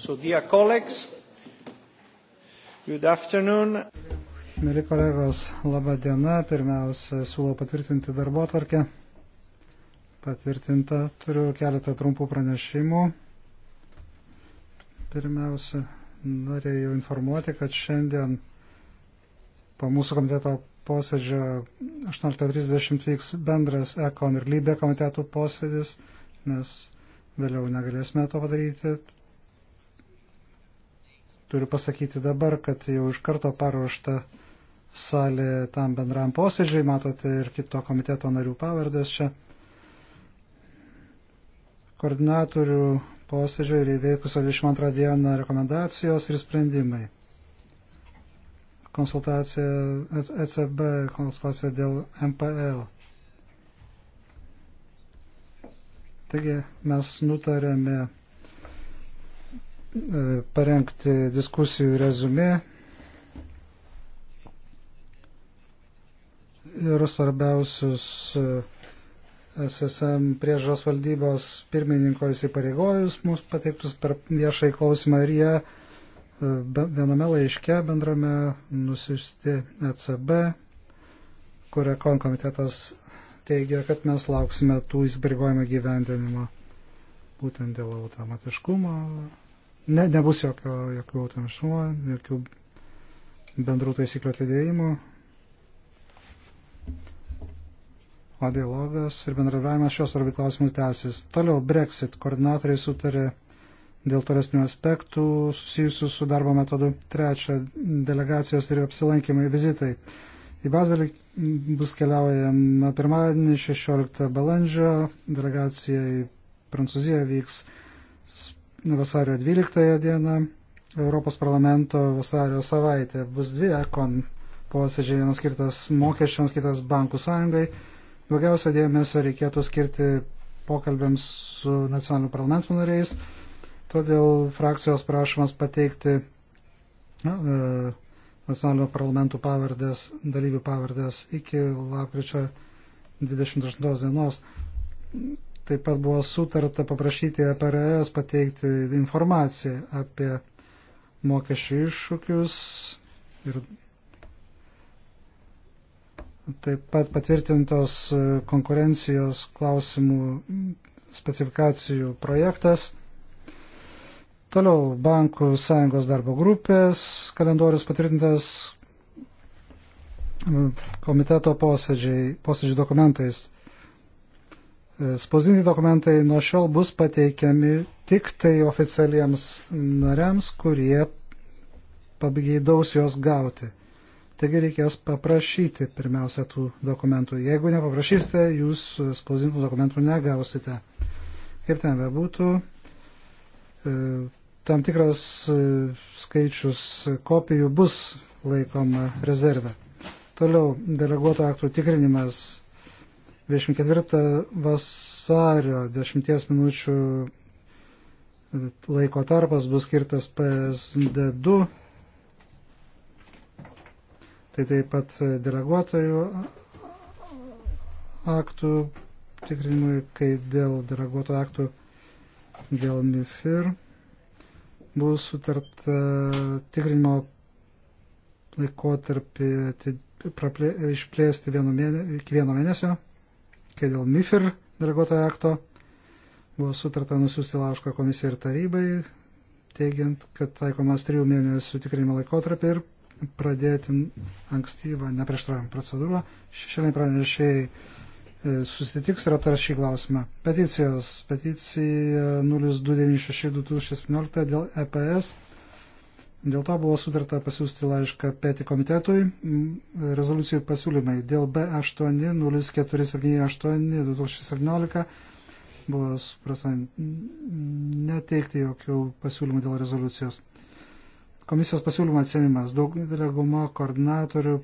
So, dear colleagues, good afternoon. Mėly kolegos, laba diena. Pirmiausia, siūlau patvirtinti darbo atvarkę. Patvirtinta. Turiu keletą trumpų pranešimų. Pirmiausia, norėjau informuoti, kad šiandien po mūsų komiteto posėdžio 18.30 vyks bendras ECON ir LYBE komitetų posėdis, nes vėliau negalėsime to padaryti. Turiu pasakyti dabar, kad jau iš karto paruošta salė tam bendram posėdžiui, matote ir kito komiteto narių pavardės čia. Koordinatorių posėdžio ir įveikusio 22 dieną rekomendacijos ir sprendimai. Konsultacija ECB, konsultacija dėl MPL. Taigi mes nutarėme parengti diskusijų rezumė ir svarbiausius e, SSM priežos valdybos pirmininko įsipareigojus mums pateiktus per viešai klausimą ir jie e, viename laiške bendrame nusiusti ECB, kurio konkomitetas teigia, kad mes lauksime tų įsipareigojimų gyvendinimo būtent dėl automatiškumo ne, nebus jokio, jokių autonomiškumo, jokių bendrų taisyklių atidėjimų. O dialogas ir bendradarbiavimas šios svarbių klausimų tęsis. Toliau Brexit koordinatoriai sutarė dėl tolesnių aspektų susijusių su darbo metodu. Trečia, delegacijos ir apsilankymai, vizitai. Į Bazelį bus keliaujama pirmadienį 16 balandžio, delegacija į Prancūziją vyks vasario 12 dieną, Europos parlamento vasario savaitė. Bus dvi ekon posėdžiai, vienas skirtas mokesčiams, kitas bankų sąjungai. Daugiausia dėmesio reikėtų skirti pokalbėms su nacionaliniu parlamentu nariais, todėl frakcijos prašomas pateikti na, e, nacionalinio parlamentų pavardės, dalyvių pavardės iki lapkričio 28 dienos. Taip pat buvo sutarta paprašyti APRS e pateikti informaciją apie mokesčių iššūkius ir taip pat patvirtintos konkurencijos klausimų specifikacijų projektas. Toliau bankų sąjungos darbo grupės kalendorius patvirtintas komiteto posėdžiai, posėdžių dokumentais. Spausdinti dokumentai nuo šiol bus pateikiami tik tai oficialiems nariams, kurie pageidaus juos gauti. Taigi reikės paprašyti pirmiausia tų dokumentų. Jeigu nepaprašysite, jūs spausdintų dokumentų negausite. Kaip ten bebūtų, e, tam tikras e, skaičius kopijų bus laikoma rezerve. Toliau deleguoto aktų tikrinimas 24 vasario 10 minučių laiko tarpas bus skirtas PSD2. Tai taip pat deleguotojų aktų tikrinimui, kai dėl deleguotojų aktų dėl MIFIR bus sutarta tikrinimo laikotarpį išplėsti vieno mėnesio, iki vieno mėnesio. Kai dėl MIFIR deleguotojo akto buvo sutarta nusiųsti laišką komisijai ir tarybai, teigiant, kad taikomas trijų mėnesių tikrinimo laikotarpį ir pradėti ankstyvą neprieštaravimą procedūrą. Šiandien pranešėjai e, susitiks ir aptars šį klausimą. Peticijos. Peticija 0296-2017 dėl EPS Dėl to buvo sutarta pasiūsti laišką peti komitetui. Rezoliucijų pasiūlymai dėl B80478-2017 buvo suprasta neteikti jokių pasiūlymų dėl rezoliucijos. Komisijos pasiūlymo atsėmimas. Daug dauguma koordinatorių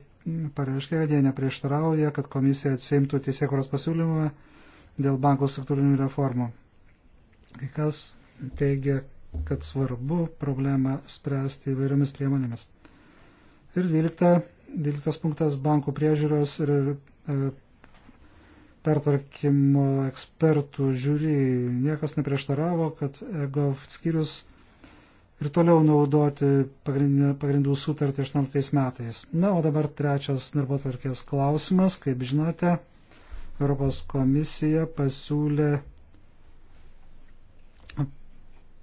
pareiškė, kad jie neprieštarauja, kad komisija atsėmtų teisėkuros pasiūlymą dėl bankų struktūrinių reformų. Kai kas teigia, kad svarbu problemą spręsti įvairiomis priemonėmis. Ir 12, 12 punktas bankų priežiūros ir e, pertvarkymo ekspertų žiūri. Niekas neprieštaravo, kad EGOV skyrius ir toliau naudoti pagrindų sutartį 18 metais. Na, o dabar trečias darbo tvarkės klausimas. Kaip žinote, Europos komisija pasiūlė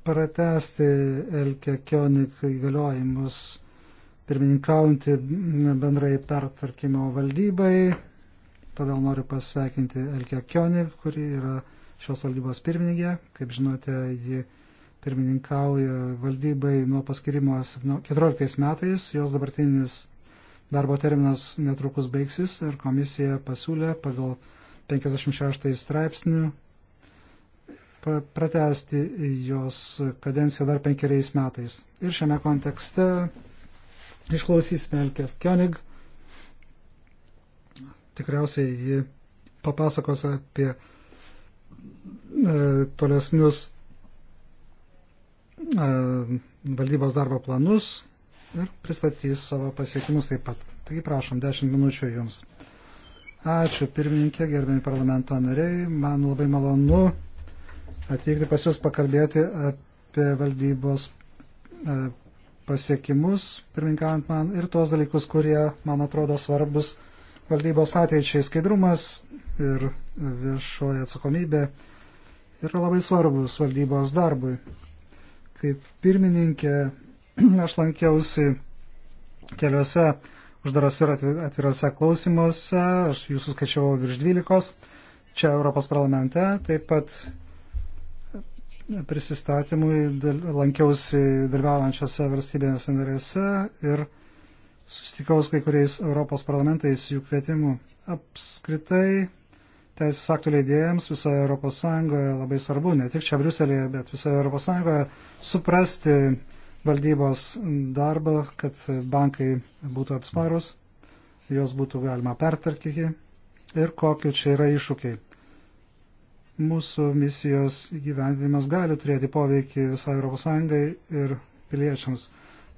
pratesti Elke Kionik įgaliojimus pirmininkaujantį bendrai pertvarkymo valdybai. Todėl noriu pasveikinti Elke Kionik, kuri yra šios valdybos pirmininkė. Kaip žinote, ji pirmininkauja valdybai nuo paskirimo 14 metais. Jos dabartinis darbo terminas netrukus baigsis ir komisija pasiūlė pagal 56 straipsnių pratesti jos kadenciją dar penkeriais metais. Ir šiame kontekste išklausysime Elkės Kionig. Tikriausiai ji papasakos apie e, tolesnius e, valdybos darbo planus ir pristatys savo pasiekimus taip pat. Taigi prašom, 10 minučių jums. Ačiū pirmininkė, gerbėjai parlamento nariai, man labai malonu atvykti pas Jūs pakalbėti apie valdybos e, pasiekimus, pirminkant man, ir tuos dalykus, kurie, man atrodo, svarbus valdybos ateičiai. Skaidrumas ir viešoji atsakomybė yra labai svarbus valdybos darbui. Kaip pirmininkė, aš lankiausi keliuose uždarose ir atvirose klausimuose, aš jūsų skaičiavau virš 12, čia Europos parlamente, taip pat prisistatymui dal, lankiausi dalyvaujančiose valstybėse narėse ir susitikau su kai kuriais Europos parlamentais jų kvietimu. Apskritai, teisės aktų leidėjams visoje Europos Sąjungoje labai svarbu, ne tik čia Briuselėje, bet visoje Europos Sąjungoje, suprasti valdybos darbą, kad bankai būtų atsparus, juos būtų galima pertarkyti ir kokiu čia yra iššūkiai mūsų misijos įgyvendinimas gali turėti poveikį visai ES ir piliečiams.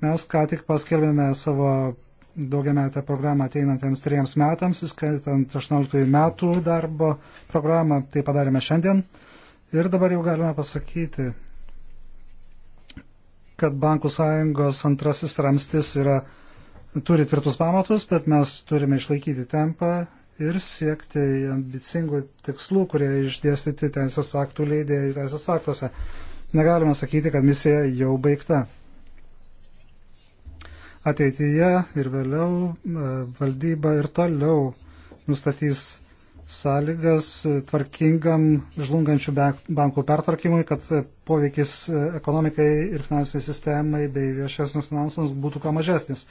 Mes ką tik paskelbėme savo daugiametę programą ateinantiems trejams metams, įskaitant 18 metų darbo programą, tai padarėme šiandien. Ir dabar jau galime pasakyti, kad Bankų sąjungos antrasis ramstis yra, turi tvirtus pamatus, bet mes turime išlaikyti tempą ir siekti ambicingų tikslų, kurie išdėstyti teisės aktų leidėjai teisės aktuose. Negalima sakyti, kad misija jau baigta. Ateityje ir vėliau e, valdyba ir toliau nustatys sąlygas tvarkingam žlungančių bankų pertvarkymui, kad poveikis e, ekonomikai ir finansiniai sistemai bei viešiesiams finansams būtų kuo mažesnis.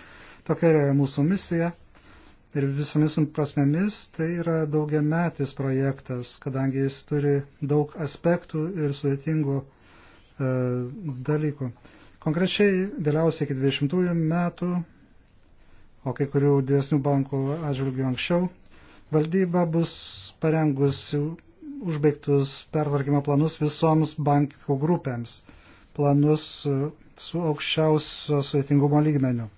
Tokia yra mūsų misija ir visomis prasmėmis tai yra daugiametis projektas, kadangi jis turi daug aspektų ir sudėtingų e, dalykų. Konkrečiai vėliausiai iki 20 metų, o kai kurių didesnių bankų atžvilgių anksčiau, valdyba bus parengusi užbaigtus pertvarkymo planus visoms bankų grupėms, planus e, su aukščiausio sudėtingumo lygmeniu.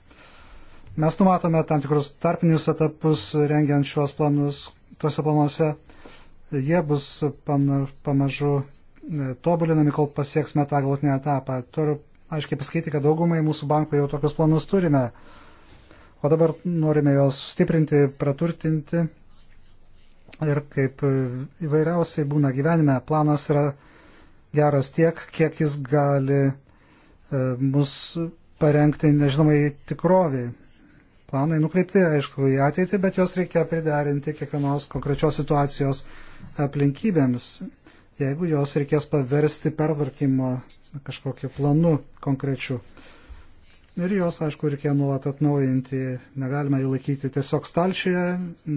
Mes numatome tam tikrus tarpinius etapus rengiant šiuos planus. Tuose planuose jie bus pamažu e, tobulinami, kol pasieksime tą galutinį etapą. Turiu aiškiai pasakyti, kad daugumai mūsų bankų jau tokius planus turime. O dabar norime juos stiprinti, praturtinti. Ir kaip įvairiausiai būna gyvenime, planas yra geras tiek, kiek jis gali e, mus parengti nežinomai tikroviai planai nukreipti, aišku, į ateitį, bet juos reikia priderinti kiekvienos konkrečios situacijos aplinkybėms, jeigu jos reikės paversti pertvarkymo kažkokiu planu konkrečiu. Ir jos, aišku, reikia nuolat atnaujinti, negalime jų laikyti tiesiog stalčiuje,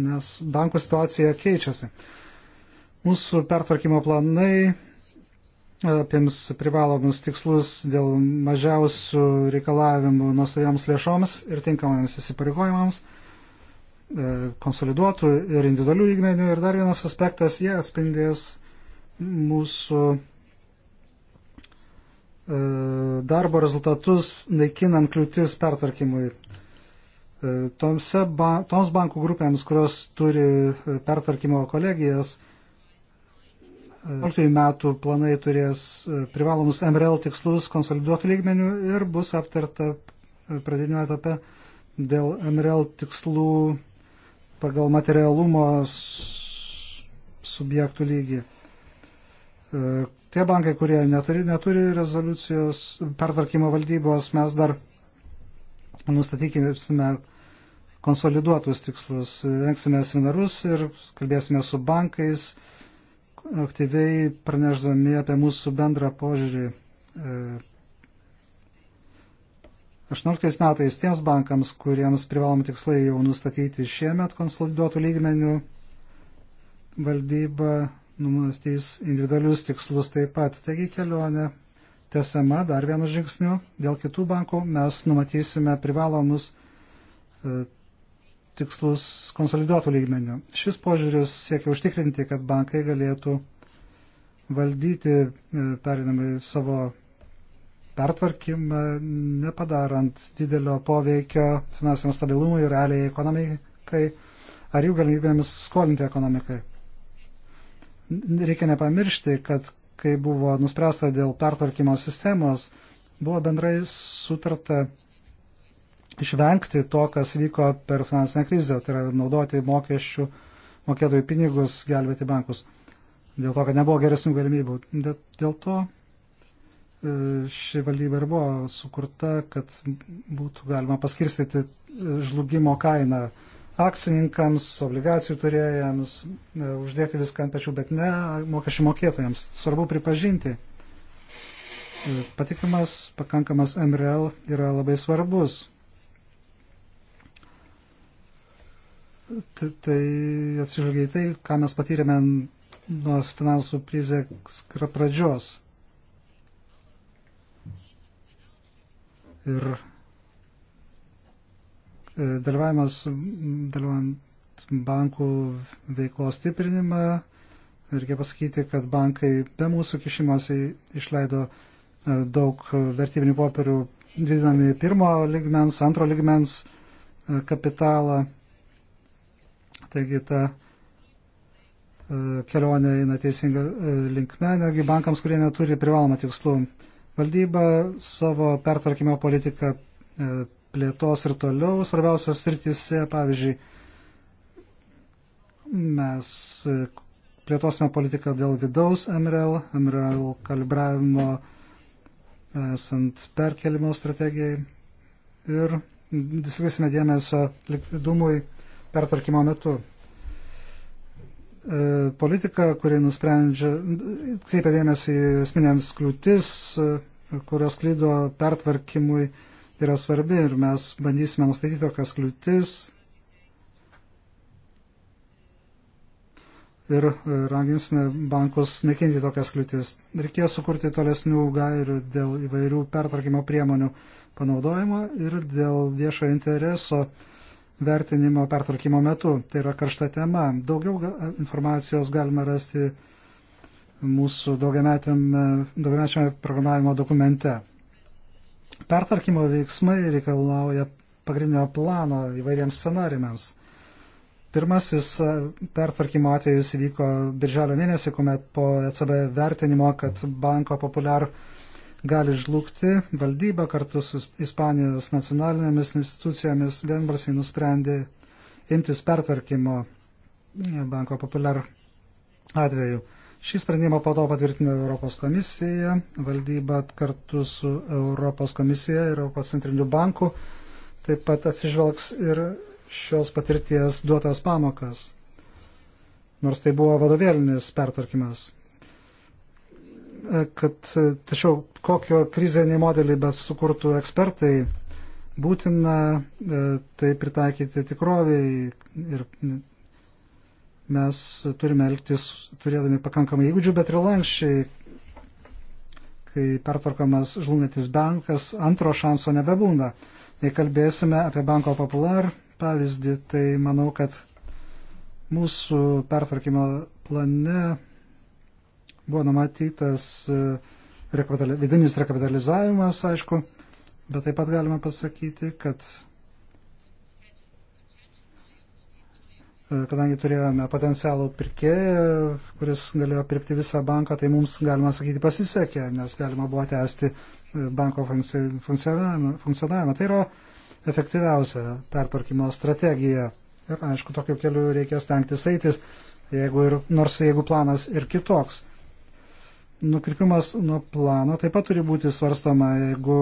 nes bankų situacija keičiasi. Mūsų pertvarkymo planai apims privalomus tikslus dėl mažiausių reikalavimų nuosaviams lėšoms ir tinkamams įsipareigojimams, e, konsoliduotų ir individualių lygmenių. Ir dar vienas aspektas, jie atspindės mūsų e, darbo rezultatus, naikinant kliūtis pertvarkymui. E, Tomse, ba, toms bankų grupėms, kurios turi pertvarkymo kolegijas, 2018 metų planai turės e, privalomus MRL tikslus konsoliduotų lygmenių ir bus aptarta e, pradiniu etape dėl MRL tikslų pagal materialumo subjektų lygį. E, tie bankai, kurie neturi, neturi rezoliucijos pertvarkymo valdybos, mes dar nustatykime konsoliduotus tikslus, rengsime seminarus ir kalbėsime su bankais, aktyviai pranešdami apie mūsų bendrą požiūrį. 18 e, metais tiems bankams, kuriems privalomi tikslai jau nustatyti šiemet konsoliduotų lygmenių, valdyba numastys individualius tikslus taip pat. Taigi kelionė tesama dar vienu žingsniu. Dėl kitų bankų mes numatysime privalomus e, tikslus konsoliduotų lygmenių. Šis požiūris siekia užtikrinti, kad bankai galėtų valdyti e, perinamai savo pertvarkymą, nepadarant didelio poveikio finansiniam stabilumui ir realiai ekonomikai ar jų galimybėms skolinti ekonomikai. Reikia nepamiršti, kad kai buvo nuspręsta dėl pertvarkymo sistemos, buvo bendrai sutarta išvengti to, kas vyko per finansinę krizę, tai yra naudoti mokesčių mokėtojų pinigus, gelbėti bankus. Dėl to, kad nebuvo geresnių galimybių. Dėl to e, ši valdyba ir buvo sukurta, kad būtų galima paskirstyti e, žlugimo kainą akcininkams, obligacijų turėjams, e, uždėti viską ant pečių, bet ne mokesčių mokėtojams. Svarbu pripažinti, patikimas, pakankamas MRL yra labai svarbus tai atsižvelgia į tai, ką mes patyrėme nuo finansų krizės pradžios. Ir e, dalyvavimas, dalyvavant bankų veiklos stiprinimą, reikia pasakyti, kad bankai be mūsų kišimosi išleido e, daug vertybinių popierių didinami pirmo ligmens, antro ligmens e, kapitalą Taigi ta e, kelionė eina teisinga e, linkme, netgi bankams, kurie neturi privalomą tikslų. Valdyba savo pertvarkymo politiką e, plėtos ir toliau svarbiausios sritise, pavyzdžiui, mes plėtosime politiką dėl vidaus MRL, MRL kalibravimo esant perkelimo strategijai ir skrisime dėmesio likvidumui pertvarkymo metu. E, politika, kuri nusprendžia, kreipia dėmesį esminėms kliūtis, e, kurios klydo pertvarkymui, yra svarbi ir mes bandysime nustatyti tokias kliūtis ir e, raginsime bankus nekinti tokias kliūtis. Reikės sukurti tolesnių gairių dėl įvairių pertvarkymo priemonių panaudojimo ir dėl viešo intereso vertinimo pertvarkymo metu. Tai yra karšta tema. Daugiau informacijos galima rasti mūsų daugiamečiame programavimo dokumente. Pertvarkymo veiksmai reikalauja pagrindinio plano įvairiems scenarijams. Pirmasis pertvarkymo atvejis įvyko birželio mėnesį, kuomet po ECB vertinimo, kad banko populiar uh, gali žlugti. Valdyba kartu su Ispanijos nacionalinėmis institucijomis vienbarsiai nusprendė imtis pertvarkymo banko populiar atveju. Šį sprendimą po to patvirtino Europos komisija, valdyba kartu su Europos komisija ir Europos centriniu banku taip pat atsižvelgs ir šios patirties duotas pamokas. Nors tai buvo vadovėlinis pertvarkymas kad tačiau kokio krizinį modelį bes sukurtų ekspertai, būtina e, tai pritaikyti tikroviai ir mes turime elgtis turėdami pakankamai įgūdžių, bet ir lankščiai, kai pertvarkomas žlungantis bankas, antro šanso nebebūna. Jei kalbėsime apie banko populiar pavyzdį, tai manau, kad mūsų pertvarkymo plane Buvo numatytas e, vidinis rekapitalizavimas, aišku, bet taip pat galima pasakyti, kad e, kadangi turėjome potencialų pirkėją, kuris galėjo pirkti visą banką, tai mums, galima sakyti, pasisekė, nes galima buvo tęsti e, banko funkcionavimą. Tai yra efektyviausia pertvarkymo strategija. Ir aišku, tokiu keliu reikės tenktis eitis, jeigu ir, nors jeigu planas ir kitoks nukrypimas nuo plano taip pat turi būti svarstama, jeigu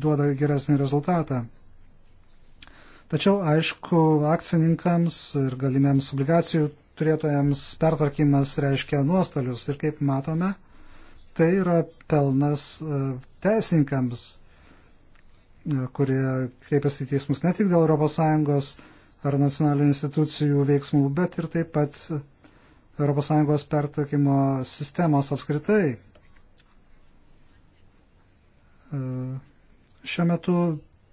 duoda geresnį rezultatą. Tačiau, aišku, akcininkams ir galimiems obligacijų turėtojams pertvarkymas reiškia nuostolius ir kaip matome, tai yra pelnas e, teisininkams, e, kurie kreipiasi į teismus ne tik dėl ES ar nacionalinių institucijų veiksmų, bet ir taip pat ES pertokimo sistemos apskritai. E, šiuo metu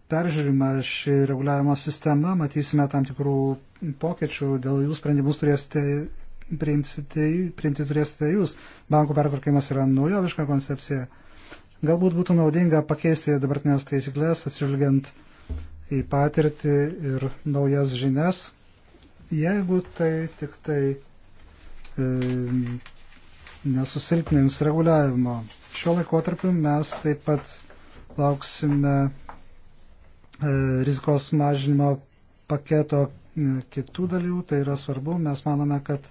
peržiūrima ši reguliavimo sistema, matysime tam tikrų pokyčių, dėl jų sprendimus turėsite priimti, priimti turėsite jūs. Bankų pertvarkymas yra naujoviška koncepcija. Galbūt būtų naudinga pakeisti dabartinės taisyklės, atsižvelgiant į patirtį ir naujas žinias, jeigu tai tik tai nesusilpnins reguliavimo. Šiuo laikotarpiu mes taip pat lauksime e, rizikos mažinimo paketo e, kitų dalių, tai yra svarbu, mes manome, kad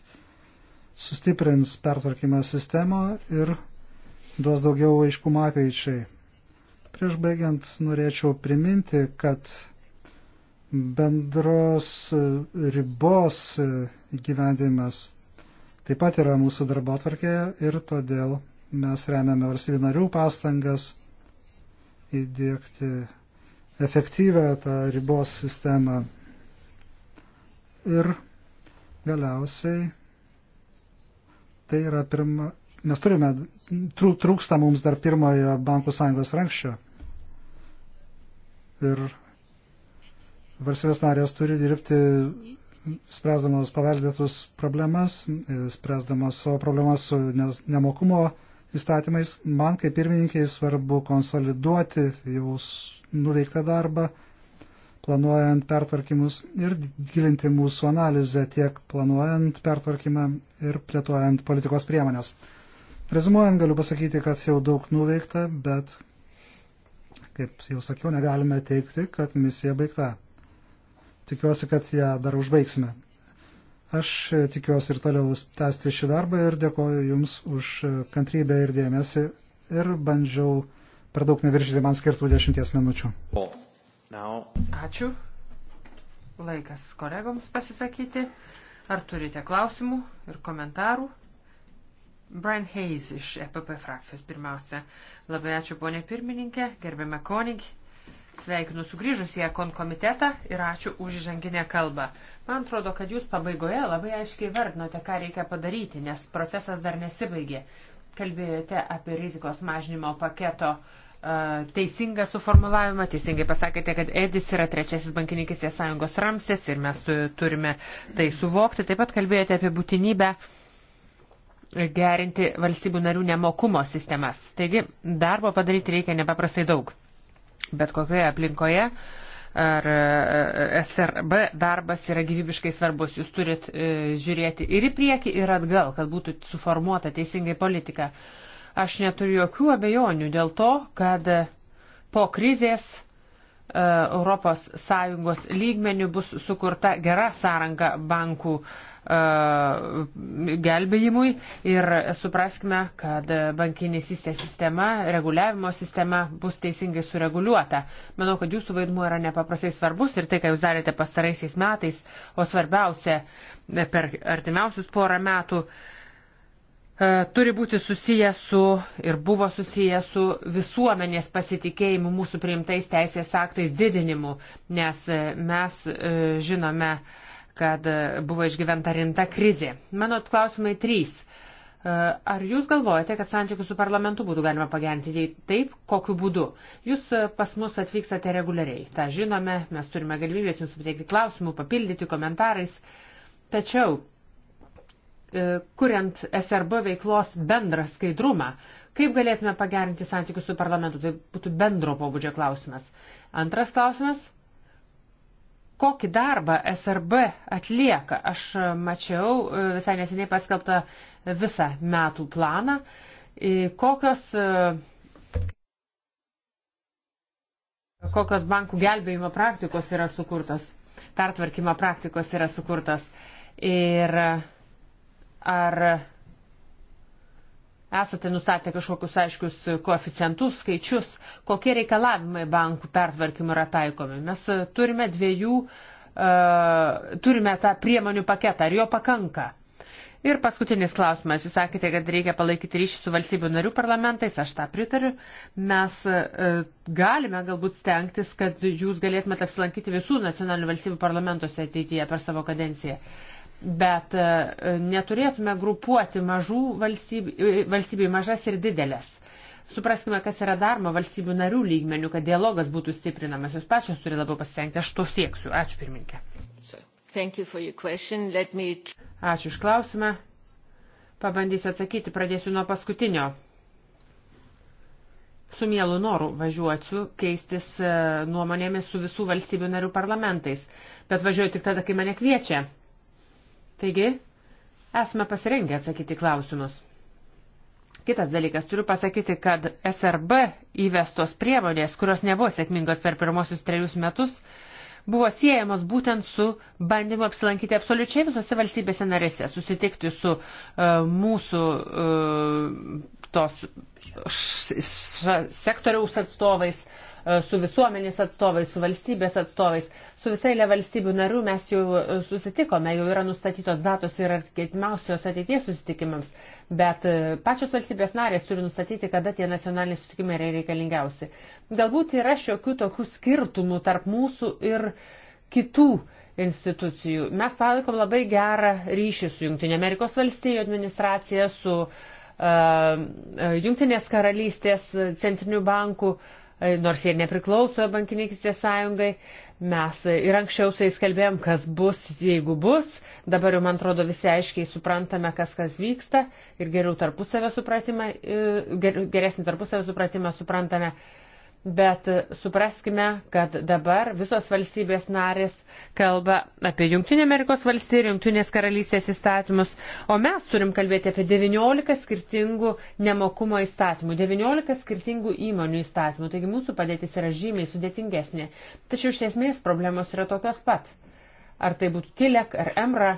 sustiprins pertvarkymo sistemą ir duos daugiau aiškumą ateičiai. Prieš baigiant norėčiau priminti, kad bendros e, ribos gyvendimas taip pat yra mūsų darbo atvarkėje ir todėl mes remiame valstybių narių pastangas įdėkti efektyvę tą ribos sistemą. Ir galiausiai tai yra pirma, mes turime, trūksta mums dar pirmojo bankų sąjungos rankščio. Ir valstybės narės turi dirbti spręsdamos paveldėtus problemas, spręsdamos savo problemas su nemokumo įstatymais. Man kaip pirmininkiai svarbu konsoliduoti jau nuveiktą darbą, planuojant pertvarkymus ir gilinti mūsų analizę tiek planuojant pertvarkymą ir plėtojant politikos priemonės. Rezumuojant galiu pasakyti, kad jau daug nuveikta, bet, kaip jau sakiau, negalime teikti, kad misija baigta. Tikiuosi, kad ją dar užbaigsime. Aš tikiuosi ir toliau tęsti šį darbą ir dėkoju Jums už kantrybę ir dėmesį ir bandžiau per daug neviršyti man skirtų dešimties minučių. Ačiū. Laikas kolegoms pasisakyti. Ar turite klausimų ir komentarų? Brian Hayes iš EPP frakcijos pirmiausia. Labai ačiū, ponė pirmininkė, gerbėme Konig. Sveikinu sugrįžus į Ekon komitetą ir ačiū už įžanginę kalbą. Man atrodo, kad jūs pabaigoje labai aiškiai vardinote, ką reikia padaryti, nes procesas dar nesibaigė. Kalbėjote apie rizikos mažinimo paketo uh, teisingą suformulavimą, teisingai pasakėte, kad Edis yra trečiasis bankininkistės sąjungos ramstis ir mes turime tai suvokti. Taip pat kalbėjote apie būtinybę gerinti valstybių narių nemokumo sistemas. Taigi, darbo padaryti reikia nepaprastai daug bet kokioje aplinkoje, ar e, e, SRB darbas yra gyvybiškai svarbus. Jūs turit e, žiūrėti ir į priekį, ir atgal, kad būtų suformuota teisingai politika. Aš neturiu jokių abejonių dėl to, kad po krizės ES lygmenių bus sukurta gera sąranga bankų gelbėjimui ir supraskime, kad bankininkystės sistema, reguliavimo sistema bus teisingai sureguliuota. Manau, kad jūsų vaidmuo yra nepaprastai svarbus ir tai, ką jūs darėte pastaraisiais metais, o svarbiausia per artimiausius porą metų turi būti susiję su ir buvo susiję su visuomenės pasitikėjimu mūsų priimtais teisės aktais didinimu, nes e, mes e, žinome, kad e, buvo išgyventa rimta krizė. Mano klausimai trys. E, ar jūs galvojate, kad santykių su parlamentu būtų galima pagerinti, jei taip, kokiu būdu? Jūs e, pas mus atvykstate reguliariai, tą žinome, mes turime galimybės jums pateikti klausimų, papildyti komentarais. Tačiau, kuriant SRB veiklos bendrą skaidrumą, kaip galėtume pagerinti santykių su parlamentu, tai būtų bendro pobūdžio klausimas. Antras klausimas kokį darbą SRB atlieka. Aš mačiau e, visai neseniai paskelbtą visą metų planą. E, kokios, e, kokios bankų gelbėjimo praktikos yra sukurtos, pertvarkymo praktikos yra sukurtos ir ar Esate nustatę kažkokius aiškius koeficientus, skaičius, kokie reikalavimai bankų pertvarkymų yra taikomi. Mes e, turime dviejų, uh, turime tą priemonių paketą, ar jo pakanka? Ir paskutinis klausimas. Jūs sakėte, kad reikia palaikyti ryšį su valstybių narių parlamentais, aš tą pritariu. Mes e, galime galbūt stengtis, kad jūs galėtumėte apsilankyti visų nacionalinių valstybių parlamentuose ateityje per savo kadenciją bet e, neturėtume grupuoti mažų e, valstybių, valstybių mažas ir didelės. Supraskime, kas yra daroma valstybių narių lygmenių, kad dialogas būtų stiprinamas. Jūs pačios turi labiau pasistengti, aš to sieksiu. Ačiū pirmininkė. You me... Ačiū iš klausimą. Pabandysiu atsakyti, pradėsiu nuo paskutinio. Su mielu noru važiuosiu keistis e, nuomonėmis su visų valstybių narių parlamentais, bet važiuoju tik tada, kai mane kviečia Taigi, esame pasirengę atsakyti klausimus. Kitas dalykas, turiu pasakyti, kad SRB įvestos priemonės, kurios nebuvo sėkmingos per pirmosius trejus metus, buvo siejamos būtent su bandymu apsilankyti absoliučiai visose valstybėse narėse, susitikti su uh, mūsų uh, tos sektoriaus atstovais, E, su visuomenės atstovais, su valstybės atstovais, su visai le valstybių narių mes jau e, susitikome, jau yra nustatytos datos ir atkeitimiausios ateities susitikimams, bet e, pačios valstybės narės turi nustatyti, kada tie nacionaliniai susitikimai yra reikalingiausi. Galbūt yra šiokių tokių skirtumų tarp mūsų ir kitų institucijų. Mes palaikom labai gerą ryšį su Junktinė Amerikos valstijų administracija, su uh, Junktinės karalystės centriniu banku. Uh, E, nors jie nepriklauso bankininkistės sąjungai. Mes ir anksčiau su jais kalbėjom, kas bus, jeigu bus. Dabar jau, man atrodo, visi aiškiai suprantame, kas kas vyksta ir geriau tarpusavę supratimą, e, geresnį tarpusavę supratimą suprantame. suprantame bet supraskime, kad dabar visos valstybės narės kalba apie Junktinė Amerikos valstijų ir Junktinės karalystės įstatymus, o mes turim kalbėti apie 19 skirtingų nemokumo įstatymų, 19 skirtingų įmonių įstatymų, taigi mūsų padėtis yra žymiai sudėtingesnė. Tačiau iš esmės problemos yra tokios pat. Ar tai būtų Tilek ar Emra,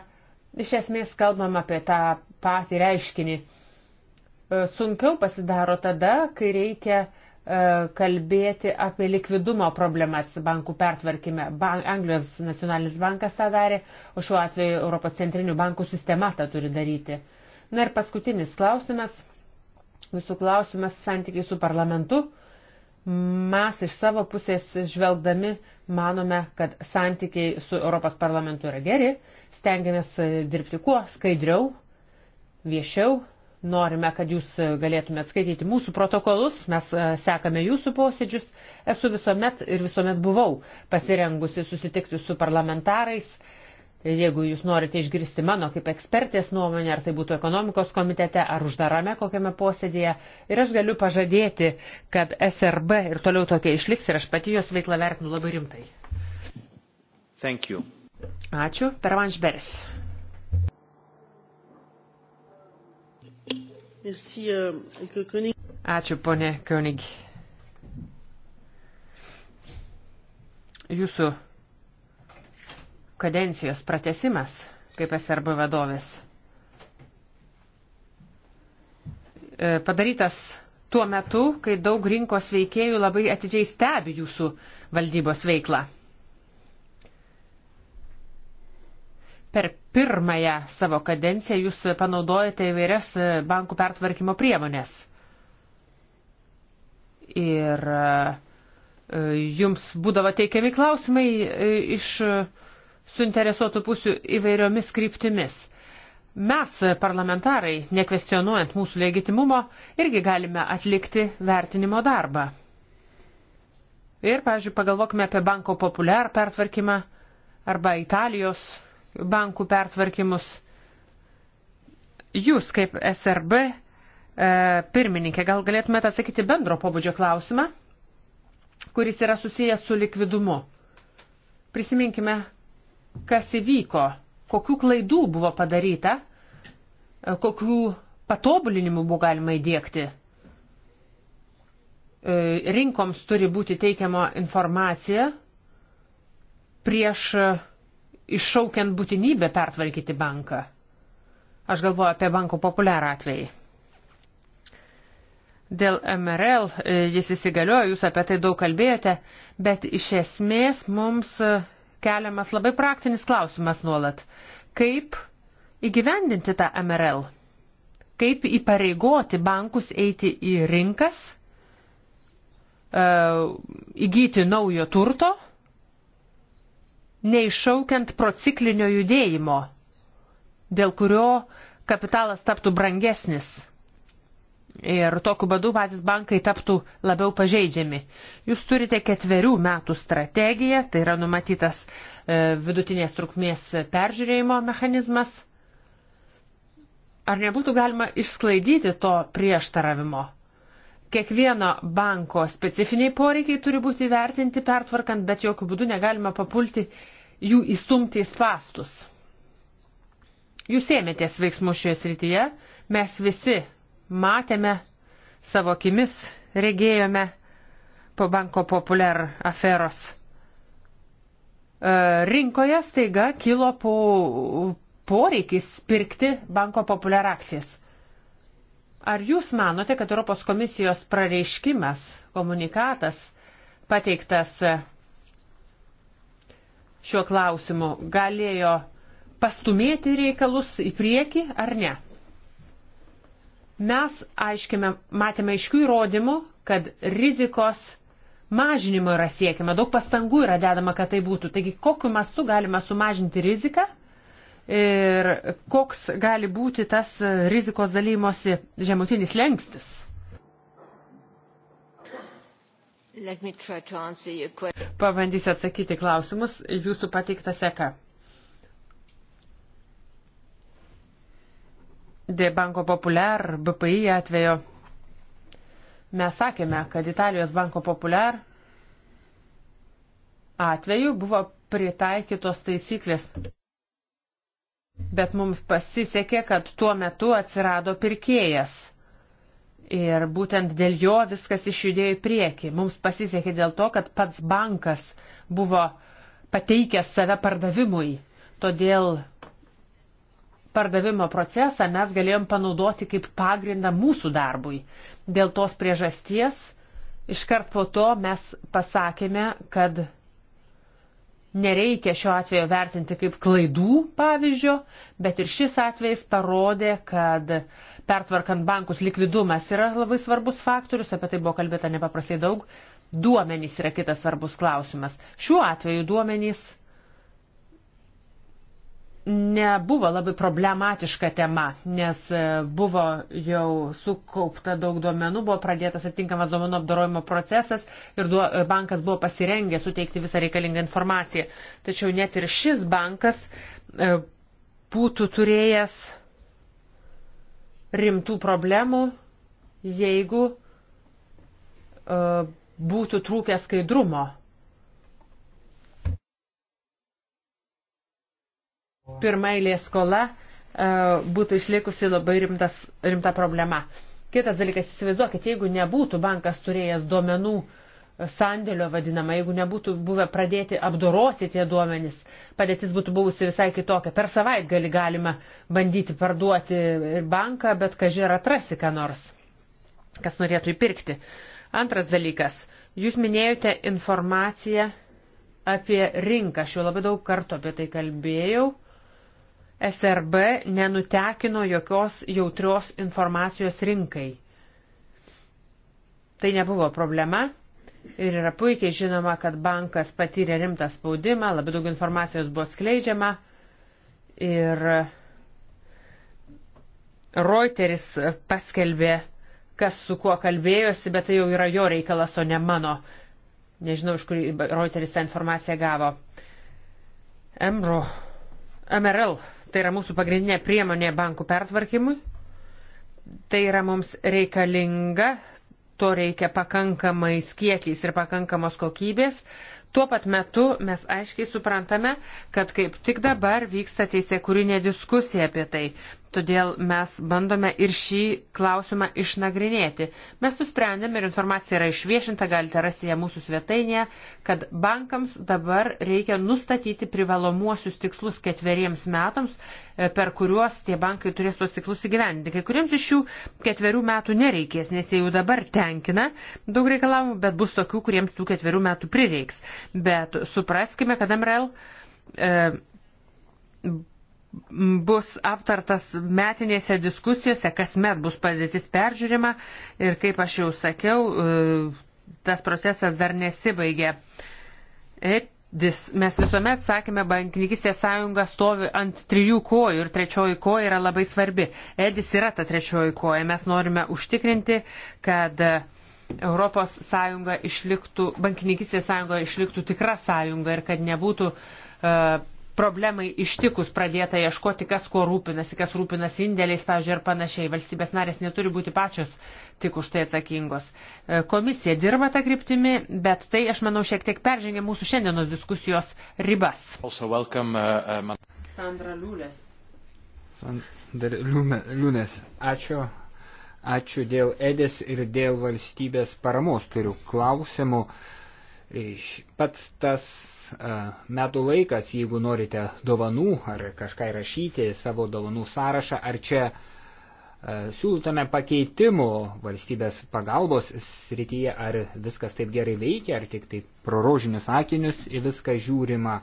iš esmės kalbam apie tą patį reiškinį. E, sunkiau pasidaro tada, kai reikia uh, E, kalbėti apie likvidumo problemas bankų pertvarkime. Ban Anglijos nacionalinis bankas tą darė, o šiuo atveju Europos centrinių bankų sistema tą turi daryti. Na ir paskutinis klausimas, jūsų klausimas santykiai su parlamentu. Mes iš savo pusės žvelgdami manome, kad santykiai su Europos parlamentu yra geri, stengiamės dirbti kuo skaidriau, viešiau, Norime, kad jūs e, galėtumėte skaityti mūsų protokolus, mes e, sekame jūsų posėdžius. Esu visuomet ir visuomet buvau pasirengusi susitikti su parlamentarais. Jeigu jūs norite išgirsti mano kaip ekspertės nuomonę, ar tai būtų ekonomikos komitete, ar uždarame kokiame posėdėje, ir aš galiu pažadėti, kad SRB ir toliau tokia išliks ir aš pati jos veiklą vertinu labai rimtai. Ačiū. Pervanš Beres. Euh, Ačiū, ponė König. Jūsų kadencijos pratesimas kaip SRB vadovės e, padarytas tuo metu, kai daug rinkos veikėjų labai atidžiai stebi jūsų valdybos veiklą. Per pirmąją savo kadenciją jūs panaudojate įvairias bankų pertvarkymo priemonės. Ir e, jums būdavo teikiami klausimai e, iš suinteresuotų pusių įvairiomis kryptimis. Mes, parlamentarai, nekvestionuojant mūsų legitimumo, irgi galime atlikti vertinimo darbą. Ir, pavyzdžiui, pagalvokime apie banko populiar pertvarkymą arba Italijos bankų pertvarkymus. Jūs kaip SRB e, pirmininkė, gal galėtumėte atsakyti bendro pobūdžio klausimą, kuris yra susijęs su likvidumu. Prisiminkime, kas įvyko, kokių klaidų buvo padaryta, e, kokių patobulinimų buvo galima įdėkti. E, rinkoms turi būti teikiama informacija prieš iššaukiant būtinybę pertvarkyti banką. Aš galvoju apie banko populiarą atvejį. Dėl MRL e, jis įsigaliojo, jūs apie tai daug kalbėjote, bet iš esmės mums e, keliamas labai praktinis klausimas nuolat. Kaip įgyvendinti tą MRL? Kaip įpareigoti bankus eiti į rinkas, e, įgyti naujo turto neiššaukiant prociklinio judėjimo, dėl kurio kapitalas taptų brangesnis. Ir tokiu būdu patys bankai taptų labiau pažeidžiami. Jūs turite ketverių metų strategiją, tai yra numatytas e, vidutinės trukmės peržiūrėjimo mechanizmas. Ar nebūtų galima išsklaidyti to prieštaravimo? Kiekvieno banko specifiniai poreikiai turi būti vertinti pertvarkant, bet jokių būdų negalima papulti jų įstumti į spastus. Jūs ėmėtės veiksmų šioje srityje, mes visi matėme, savo akimis regėjome po banko populiar aferos. E, rinkoje staiga kilo po poreikis pirkti banko populiar akcijas. Ar jūs manote, kad Europos komisijos prareiškimas, komunikatas pateiktas šiuo klausimu galėjo pastumėti reikalus į priekį ar ne? Mes aiškime, matėme aiškių įrodymų, kad rizikos mažinimo yra siekiama, daug pastangų yra dedama, kad tai būtų. Taigi, kokiu mastu galima sumažinti riziką ir koks gali būti tas rizikos dalymosi žemutinis lenkstis? Pabandysiu atsakyti klausimus jūsų pateiktą seką. De Banko Populiar, BPI atvejo. Mes sakėme, kad Italijos Banko Populiar atveju buvo pritaikytos taisyklės. Bet mums pasisekė, kad tuo metu atsirado pirkėjas Ir būtent dėl jo viskas išjudėjo į priekį. Mums pasisekė dėl to, kad pats bankas buvo pateikęs save pardavimui. Todėl pardavimo procesą mes galėjom panaudoti kaip pagrindą mūsų darbui. Dėl tos priežasties iškart po to mes pasakėme, kad nereikia šio atveju vertinti kaip klaidų pavyzdžio, bet ir šis atvejs parodė, kad uh, pertvarkant bankus likvidumas yra labai svarbus faktorius, apie tai buvo kalbėta nepaprastai daug. Duomenys yra kitas svarbus klausimas. Šiuo atveju duomenys nebuvo labai problematiška tema, nes e, buvo jau sukaupta daug duomenų, buvo pradėtas atitinkamas duomenų apdarojimo procesas ir duo, e, bankas buvo pasirengę suteikti visą reikalingą informaciją. Tačiau net ir šis bankas e, būtų turėjęs rimtų problemų, jeigu uh, būtų trūkę skaidrumo. Pirmailė skola uh, būtų išlikusi labai rimtas, rimta problema. Kitas dalykas, įsivaizduokit, jeigu nebūtų bankas turėjęs duomenų uh, sandėlio vadinama, jeigu nebūtų buvę pradėti apdoroti tie duomenys, padėtis būtų buvusi visai kitokia. Per savaitgalį galima bandyti parduoti banką, bet kažin ar atrasi ką nors, kas norėtų įpirkti. Antras dalykas, jūs minėjote informaciją apie rinką, aš jau labai daug kartų apie tai kalbėjau. SRB nenutekino jokios jautrios informacijos rinkai. Tai nebuvo problema, Ir yra puikiai žinoma, kad bankas patyrė rimtą spaudimą, labai daug informacijos buvo skleidžiama. Ir Reuteris paskelbė, kas su kuo kalbėjosi, bet tai jau yra jo reikalas, o ne mano. Nežinau, iš kur Reuteris tą informaciją gavo. Emro, MRL, tai yra mūsų pagrindinė priemonė bankų pertvarkymui. Tai yra mums reikalinga to reikia pakankamais kiekiais ir pakankamos kokybės. Tuo pat metu mes aiškiai suprantame, kad kaip tik dabar vyksta teisė kūrinė diskusija apie tai. Todėl mes bandome ir šį klausimą išnagrinėti. Mes nusprendėme ir informacija yra išviešinta, galite rasti ją mūsų svetainėje, kad bankams dabar reikia nustatyti privalomuosius tikslus ketveriems metams, e, per kuriuos tie bankai turės tuos tikslus įgyvendinti. Kai kuriems iš jų ketverių metų nereikės, nes jie jau dabar tenkina daug reikalavimų, bet bus tokių, kuriems tų ketverių metų prireiks. Bet supraskime, kad MRL. E, bus aptartas metinėse diskusijose, kasmet bus padėtis peržiūrima ir kaip aš jau sakiau, e, tas procesas dar nesibaigė. Edis, mes visuomet sakėme, bankininkistės sąjunga stovi ant trijų kojų ir trečioji koja yra labai svarbi. Edis yra ta trečioji koja. Mes norime užtikrinti, kad Europos sąjunga išliktų, bankininkistės sąjunga išliktų tikra sąjunga ir kad nebūtų uh, problemai ištikus pradėta ieškoti, kas kuo rūpinasi, kas rūpinasi indėliais, pavyzdžiui, ir panašiai. Valstybės narės neturi būti pačios tik už tai atsakingos. E, komisija dirba tą kryptimį, bet tai, aš manau, šiek tiek peržengia mūsų šiandienos diskusijos ribas. Welcome, uh, uh, Sandra Liūlės. Sandra Liūnės. Ačiū. Ačiū dėl Edės ir dėl valstybės paramos. Turiu klausimų. Pats tas metų laikas, jeigu norite dovanų ar kažką įrašyti savo dovanų sąrašą, ar čia siūlytame pakeitimu valstybės pagalbos srityje, ar viskas taip gerai veikia, ar tik tai prorožinius akinius į viską žiūrima,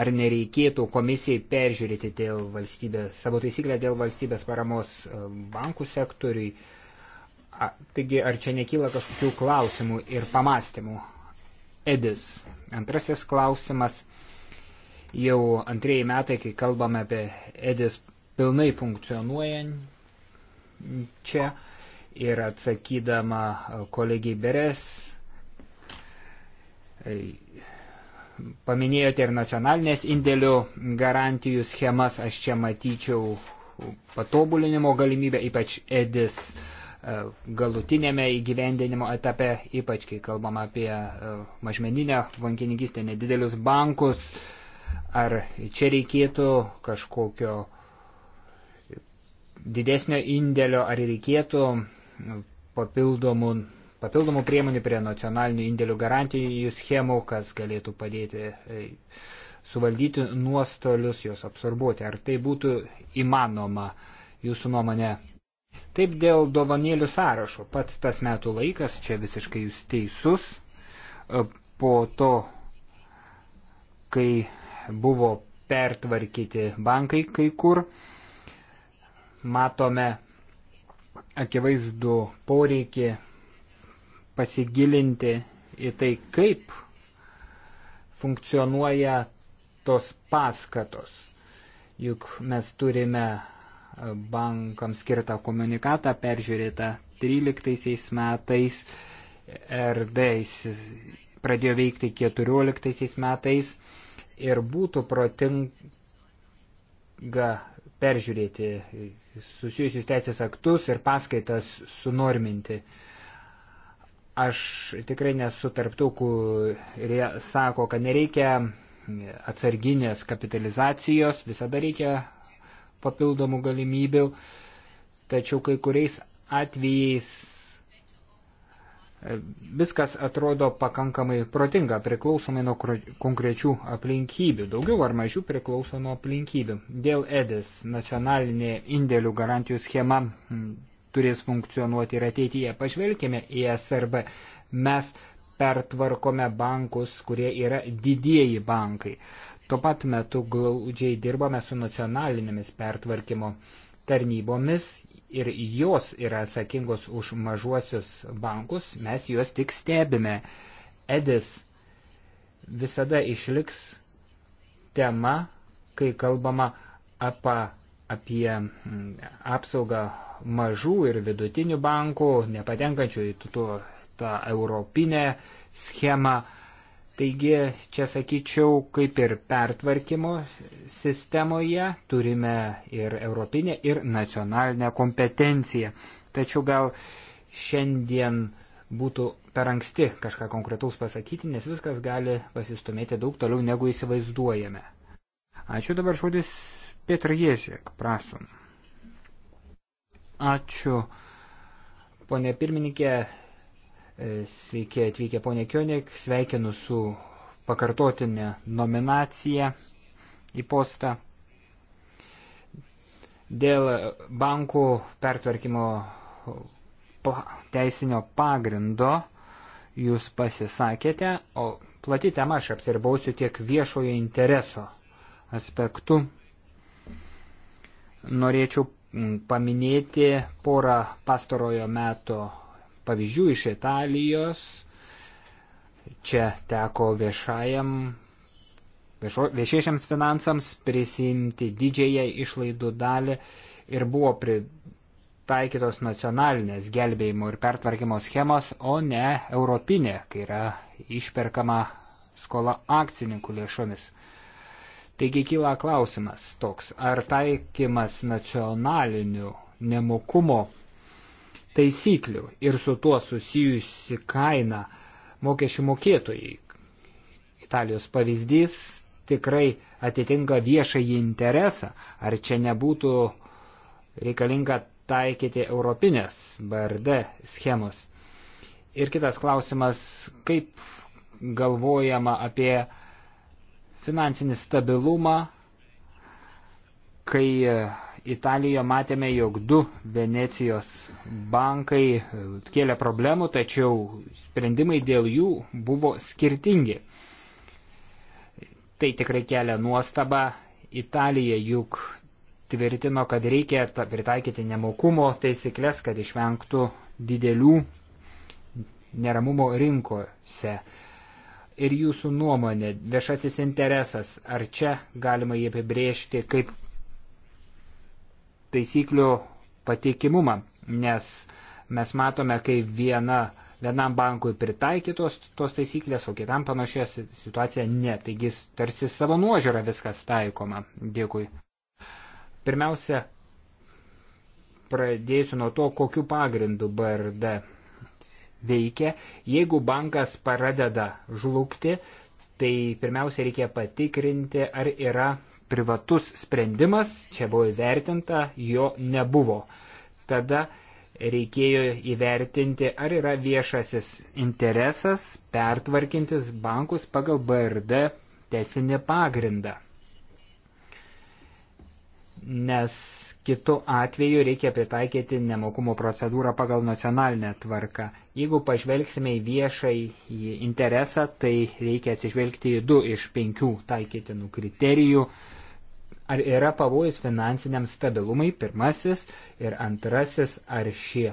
ar nereikėtų komisijai peržiūrėti dėl valstybės, savo taisyklę dėl valstybės paramos bankų sektoriui. A, taigi, ar čia nekyla kažkokių klausimų ir pamastymų? Edis. Antrasis klausimas. Jau antrieji metai, kai kalbame apie Edis pilnai funkcionuojančią ir atsakydama kolegiai Beres, e, paminėjote ir nacionalinės indėlių garantijų schemas, aš čia matyčiau patobulinimo galimybę, ypač Edis uh, galutinėme įgyvendinimo etape, ypač kai kalbam apie e, mažmeninę bankininkystę, nedidelius bankus, ar čia reikėtų kažkokio didesnio indėlio, ar reikėtų papildomų, papildomų priemonių prie nacionalinių indėlių garantijų schemų, kas galėtų padėti e, suvaldyti nuostolius, juos absorbuoti. Ar tai būtų įmanoma jūsų nuomonė? Taip dėl dovanėlių sąrašo. Pats tas metų laikas, čia visiškai jūs teisus, e, po to, kai buvo pertvarkyti bankai kai kur, matome akivaizdu poreikį pasigilinti į tai, kaip funkcionuoja tos paskatos. Juk mes turime bankams skirtą komunikatą peržiūrėta 13 metais, RD pradėjo veikti 14 metais ir būtų protinga peržiūrėti susijusius teisės aktus ir paskaitas sunorminti. Aš tikrai nesu tarptų, kurie sako, kad nereikia atsarginės kapitalizacijos, visada reikia papildomų galimybių, tačiau kai kuriais atvejais e, viskas atrodo pakankamai protinga, priklausomai nuo konkrečių aplinkybių, daugiau ar mažiau priklauso nuo aplinkybių. Dėl EDIS nacionalinė indėlių garantijų schema turės funkcionuoti ir ateityje. Pažvelkime į SRB. Mes pertvarkome bankus, kurie yra didieji bankai. Tuo pat metu glaudžiai dirbame su nacionalinėmis pertvarkymo tarnybomis ir jos yra atsakingos už mažuosius bankus, mes juos tik stebime. Edis visada išliks tema, kai kalbama apa, apie mm, apsaugą mažų ir vidutinių bankų, nepatenkančių į tuo tą europinę schemą. Taigi čia sakyčiau, kaip ir pertvarkymo sistemoje turime ir europinę, ir nacionalinę kompetenciją. Tačiau gal šiandien būtų per anksti kažką konkretaus pasakyti, nes viskas gali pasistumėti daug toliau, negu įsivaizduojame. Ačiū dabar žodis Petr Ježek, prašom. Ačiū, ponė pirmininkė, E, sveiki atvykę ponė Kionik, sveikinu su pakartotinė nominacija į postą. Dėl bankų pertvarkymo teisinio pagrindo jūs pasisakėte, o plati tema aš apsirbausiu tiek viešojo intereso aspektu. Norėčiau paminėti porą pastarojo meto pavyzdžių iš Italijos. Čia teko viešajam, viešo, viešiesiams finansams prisimti didžiąją išlaidų dalį ir buvo pritaikytos nacionalinės gelbėjimo ir pertvarkymo schemos, o ne europinė, kai yra išperkama skola akcininkų lėšomis. Taigi kyla klausimas toks, ar taikymas nacionalinių nemokumo taisyklių ir su tuo susijusi kaina mokesčių mokėtojai. Italijos pavyzdys tikrai atitinka viešąjį interesą, ar čia nebūtų reikalinga taikyti europinės BRD schemos. Ir kitas klausimas, kaip galvojama apie finansinį stabilumą, kai Italijoje matėme, jog du Venecijos bankai e, kėlė problemų, tačiau sprendimai dėl jų buvo skirtingi. Tai tikrai kelia nuostabą. Italija juk tvirtino, kad reikia pritaikyti nemokumo taisyklės, kad išvengtų didelių neramumo rinkose. Ir jūsų nuomonė, viešasis interesas, ar čia galima jį apibriežti kaip taisyklių pateikimumą, nes mes matome, kai viena, vienam bankui pritaikytos tos taisyklės, o kitam panašia situacija ne. Taigi tarsi savo nuožiūra viskas taikoma. Dėkui. Pirmiausia, pradėsiu nuo to, kokiu pagrindu BRD veikia. Jeigu bankas pradeda žlugti, tai pirmiausia reikia patikrinti, ar yra privatus sprendimas, čia buvo įvertinta, jo nebuvo. Tada reikėjo įvertinti, ar yra viešasis interesas pertvarkintis bankus pagal BRD teisinį pagrindą. Nes kitu atveju reikia pritaikyti nemokumo procedūrą pagal nacionalinę tvarką. Jeigu pažvelgsime į viešai į interesą, tai reikia atsižvelgti į du iš penkių taikytinų kriterijų. Ar yra pavojus finansiniam stabilumai, pirmasis ir antrasis, ar šie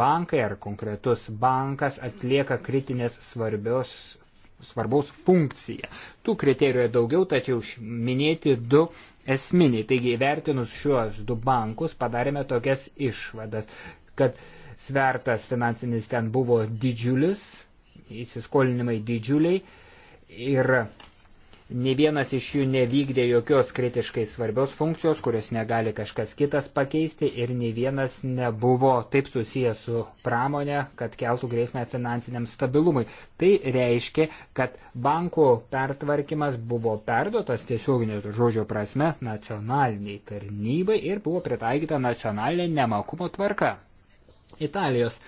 bankai ar konkretus bankas atlieka kritinės svarbios, svarbaus funkciją. Tų kriterijų daugiau, tačiau minėti du esminiai. Taigi įvertinus šiuos du bankus padarėme tokias išvadas, kad svertas finansinis ten buvo didžiulis, įsiskolinimai didžiuliai ir Ne vienas iš jų nevykdė jokios kritiškai svarbios funkcijos, kurios negali kažkas kitas pakeisti ir ne vienas nebuvo taip susijęs su pramonė, kad keltų grėsmę finansiniam stabilumui. Tai reiškia, kad bankų pertvarkymas buvo perduotas tiesioginio žodžio prasme nacionaliniai tarnybai ir buvo pritaikyta nacionalinė nemakumo tvarka. Italijos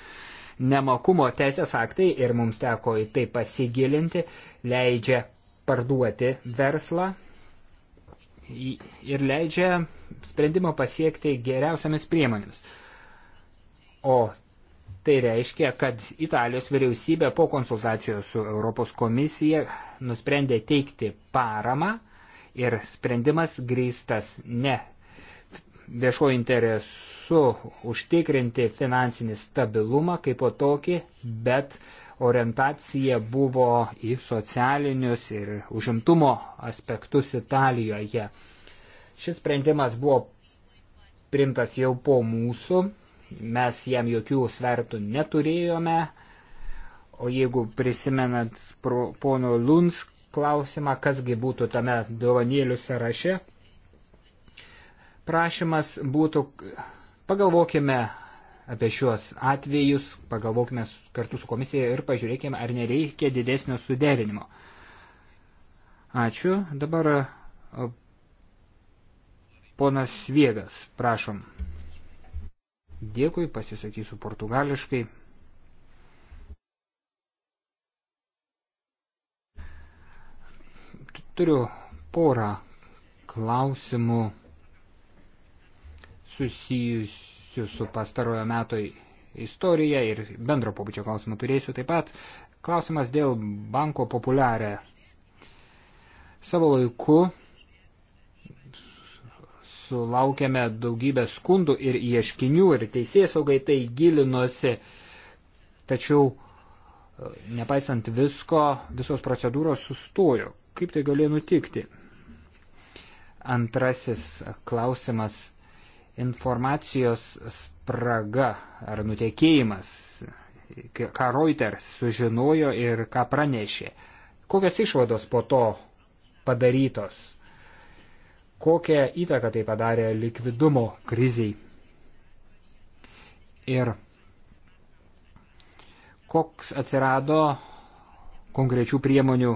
nemokumo teisės aktai ir mums teko į tai pasigilinti, leidžia parduoti verslą ir leidžia sprendimą pasiekti geriausiamis priemonėmis. O tai reiškia, kad Italijos vyriausybė po konsultacijos su Europos komisija nusprendė teikti paramą ir sprendimas grįstas ne viešo interesu užtikrinti finansinį stabilumą kaip po tokį, bet uh, orientacija buvo į socialinius ir užimtumo aspektus Italijoje. Šis sprendimas buvo primtas jau po mūsų, mes jam jokių svertų neturėjome, o jeigu prisimenant pro, pono Luns klausimą, kasgi būtų tame dovanėlių sąraše, prašymas būtų, pagalvokime apie šiuos atvejus, pagalvokime kartu su komisija ir pažiūrėkime, ar nereikia didesnio suderinimo. Ačiū. Dabar ponas Viegas, prašom. Dėkui, pasisakysiu portugališkai. Turiu porą klausimų susijusių susijusių su pastarojo meto istorija ir bendro pobūdžio klausimų turėsiu taip pat. Klausimas dėl banko populiarę. Savo laiku sulaukėme daugybę skundų ir ieškinių ir teisės saugai tai gilinosi. Tačiau, e, nepaisant visko, visos procedūros sustojo. Kaip tai galėjo nutikti? Antrasis klausimas informacijos spraga ar nutekėjimas, ką Reuters sužinojo ir ką pranešė. Kokios išvados po to padarytos? Kokią įtaką tai padarė likvidumo kriziai? Ir koks atsirado konkrečių priemonių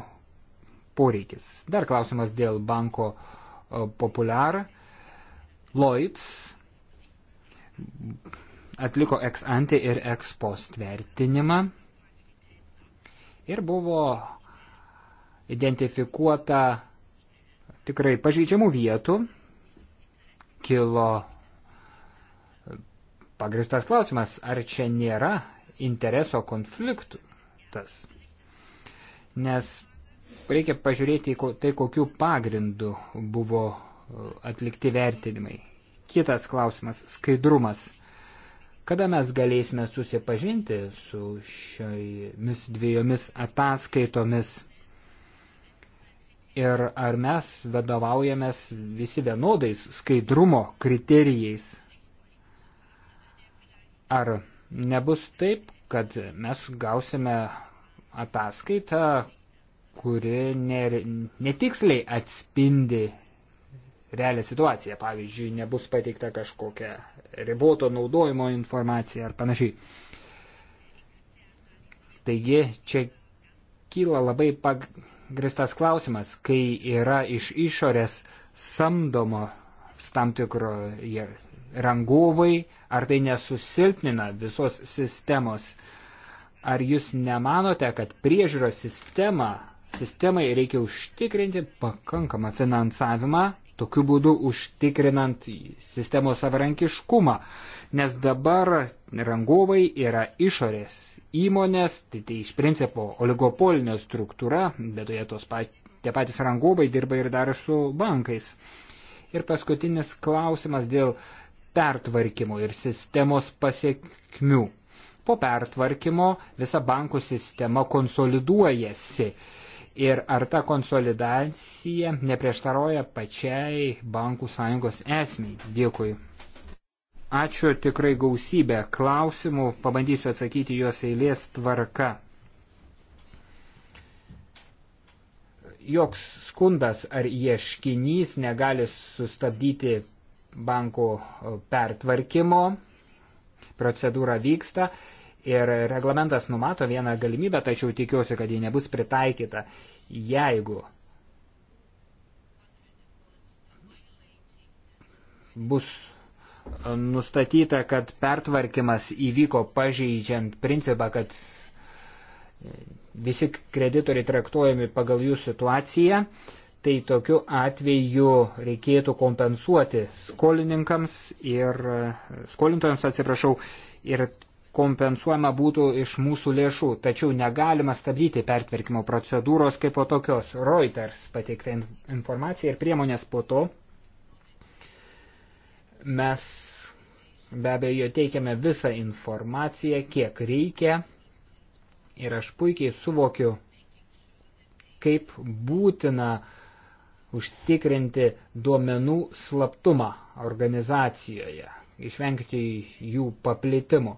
poreikis? Dar klausimas dėl banko populiarą Lloyds atliko ex ante ir ex post vertinimą ir buvo identifikuota tikrai pažeidžiamų vietų, kilo pagristas klausimas, ar čia nėra intereso konfliktų tas. Nes reikia pažiūrėti tai, kokiu pagrindu buvo atlikti vertinimai. Kitas klausimas - skaidrumas. Kada mes galėsime susipažinti su šiomis dviejomis ataskaitomis ir ar mes vadovaujamės visi vienodais skaidrumo kriterijais? Ar nebus taip, kad mes gausime ataskaitą, kuri netiksliai atspindi realią situaciją. Pavyzdžiui, nebus pateikta kažkokia riboto naudojimo informacija ar panašiai. Taigi, čia kyla labai pagristas klausimas, kai yra iš išorės samdomo tam tikro rangovai, ar tai nesusilpnina visos sistemos. Ar jūs nemanote, kad priežiūros sistema, sistemai reikia užtikrinti pakankamą finansavimą tokiu būdu užtikrinant sistemos savarankiškumą, nes dabar rangovai yra išorės įmonės, tai, tai iš principo oligopolinė struktūra, bet toje tos pat, tie patys rangovai dirba ir dar su bankais. Ir paskutinis klausimas dėl pertvarkymo ir sistemos pasiekmių. Po pertvarkymo visa bankų sistema konsoliduojasi ir ar ta konsolidacija neprieštaroja pačiai bankų sąjungos esmiai. Dėkui. Ačiū tikrai gausybę klausimų, pabandysiu atsakyti juos eilės tvarka. Joks skundas ar ieškinys negali sustabdyti bankų pertvarkymo, procedūra vyksta Ir reglamentas numato vieną galimybę, tačiau tikiuosi, kad ji nebus pritaikyta, jeigu bus e, nustatyta, kad pertvarkymas įvyko pažeidžiant principą, kad e, visi kreditoriai traktuojami pagal jų situaciją, tai tokiu atveju reikėtų kompensuoti skolininkams ir e, skolintojams, atsiprašau, ir kompensuojama būtų iš mūsų lėšų, tačiau negalima stabdyti pertvarkymo procedūros kaip po tokios. Reuters pateikta informacija ir priemonės po to. Mes be abejo teikiame visą informaciją, kiek reikia ir aš puikiai suvokiu, kaip būtina užtikrinti duomenų slaptumą organizacijoje, išvengti jų paplitimo.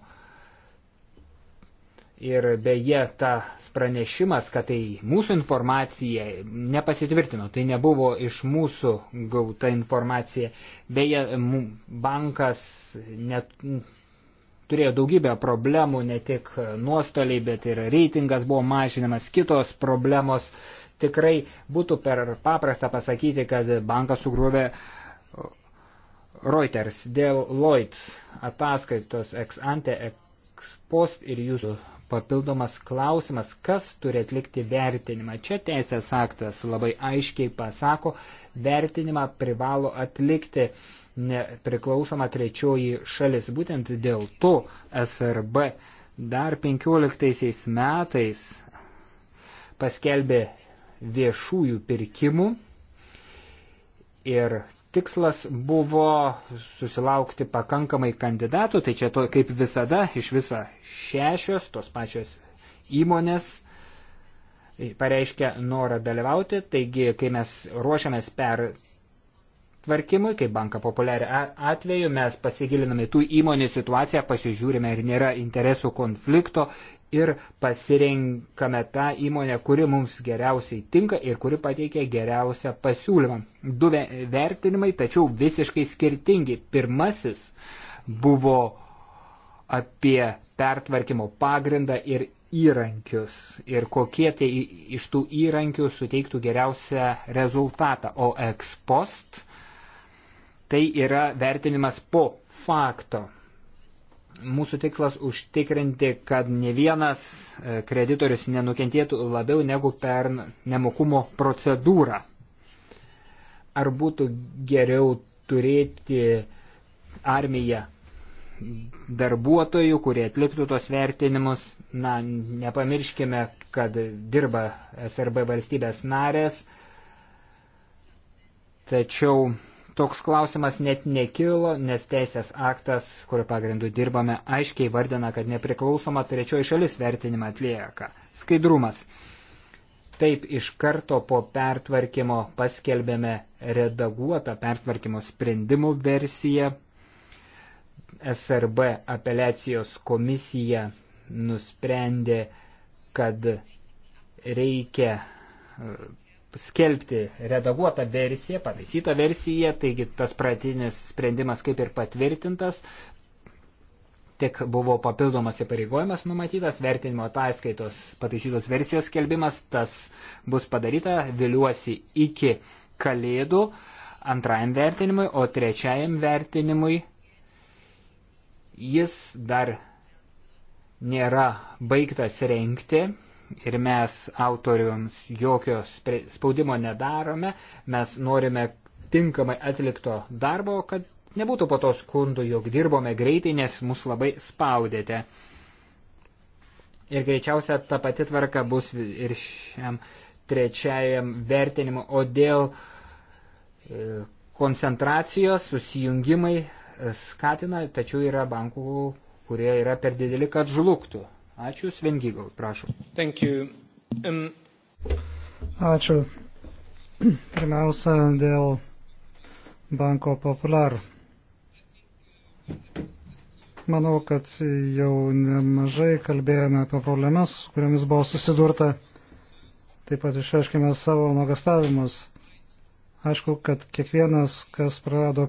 Ir beje, tas pranešimas, kad tai mūsų informacija nepasitvirtino, tai nebuvo iš mūsų gauta informacija. Beje, bankas net, turėjo daugybę problemų, ne tik nuostoliai, bet ir reitingas buvo mažinamas, kitos problemos. Tikrai būtų per paprasta pasakyti, kad bankas sugriovė Reuters dėl Lloyd ataskaitos ex ante, ex post ir jūsų papildomas klausimas, kas turi atlikti vertinimą. Čia teisės aktas labai aiškiai pasako, vertinimą privalo atlikti nepriklausoma trečioji šalis. Būtent dėl to SRB dar 15 metais paskelbė viešųjų pirkimų ir Tikslas buvo susilaukti pakankamai kandidatų, tai čia to, kaip visada iš viso šešios tos pačios įmonės pareiškia norą dalyvauti. Taigi, kai mes ruošiamės per tvarkymui, kaip banka populiari atveju, mes pasigiliname tų įmonių situaciją, pasižiūrime, ar nėra interesų konflikto, ir pasirenkame tą įmonę, kuri mums geriausiai tinka ir kuri pateikia geriausią pasiūlymą. Du vertinimai, tačiau visiškai skirtingi. Pirmasis buvo apie pertvarkymo pagrindą ir įrankius ir kokie tai iš tų įrankių suteiktų geriausią rezultatą. O ex post tai yra vertinimas po fakto. Mūsų tikslas užtikrinti, kad ne vienas e, kreditorius nenukentėtų labiau negu per nemokumo procedūrą. Ar būtų geriau turėti armiją darbuotojų, kurie atliktų tos vertinimus. Na, nepamirškime, kad dirba SRB valstybės narės, tačiau toks klausimas net nekilo, nes teisės aktas, kurio pagrindu dirbame, aiškiai vardina, kad nepriklausoma trečioji šalis vertinimą atlieka. Skaidrumas. Taip iš karto po pertvarkymo paskelbėme redaguotą pertvarkymo sprendimų versiją. SRB apeliacijos komisija nusprendė, kad reikia skelbti redaguotą versiją, pataisytą versiją, taigi tas pratinis sprendimas kaip ir patvirtintas, tik buvo papildomas įpareigojimas numatytas, vertinimo ataskaitos pataisytos versijos skelbimas, tas bus padaryta, viliuosi iki kalėdų antrajam vertinimui, o trečiajam vertinimui jis dar nėra baigtas renkti, ir mes autoriams jokios spaudimo nedarome, mes norime tinkamai atlikto darbo, kad nebūtų po to skundų, jog dirbome greitai, nes mus labai spaudėte. Ir greičiausia ta pati tvarka bus ir šiam trečiajam vertinimu, o dėl e, koncentracijos susijungimai e, skatina, tačiau yra bankų, kurie yra per dideli, kad žlugtų. Ačiū, Svengygal, prašau. Thank you. Um... Ačiū. Pirmiausia, dėl Banko Popular. Manau, kad jau nemažai kalbėjome apie problemas, su kuriamis buvo susidurta. Taip pat išaiškime savo nuogastavimus. Aišku, kad kiekvienas, kas prarado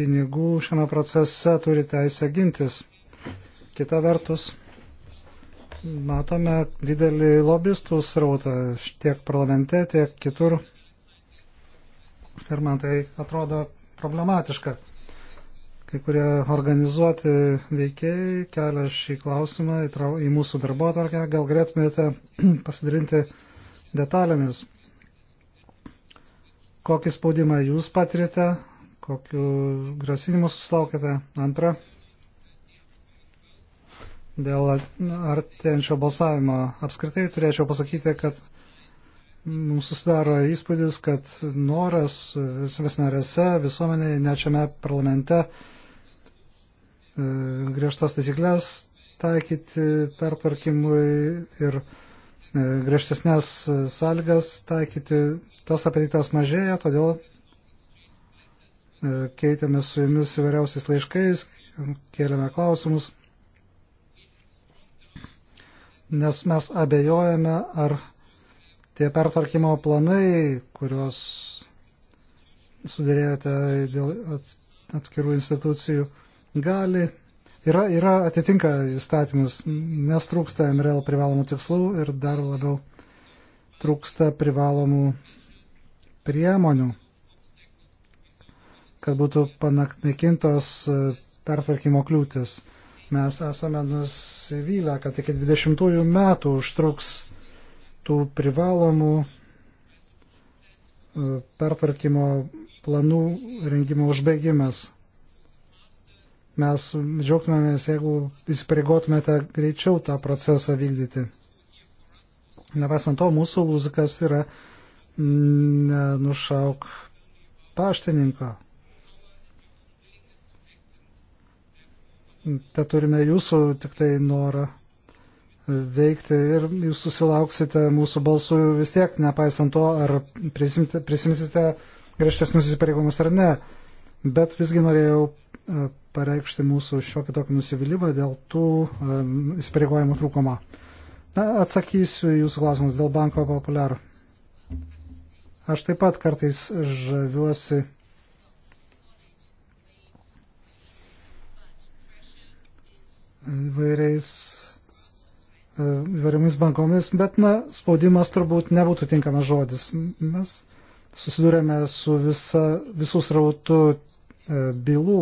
pinigų šiame procese, turi teisę gintis. Kita vertus, matome didelį lobistų srautą tiek parlamente, tiek kitur. Ir man tai atrodo problematiška. Kai kurie organizuoti veikėjai kelia šį klausimą į mūsų darbo atvarkę. Gal galėtumėte pasidalinti detalėmis, kokį spaudimą jūs patirite, kokiu grasinimu susilaukite. Antra, dėl artėjančio balsavimo. Apskritai turėčiau pasakyti, kad mums susidaro įspūdis, kad noras vis narėse, visuomenėje, nečiame parlamente e, griežtas taisyklės taikyti pertvarkymui ir e, griežtesnės sąlygas taikyti, tas apetitas mažėja, todėl e, keitėmės su jumis įvairiausiais laiškais, kėlėme klausimus nes mes abejojame, ar tie pertvarkymo planai, kuriuos sudėrėjote dėl atskirų institucijų, gali, yra, yra atitinka įstatymus, nes trūksta MRL privalomų tikslų ir dar labiau trūksta privalomų priemonių, kad būtų panaikintos e, pertvarkymo kliūtis. Mes esame nusivylę, kad iki 20 metų užtruks tų privalomų e, pertvarkymo planų rengimo užbaigimas. Mes džiaugtumėmės, jeigu įsipareigotumėte greičiau tą procesą vykdyti. Nepaisant to, mūsų lūzikas yra nušauk paštininko. te turime jūsų tik tai norą veikti ir jūs susilauksite mūsų balsų vis tiek, nepaisant to, ar prisimsite, prisimsite griežtesnius įsipareigomus ar ne. Bet visgi norėjau e, pareikšti mūsų šiokį tokį nusivylimą dėl tų e, įsipareigojimų trūkumo. Na, atsakysiu jūsų klausimus dėl banko populiarų. Aš taip pat kartais žaviuosi įvairiais e, įvairiomis bankomis, bet, na, spaudimas turbūt nebūtų tinkamas žodis. Mes susidurėme su visa, visus rautų e, bylų.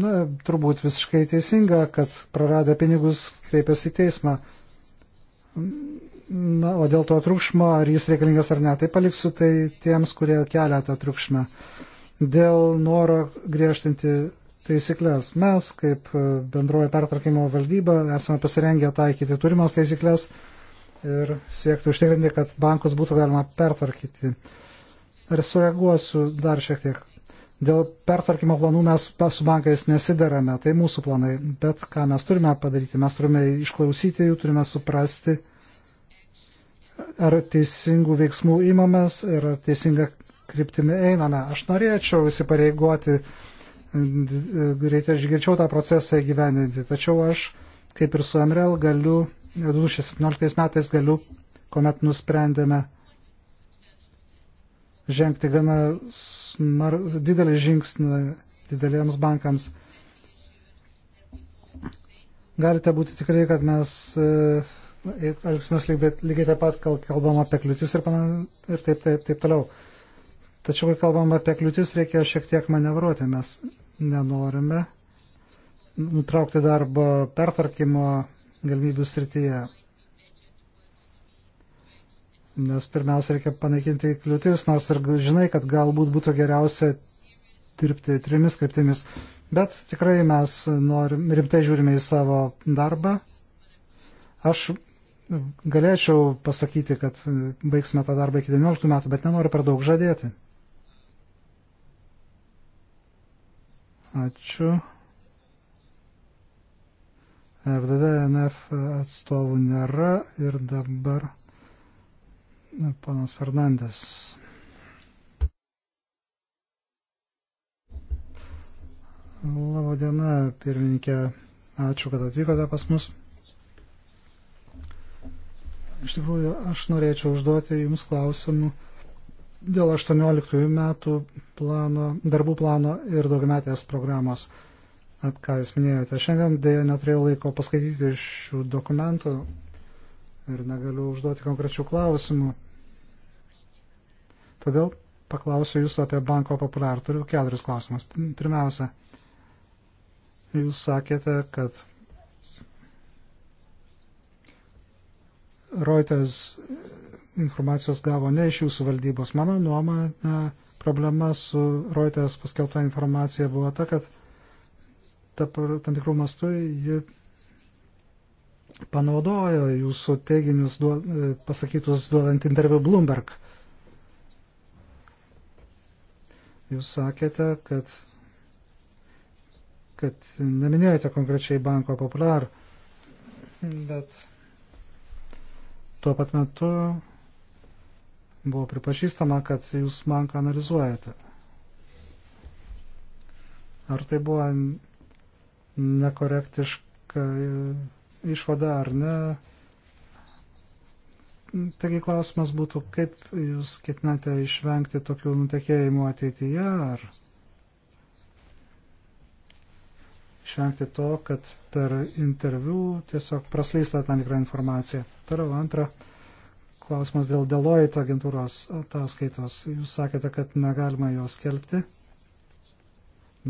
Na, turbūt visiškai teisinga, kad praradę pinigus kreipiasi į teismą. Na, o dėl to triukšmo, ar jis reikalingas ar ne, tai paliksiu tai tiems, kurie kelia tą triukšmą. Dėl noro griežtinti taisyklės. Mes, kaip e, bendroji pertvarkymo valdyba, esame pasirengę taikyti turimas taisyklės ir siekti užtikrinti, kad bankus būtų galima pertvarkyti. Ar sureaguosiu dar šiek tiek. Dėl pertvarkymo planų mes su bankais nesiderame, tai mūsų planai, bet ką mes turime padaryti, mes turime išklausyti jų, turime suprasti, ar teisingų veiksmų įmamės ir teisinga kryptimi einame. Aš norėčiau įsipareigoti uh, reikia greičiau tą procesą įgyvendinti. Tačiau aš, kaip ir su MRL, galiu, 2017 metais galiu, kuomet nusprendėme žengti gana smar, didelį žingsnį dideliems bankams. Galite būti tikrai, kad mes e, elgsimės lygiai taip pat, kal kalbam apie kliūtis ir, panan, ir taip, taip, taip toliau. Tačiau, kai kalbam apie kliūtis, reikia šiek tiek manevruoti. Mes nenorime nutraukti darbo pertvarkymo galimybių srityje. Nes pirmiausia, reikia panaikinti kliūtis, nors ir žinai, kad galbūt būtų geriausia dirbti trimis kryptimis. Bet tikrai mes norim, rimtai žiūrime į savo darbą. Aš galėčiau pasakyti, kad baigsime tą darbą iki 19 metų, bet nenoriu per daug žadėti. Ačiū. FDD NF atstovų nėra ir dabar panas Fernandes. Labą dieną, pirmininkė. Ačiū, kad atvykote pas mus. Iš tikrųjų, aš norėčiau užduoti Jums klausimų dėl 18 metų plano, darbų plano ir daugiametės programos, ką jūs minėjote. Šiandien dėja neturėjau laiko paskaityti šių dokumentų ir negaliu užduoti konkrečių klausimų. Todėl paklausiu jūsų apie banko populiarų. Turiu keturis klausimus. Pirmiausia, jūs sakėte, kad Reuters informacijos gavo ne iš jūsų valdybos. Mano nuomonė, problema su Reuters paskelbta informacija buvo ta, kad ta, tam tikrų mastų ji panaudojo jūsų teiginius duod, pasakytus duodant interviu Bloomberg. Jūs sakėte, kad, kad neminėjote konkrečiai banko populiar, bet tuo pat metu buvo pripažįstama, kad jūs banką analizuojate. Ar tai buvo nekorektiška išvada ar ne? Taigi klausimas būtų, kaip jūs ketinate išvengti tokių nutekėjimų ateityje ar išvengti to, kad per interviu tiesiog praslysta tam tikrą informaciją. Toliau antra. Klausimas dėl Deloitte agentūros ataskaitos. Jūs sakėte, kad negalima jos skelbti,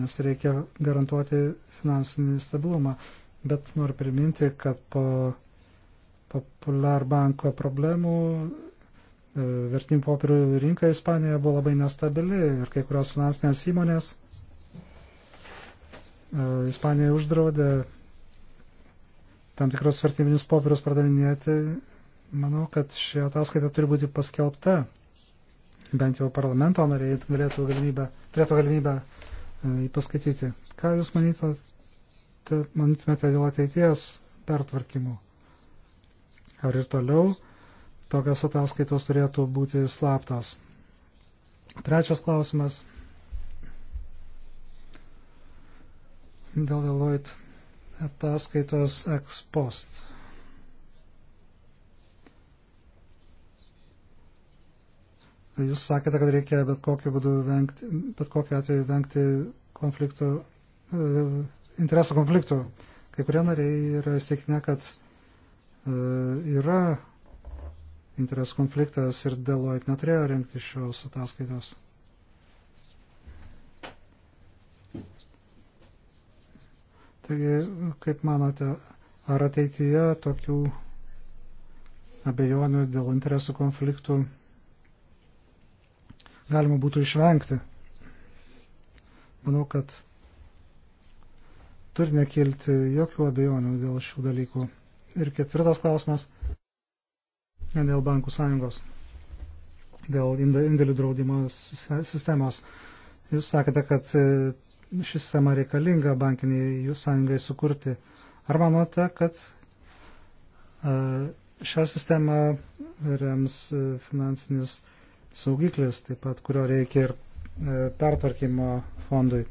nes reikia garantuoti finansinį stabilumą. Bet noriu priminti, kad po Populiar banko problemų e, vertinių popierių rinka Ispanijoje buvo labai nestabili ir kai kurios finansinės įmonės e, Ispanija uždraudė tam tikros vertybinius popierius pardavinėti Manau, kad ši ataskaita turi būti paskelbta. Bent jau parlamento nariai galėtų galimybę, turėtų galimybę e, jį paskaityti. Ką Jūs manytumėte, manytumėte dėl ateities pertvarkymų? Ar ir toliau tokios ataskaitos turėtų būti slaptos? Trečias klausimas. Dėl Deloitte ataskaitos ex post. Jūs sakėte, kad reikia bet kokiu būdu vengti, bet kokiu atveju vengti konfliktų, e, interesų konfliktų. Kai kurie nariai yra įstikinę, kad e, yra interesų konfliktas ir Deloitte neturėjo rengti šios ataskaitos. Taigi, kaip manote, ar ateityje tokių abejonių dėl interesų konfliktų galima būtų išvengti. Manau, kad turi nekilti jokių abejonių dėl šių dalykų. Ir ketvirtas klausimas dėl bankų sąjungos, dėl indėlių draudimo sistemos. Jūs sakėte, kad e, ši sistema reikalinga bankiniai jų sąjungai sukurti. Ar manote, kad e, šią sistemą rems e, finansinis uh, saugiklis, taip pat kurio reikia ir e, pertvarkymo fondui.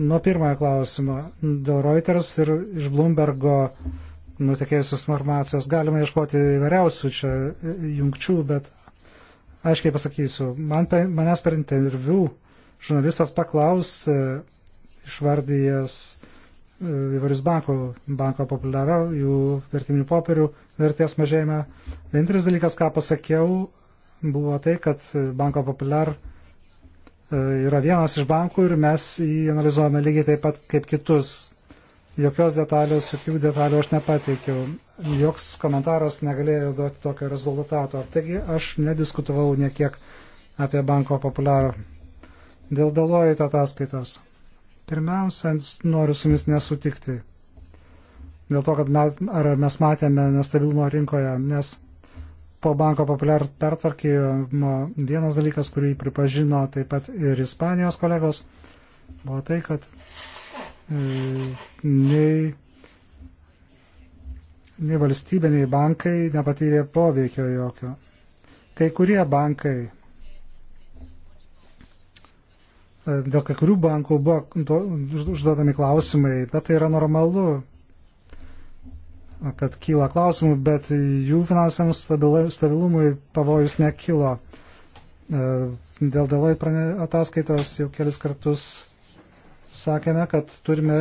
Nuo pirmojo klausimo dėl Reuters ir iš Bloombergo nutekėjusios informacijos galima ieškoti įvairiausių čia e, jungčių, bet aiškiai pasakysiu, man, manęs per interviu žurnalistas paklaus e, išvardyjas įvairius bankų, banko populiarą, jų vertiminių popierių vertės mažėjimą. Vienintelis dalykas, ką pasakiau, buvo tai, kad Banko Populiar e, yra vienas iš bankų ir mes jį analizuojame lygiai taip pat kaip kitus. Jokios detalės, jokių detalių aš nepateikiau. Joks komentaras negalėjo duoti tokio rezultato. Taigi aš nediskutavau niekiek apie Banko Populiarą. Dėl Deloitte ataskaitos. Pirmiausia, noriu su jumis nesutikti. Dėl to, kad mes, mes matėme nestabilumo rinkoje, nes po banko populiar pertvarkymo vienas dalykas, kurį pripažino taip pat ir Ispanijos kolegos, buvo tai, kad e, nei, nei valstybė, nei bankai nepatyrė poveikio jokio. Kai kurie bankai, e, dėl kai kurių bankų buvo užduodami klausimai, bet tai yra normalu, kad kyla klausimų, bet jų finansiniam stabilumui pavojus nekilo. E, dėl Deloitte ataskaitos jau kelis kartus sakėme, kad turime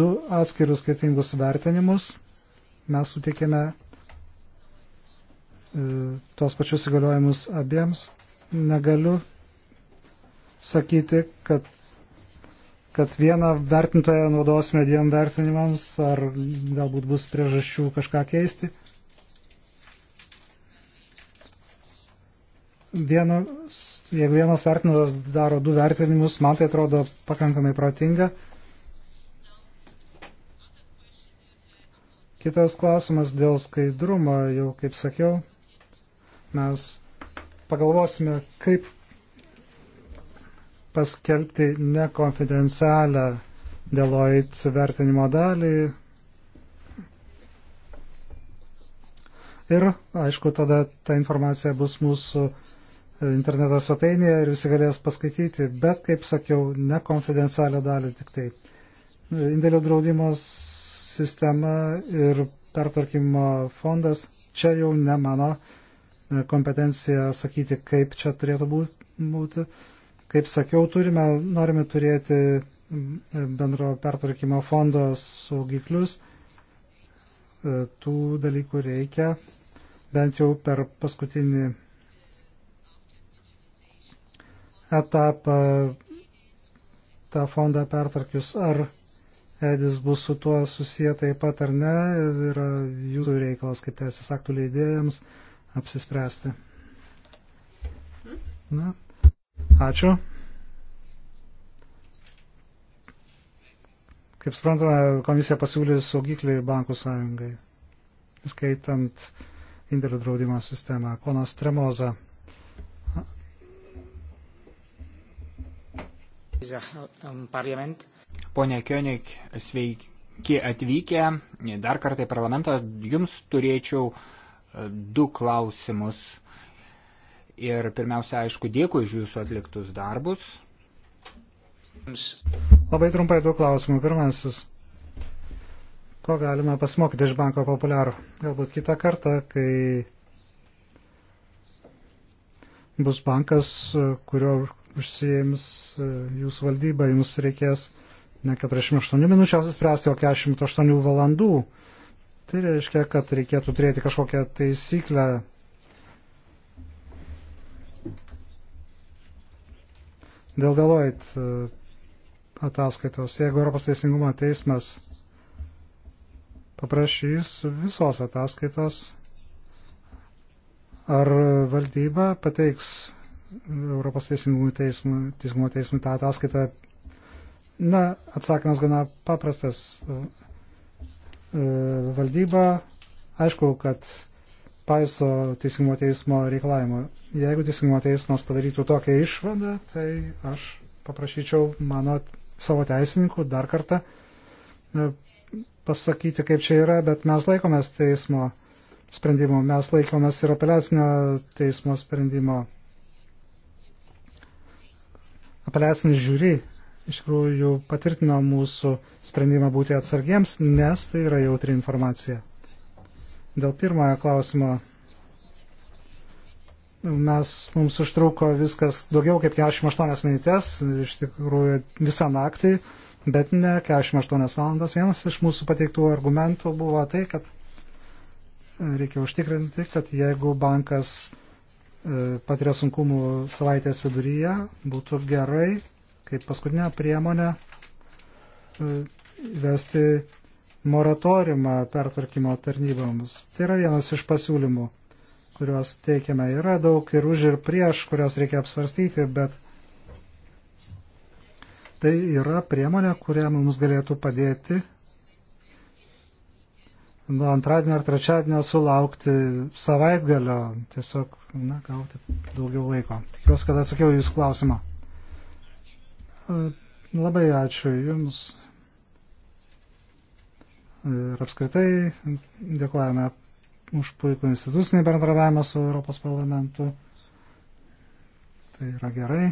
du atskirius skirtingus vertinimus. Mes sutikėme e, tuos pačius įgaliojimus abiems. Negaliu sakyti, kad kad vieną vertintoją naudosime dviem vertinimams, ar galbūt bus priežasčių kažką keisti. Vienas, jeigu vienas vertintojas daro du vertinimus, man tai atrodo pakankamai protinga. Kitas klausimas dėl skaidrumo, jau kaip sakiau, mes pagalvosime, kaip paskelbti nekonfidencialią Deloitte vertinimo dalį. Ir, aišku, tada ta informacija bus mūsų interneto svetainėje ir visi galės paskaityti, bet, kaip sakiau, nekonfidencialią dalį tik tai. Indėlių draudimo sistema ir pertvarkymo fondas čia jau ne mano kompetencija sakyti, kaip čia turėtų būti. Kaip sakiau, turime, norime turėti mm, bendro pertvarkymo fondo saugiklius. E, tų dalykų reikia bent jau per paskutinį etapą tą fondą pertvarkius. Ar Edis bus su tuo susiję taip pat ar ne, yra jūsų reikalas kaip teisės aktų leidėjams apsispręsti. Mhm. Na, Ačiū. Kaip suprantame, komisija pasiūlė saugiklį bankų sąjungai, skaitant indėlių draudimo sistemą. Ponas Tremoza. Pone Kionik, sveiki atvykę. Dar kartą į parlamentą. Jums turėčiau e, du klausimus. Ir pirmiausia, aišku, dėkui už jūsų atliktus darbus. Labai trumpai du klausimų. Pirmasis. Ko galime pasimokyti iš banko populiarų? Galbūt kitą kartą, kai bus bankas, kurio užsijėms e, jūsų valdyba, jums reikės ne 48 minučių apsispręsti, o 48 valandų. Tai reiškia, kad reikėtų turėti kažkokią taisyklę Dėl Deloitte e, ataskaitos, jeigu Europos teisingumo teismas paprašys visos ataskaitos, ar valdyba pateiks Europos teisingumo teismų, teisingumo teismų tą ataskaitą. Na, atsakymas gana paprastas. E, valdyba, aišku, kad paiso teisingumo teismo reikalavimo. Jeigu teisingumo teismas padarytų tokią išvadą, tai aš paprašyčiau mano savo teisininkų dar kartą e, pasakyti, kaip čia yra, bet mes laikomės teismo sprendimo, mes laikomės ir apeliacinio teismo sprendimo. Apeliacinis žiūri iš tikrųjų patvirtino mūsų sprendimą būti atsargiems, nes tai yra jautri informacija. Dėl pirmojo klausimo mes, mums užtruko viskas daugiau kaip 48 minutės, iš tikrųjų visą naktį, bet ne 48 valandas. Vienas iš mūsų pateiktų argumentų buvo tai, kad reikia užtikrinti, kad jeigu bankas e, patiria sunkumų savaitės viduryje, būtų gerai, kaip paskutinę priemonę, e, vesti moratorimą pertvarkymo tarnyboms. Tai yra vienas iš pasiūlymų, kuriuos teikiame. Yra daug ir už ir prieš, kurias reikia apsvarstyti, bet tai yra priemonė, kurią mums galėtų padėti nuo antradienio ar trečiadienio sulaukti savaitgalio, tiesiog, na, gauti daugiau laiko. Tikiuosi, kad atsakiau Jūsų klausimą. Labai ačiū Jums ir apskritai dėkojame už puikų institucinį bendradarbiavimą su Europos parlamentu. Tai yra gerai.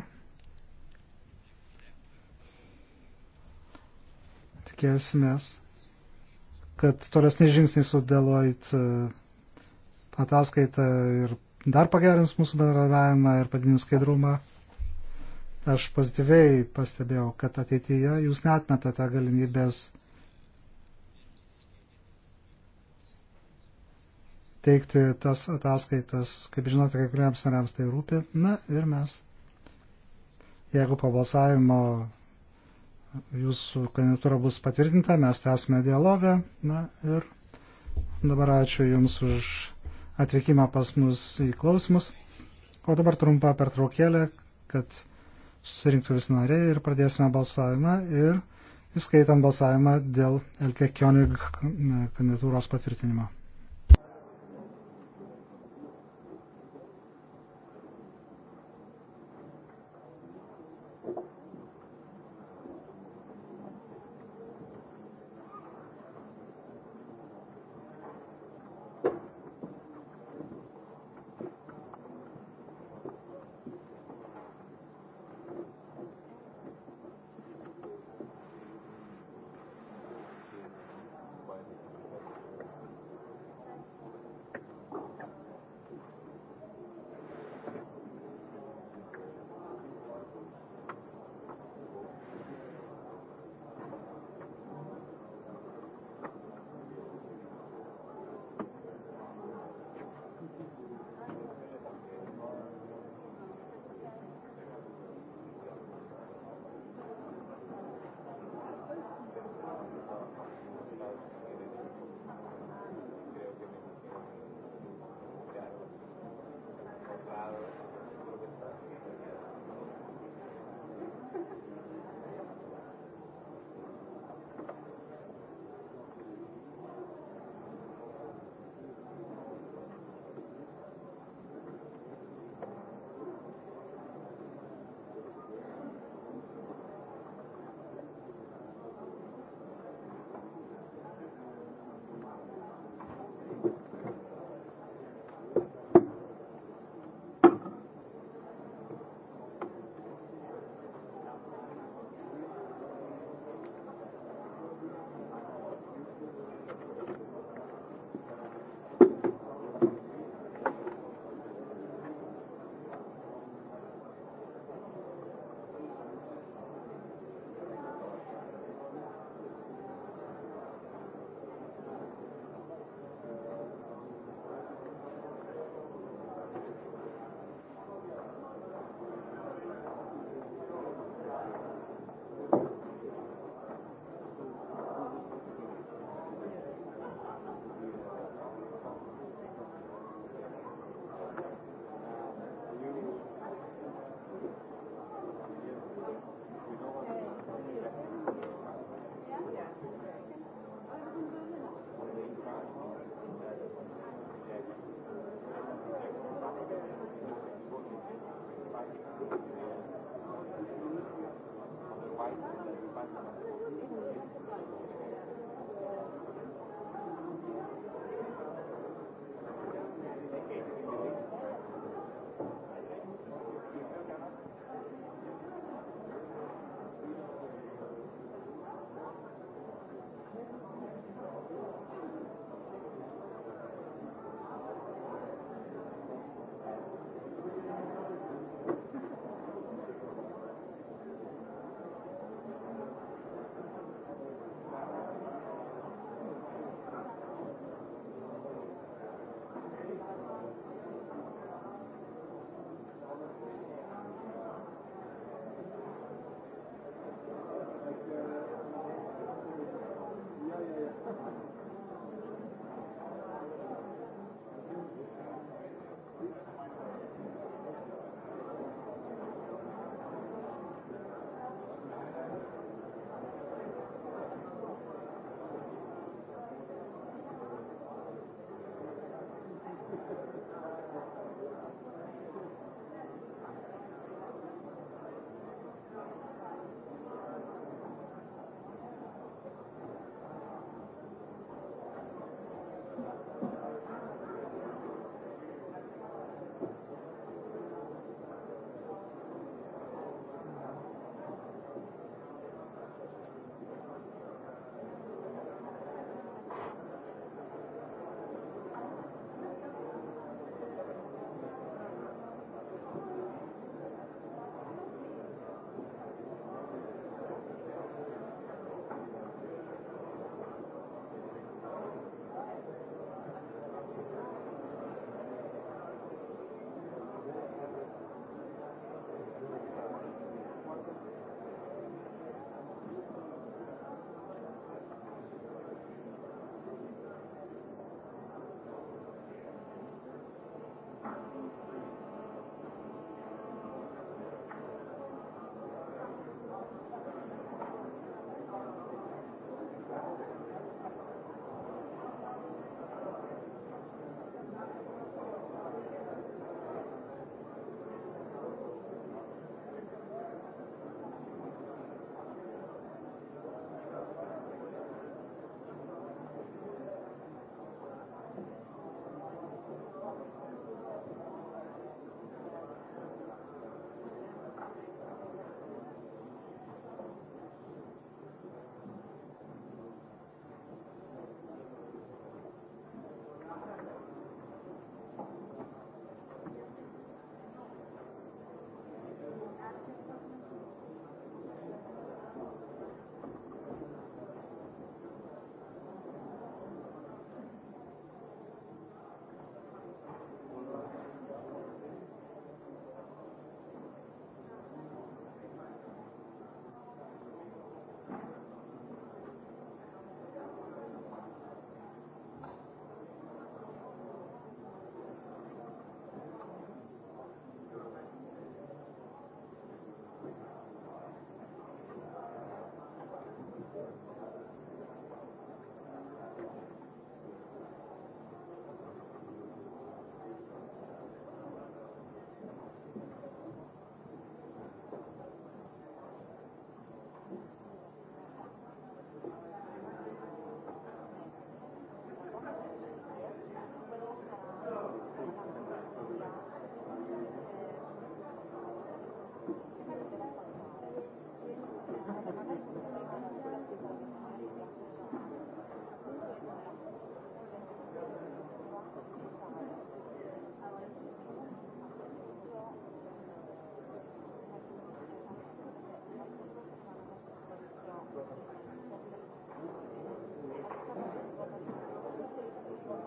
Tikėsimės, kad tolesni žingsniai su Deloitte e, ataskaita ir dar pagerins mūsų bendradarbiavimą ir padidins skaidrumą. Aš pozityviai pastebėjau, kad ateityje jūs netmetate galimybės teikti tas ataskaitas. Kaip žinote, kai kuriems nariams tai rūpi. Na ir mes, jeigu po balsavimo jūsų kandidatūra bus patvirtinta, mes tęsime dialogą. Na ir dabar ačiū Jums už atvykimą pas mus į klausimus. O dabar trumpa pertraukėlė, kad susirinktų visi nariai ir pradėsime balsavimą ir įskaitant balsavimą dėl Elke Kionig kandidatūros patvirtinimo.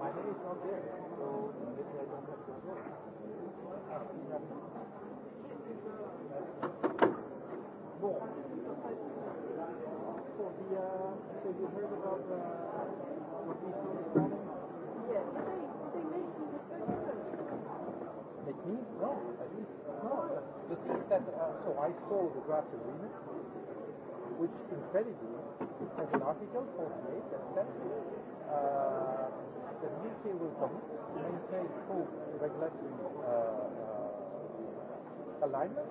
My name is not there, so maybe I don't have to work. Bon. So the uh, so you heard about uh, what we saw this morning? Yes, but they they mentioned it very early. It means no, I didn't. No, the thing is that uh, so I saw the draft agreement, which incredibly has an article 48 that says. Uh, that UK will commit maintain full regulatory uh, uh, alignment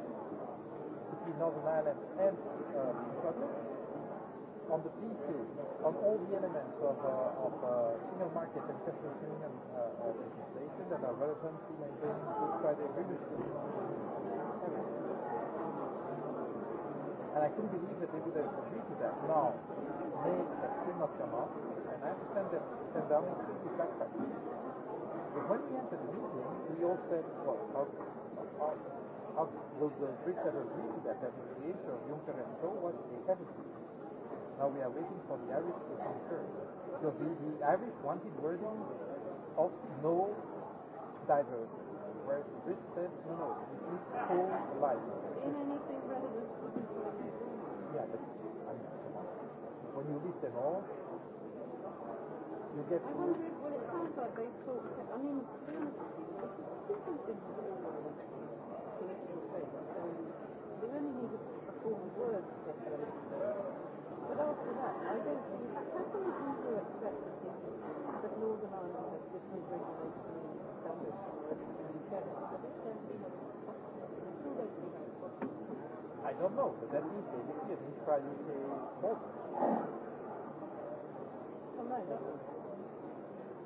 between Northern Ireland and um, Scotland on the pieces, on all the elements of, uh, of uh, single market and customs union uh, uh, legislation that are relevant to maintaining Good Friday Agreement. And I couldn't believe that they would have agreed to that. Now, they have still not come out and I understand that Stendhal included that fact. But when we entered the meeting, we all said, well, how, how, how will the Brits ever agree to that, that the creation of Juncker and Co. was a heresy? Now we are waiting for the Irish to concur. Because the, the Irish wanted wording of no divergence, whereas the Brits said, no, no, we need full alignment. In anything relevant. Yeah, but I mean, come on. When you list them all, you get. I wonder if, well, it sounds like they talk. I mean, we only need a form of words to get going. But after that, I don't see. How can we come to accept that, that Northern Ireland has different regulation and standards for working together? But it can't be possible. Until they see that possible. I don't know, but at least they didn't try to solve it. Well, no, that's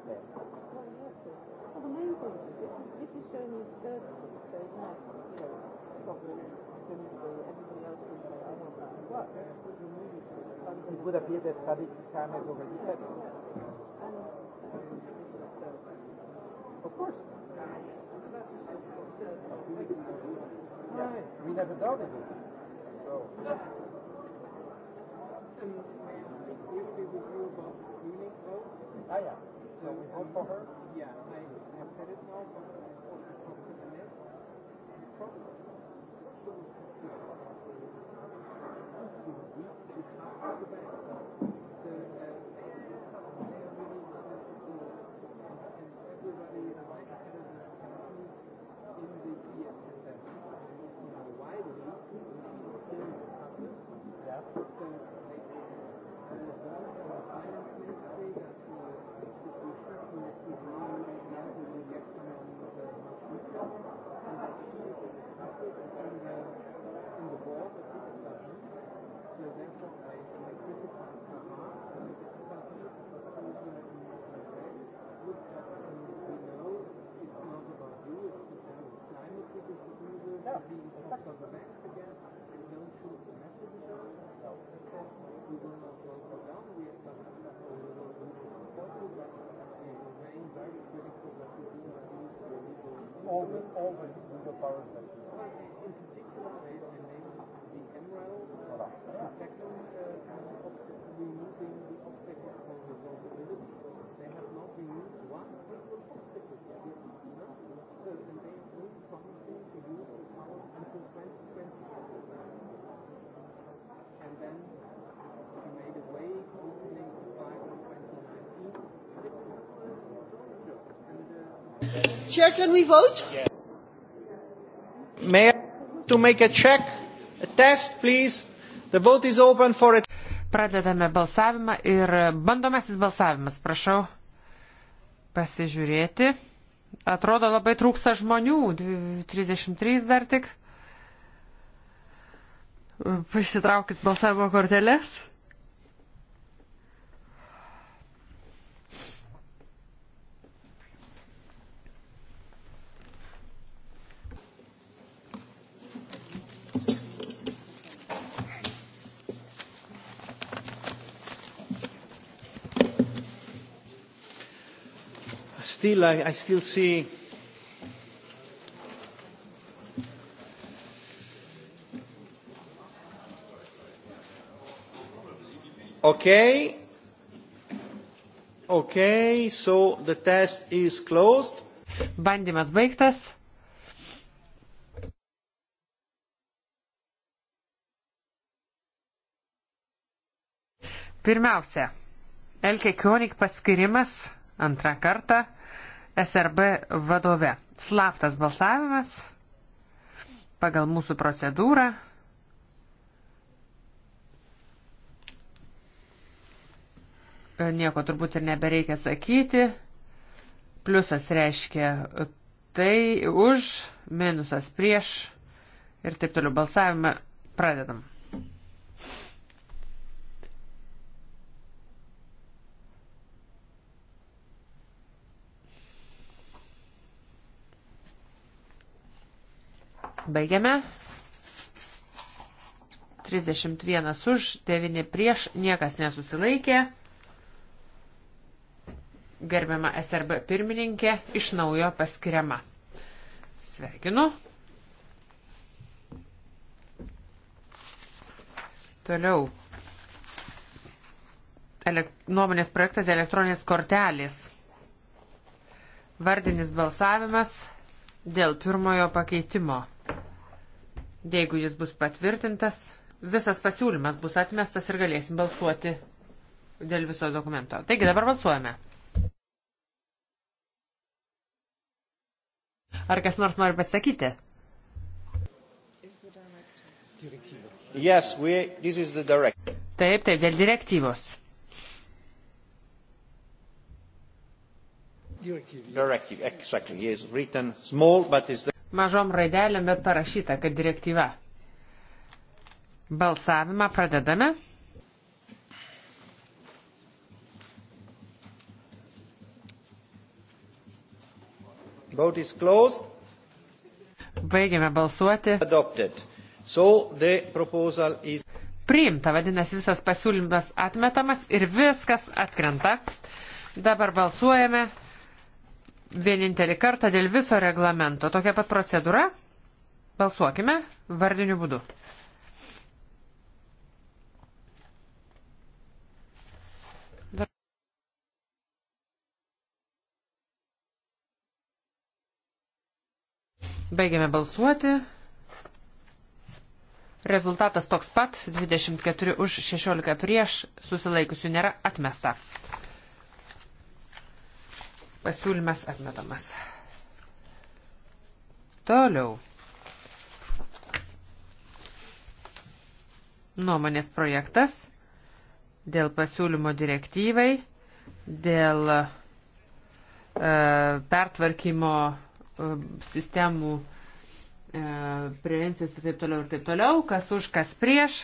there. Well, exactly. Well, the main thing is this is, this is showing you services, so it's not, you know, problems, clinical, everybody else can say, I want that to work. It would appear that study time has already set. Yeah. And, uh, of course. Yeah. We never doubted it. So. And the review about Munich, though? Ah, yeah. Yeah, we hope for her. Yeah, I, I said it now, but I also talked to the net. Probably. all the all the nuclear power stations. In particular, they, they named the MREL voilà. the second uh, of removing the obstacles for resolvability. They have not removed one single obstacle yet. So, and they are still promising to use the power until 2025. And then Chair, can we vote? Yeah. May I to make a check, a test, please? The vote is open for a... Pradedame balsavimą ir bandomasis balsavimas, prašau pasižiūrėti. Atrodo labai trūksta žmonių, 33 dar tik. Pasitraukit balsavimo korteles. still, I, I still see Okay. Okay, so the test is closed. Bandymas baigtas. Pirmiausia, Elke Kionik paskirimas antrą kartą SRB vadove. Slaptas balsavimas pagal mūsų procedūrą. E, nieko turbūt ir nebereikia sakyti. Pliusas reiškia tai už, minusas prieš ir taip toliau balsavimą pradedam. Baigiame. 31 už, 9 prieš, niekas nesusilaikė. Gerbiama SRB pirmininkė iš naujo paskiriama. Sveikinu. Toliau. Elekt... Nuomonės projektas elektroninės kortelės. Vardinis balsavimas dėl pirmojo pakeitimo. Jeigu jis bus patvirtintas, visas pasiūlymas bus atmestas ir galėsim balsuoti dėl viso dokumento. Taigi dabar balsuojame. Ar kas nors nori pasakyti? Yes, we, this is the direct. Taip, taip, dėl direktyvos. Directive, yes. Directive, exactly. Yes, written small, but is the mažom raidelėm, bet parašyta, kad direktyva. Balsavimą pradedame. Vote is closed. Baigėme balsuoti. Adopted. So the proposal is priimta, vadinasi visas pasiūlymas atmetamas ir viskas atkrenta. Dabar balsuojame vienintelį kartą dėl viso reglamento. Tokia pat procedūra. Balsuokime vardiniu būdu. Baigiame balsuoti. Rezultatas toks pat - 24 už 16 prieš, susilaikusių nėra atmesta. Pasiūlymas atmetamas. Toliau. Nuomonės projektas dėl pasiūlymo direktyvai, dėl e, pertvarkymo e, sistemų e, prevencijos ir taip toliau ir taip toliau, kas už, kas prieš,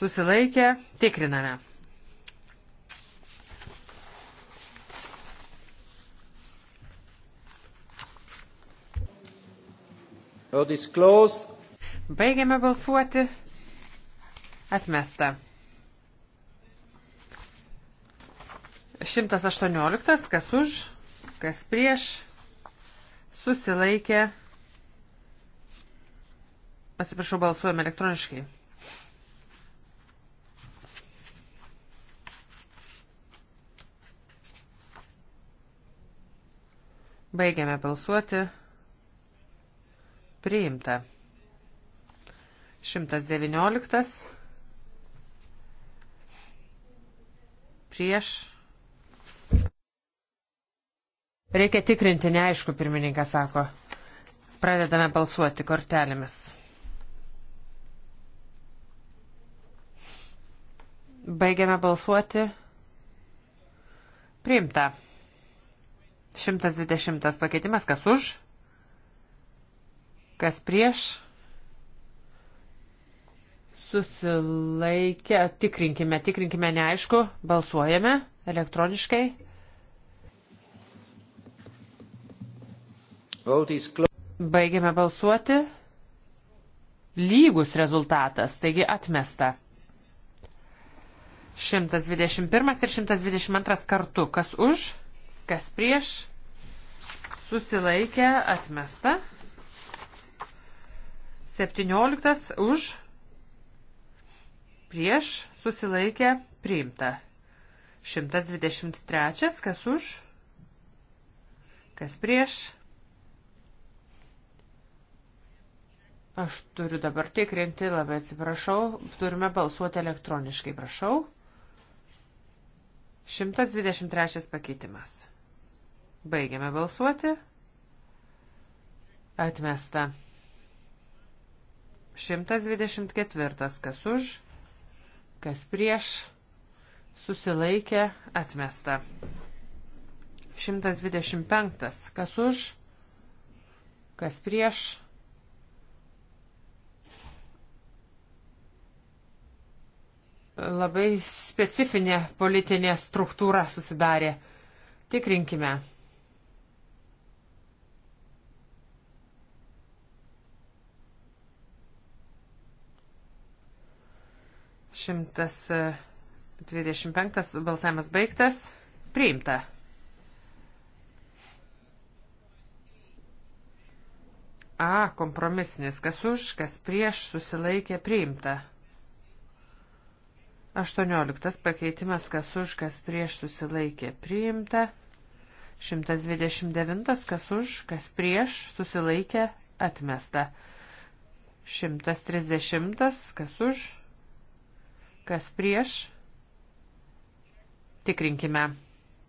susilaikę, tikriname. Baigiame balsuoti. Atmesta. 118, kas už, kas prieš, susilaikė. Atsiprašau, balsuojame elektroniškai. Baigiame balsuoti. Priimta. 119. Prieš. Reikia tikrinti, neaišku, pirmininkas sako. Pradedame balsuoti kortelėmis. Baigiame balsuoti. Priimta. 120 pakeitimas, kas už? kas prieš. Susilaikę, tikrinkime, tikrinkime neaišku, balsuojame elektroniškai. Baigiame balsuoti. Lygus rezultatas, taigi atmesta. 121 ir 122 kartu. Kas už, kas prieš, susilaikė, atmesta. 17 už, prieš, susilaikė, priimta. 123, kas už, kas prieš. Aš turiu dabar tikrinti, labai atsiprašau, turime balsuoti elektroniškai, prašau. 123 pakeitimas. Baigiame balsuoti. Atmesta. 124. Kas už, kas prieš, susilaikė, atmesta. 125. Kas už, kas prieš. Labai specifinė politinė struktūra susidarė. Tikrinkime. 125 balsavimas baigtas. Priimta. A kompromisnis, kas už, kas prieš susilaikė priimta. 18 pakeitimas, kas už, kas prieš susilaikė priimta. 129 kas už, kas prieš susilaikė atmesta. 130 kas už, Kas prieš? Tikrinkime.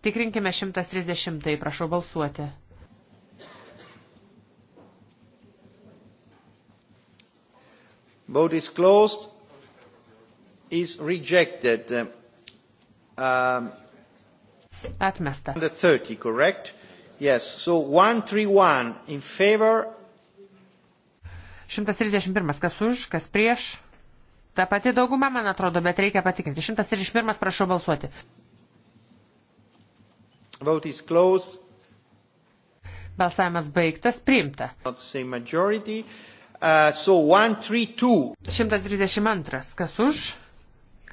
Tikrinkime 130, tai prašau balsuoti. Vote is closed. Is rejected. Um, Atmesta. 130, correct? Yes. So 131 in favor. 131, kas už, kas prieš? Ta pati dauguma, man atrodo, bet reikia patikinti. 131, prašau balsuoti. Vote is closed. Balsavimas baigtas, priimta. Uh, so 132. Kas už,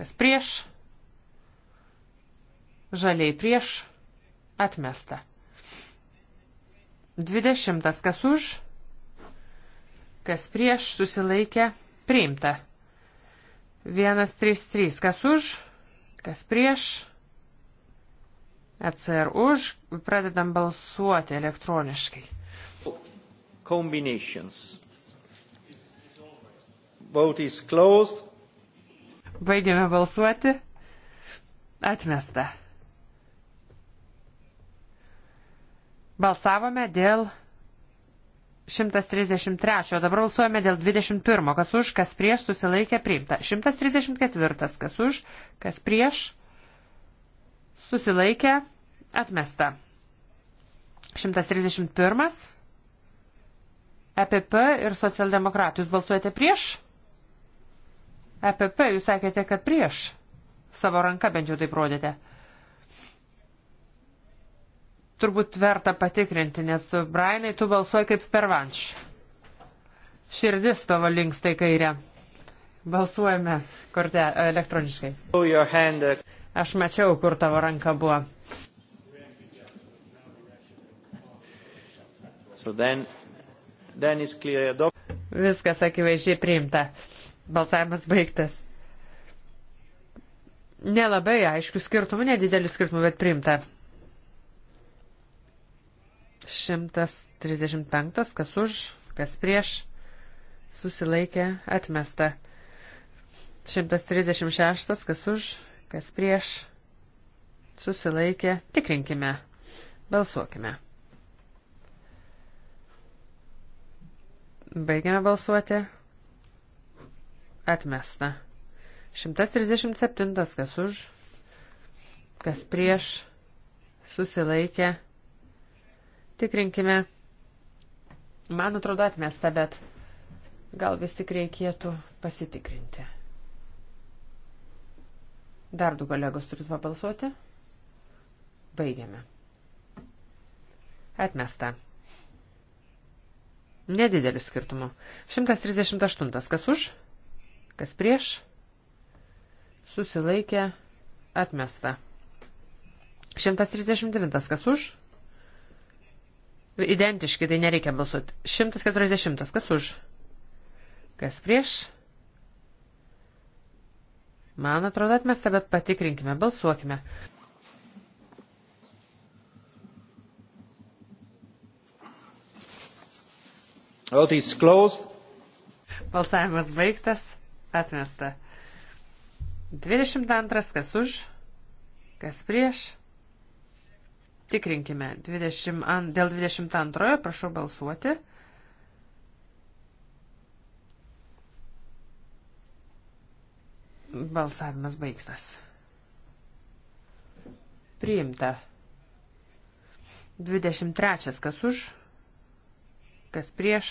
kas prieš, žaliai prieš, atmesta. 20. Kas už, kas prieš, susilaikė, priimta. 133. Kas už, kas prieš. ECR už. Pradedam balsuoti elektroniškai. Combinations. Vote is closed. Baigėme balsuoti. Atmesta. Balsavome dėl 133, o dabar balsuojame dėl 21, kas už, kas prieš susilaikė priimta. 134, kas už, kas prieš susilaikė atmesta. 131, EPP ir socialdemokratų, jūs balsuojate prieš? EPP, jūs sakėte, kad prieš. Savo ranką bent jau taip rodėte turbūt verta patikrinti, nes Brainai tu balsuoji kaip pervanš. Širdis tavo linksta į kairę. Balsuojame korte, elektroniškai. Uh, Aš mačiau, kur tavo ranka buvo. So then, then Viskas akivaizdžiai priimta. Balsavimas baigtas. Nelabai aiškių skirtumų, nedidelių skirtumų, bet priimta. 135, kas už, kas prieš, susilaikė, atmesta. 136, kas už, kas prieš, susilaikė, tikrinkime, balsuokime. Baigiame balsuoti. Atmesta. 137, kas už, kas prieš, susilaikė, Tikrinkime. Man atrodo atmesta, bet gal vis tik reikėtų pasitikrinti. Dar du kolegos turit pabalsuoti. Baigiame. Atmesta. Nedideliu skirtumu. 138. Kas už? Kas prieš? Susilaikė. Atmesta. 139. Kas už? Identiški, tai nereikia balsuoti. 140. Kas už? Kas prieš? Man atrodo atmesta, bet patikrinkime, balsuokime. Vote is closed. Balsavimas baigtas, atmesta. 22. Kas už? Kas prieš? Tikrinkime. 20, dėl 22 prašau balsuoti. Balsavimas baigtas. Priimta. 23. Kas už? Kas prieš?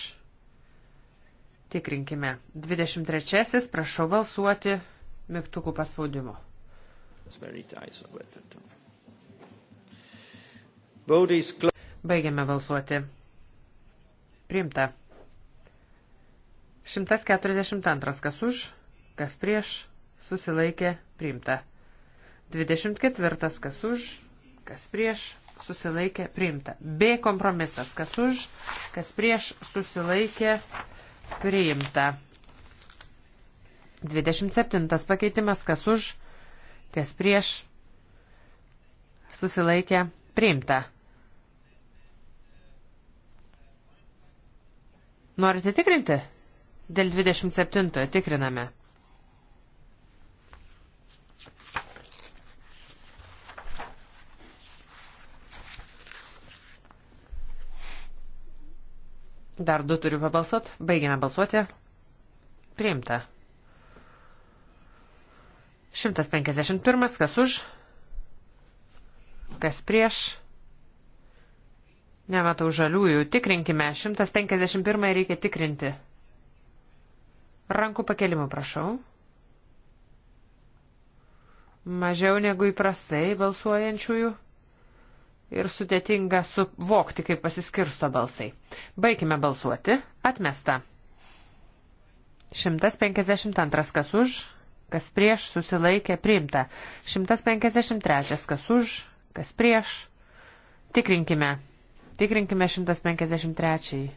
Tikrinkime. 23. Prašau balsuoti mygtukų paspaudimu. It's very tight, so better don't. Baigiame balsuoti. Priimta. 142. Kas už, kas prieš, susilaikė, priimta. 24. Kas už, kas prieš, susilaikė, priimta. B kompromisas. Kas už, kas prieš, susilaikė, priimta. 27. Pakeitimas. Kas už, kas prieš, susilaikė, priimta. Norite tikrinti? Dėl 27 tikriname. Dar du turiu pabalsuot. Baigiame balsuoti. Priimta. 151. Kas už? Kas prieš? Nematau žaliųjų. Tikrinkime. 151 reikia tikrinti. Rankų pakelimų prašau. Mažiau negu įprastai balsuojančiųjų. Ir sudėtinga suvokti, kaip pasiskirsto balsai. Baigime balsuoti. Atmesta. 152 kas už, kas prieš susilaikė priimta. 153 kas už, kas prieš. Tikrinkime. Tikrinkime 153.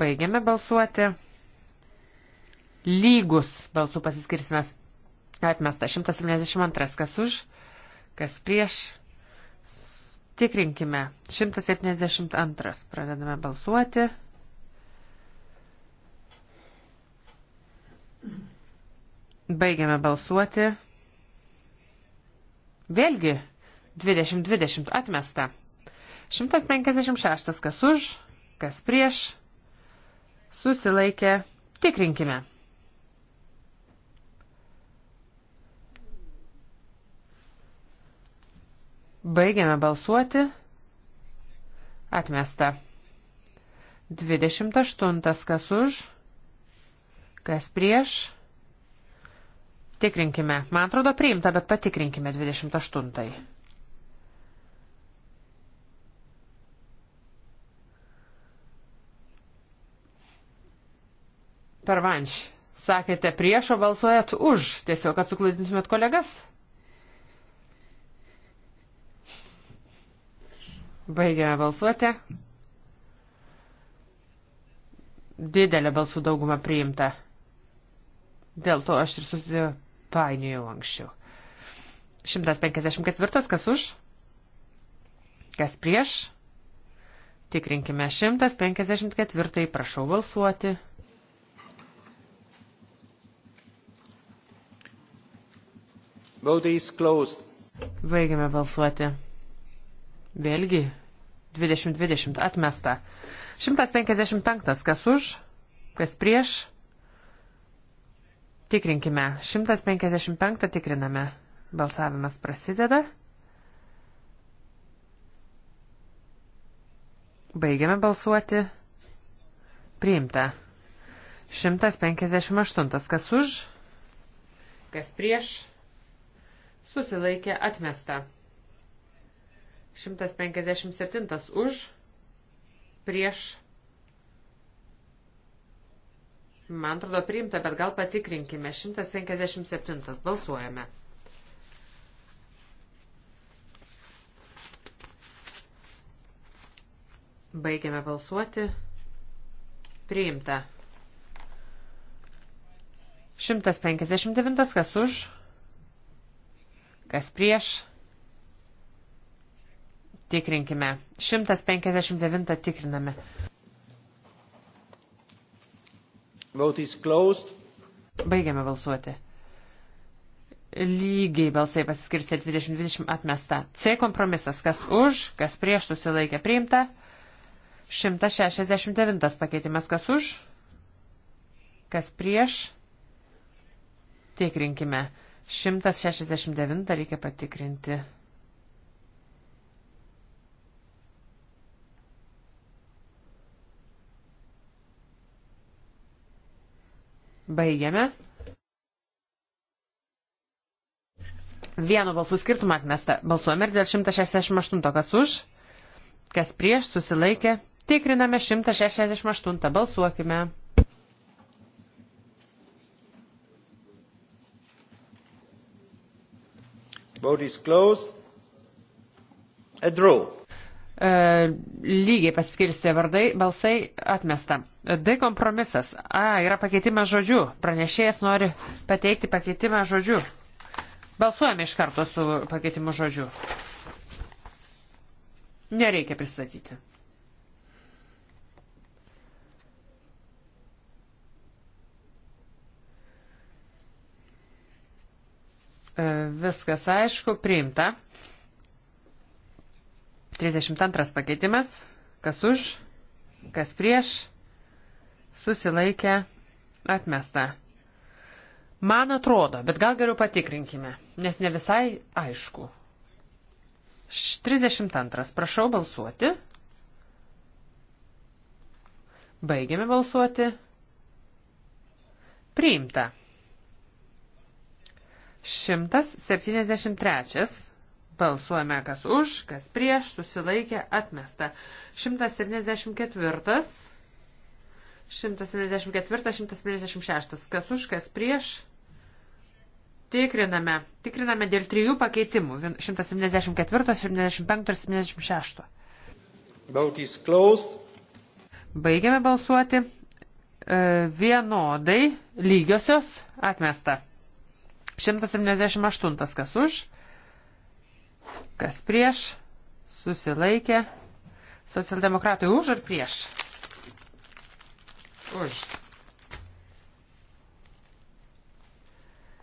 Baigiame balsuoti. Lygus balsų pasiskirsimas. Atmesta 172. Kas už, kas prieš. Tikrinkime. 172. Pradedame balsuoti. Baigiame balsuoti. Vėlgi 20-20 atmesta. 156 kas už, kas prieš, susilaikė, tikrinkime. Baigiame balsuoti. Atmesta. 28 kas už, kas prieš, Tikrinkime. Man atrodo priimta, bet patikrinkime 28. Pervanš, sakėte prieš, o balsuojat už, tiesiog, kad suklaidintumėt kolegas? Baigiame balsuoti. Didelė balsų dauguma priimta. Dėl to aš ir susidėjau painiojau anksčiau. 154. Kas už? Kas prieš? Tikrinkime 154. Prašau balsuoti. Baigiame balsuoti. Vėlgi 2020 atmesta. 155. Kas už? Kas prieš? Tikrinkime. 155 tikriname. Balsavimas prasideda. Baigiame balsuoti. Priimta. 158. Kas už? Kas prieš? Susilaikė atmesta. 157. Už? Prieš? Man atrodo priimta, bet gal patikrinkime. 157. Balsuojame. Baigiame balsuoti. Priimta. 159. Kas už? Kas prieš? Tikrinkime. 159 tikriname. Vote is closed. Baigiame balsuoti. Lygiai balsai pasiskirstė 20-20 atmesta. C kompromisas, kas už, kas prieš susilaikė priimta. 169 pakeitimas, kas už, kas prieš. Tikrinkime. 169 reikia patikrinti. Baigiame. Vieno balsų skirtumą atmesta. Balsuojame ir dėl 168. Kas už, kas prieš susilaikė. Tikriname 168. Balsuokime. Vote is closed. A draw. E, lygiai pasiskirstė vardai, balsai atmesta. D kompromisas. A, yra pakeitimas žodžiu. Pranešėjas nori pateikti pakeitimą žodžiu. Balsuojame iš karto su pakeitimu žodžiu. Nereikia pristatyti. E, viskas aišku, priimta. 32 pakeitimas. Kas už, kas prieš, susilaikė, atmesta. Man atrodo, bet gal geriau patikrinkime, nes ne visai aišku. 32. Prašau balsuoti. Baigiame balsuoti. Priimta. 173. Balsuojame, kas už, kas prieš, susilaikė, atmesta. 174, 174, 176, kas už, kas prieš. Tikriname, tikriname dėl trijų pakeitimų. 174, 75 ir 76. Vote is closed. Baigiame balsuoti. E, vienodai lygiosios atmesta. 178 kas už Kas prieš? Susilaikė. Socialdemokratai už ar prieš? Už.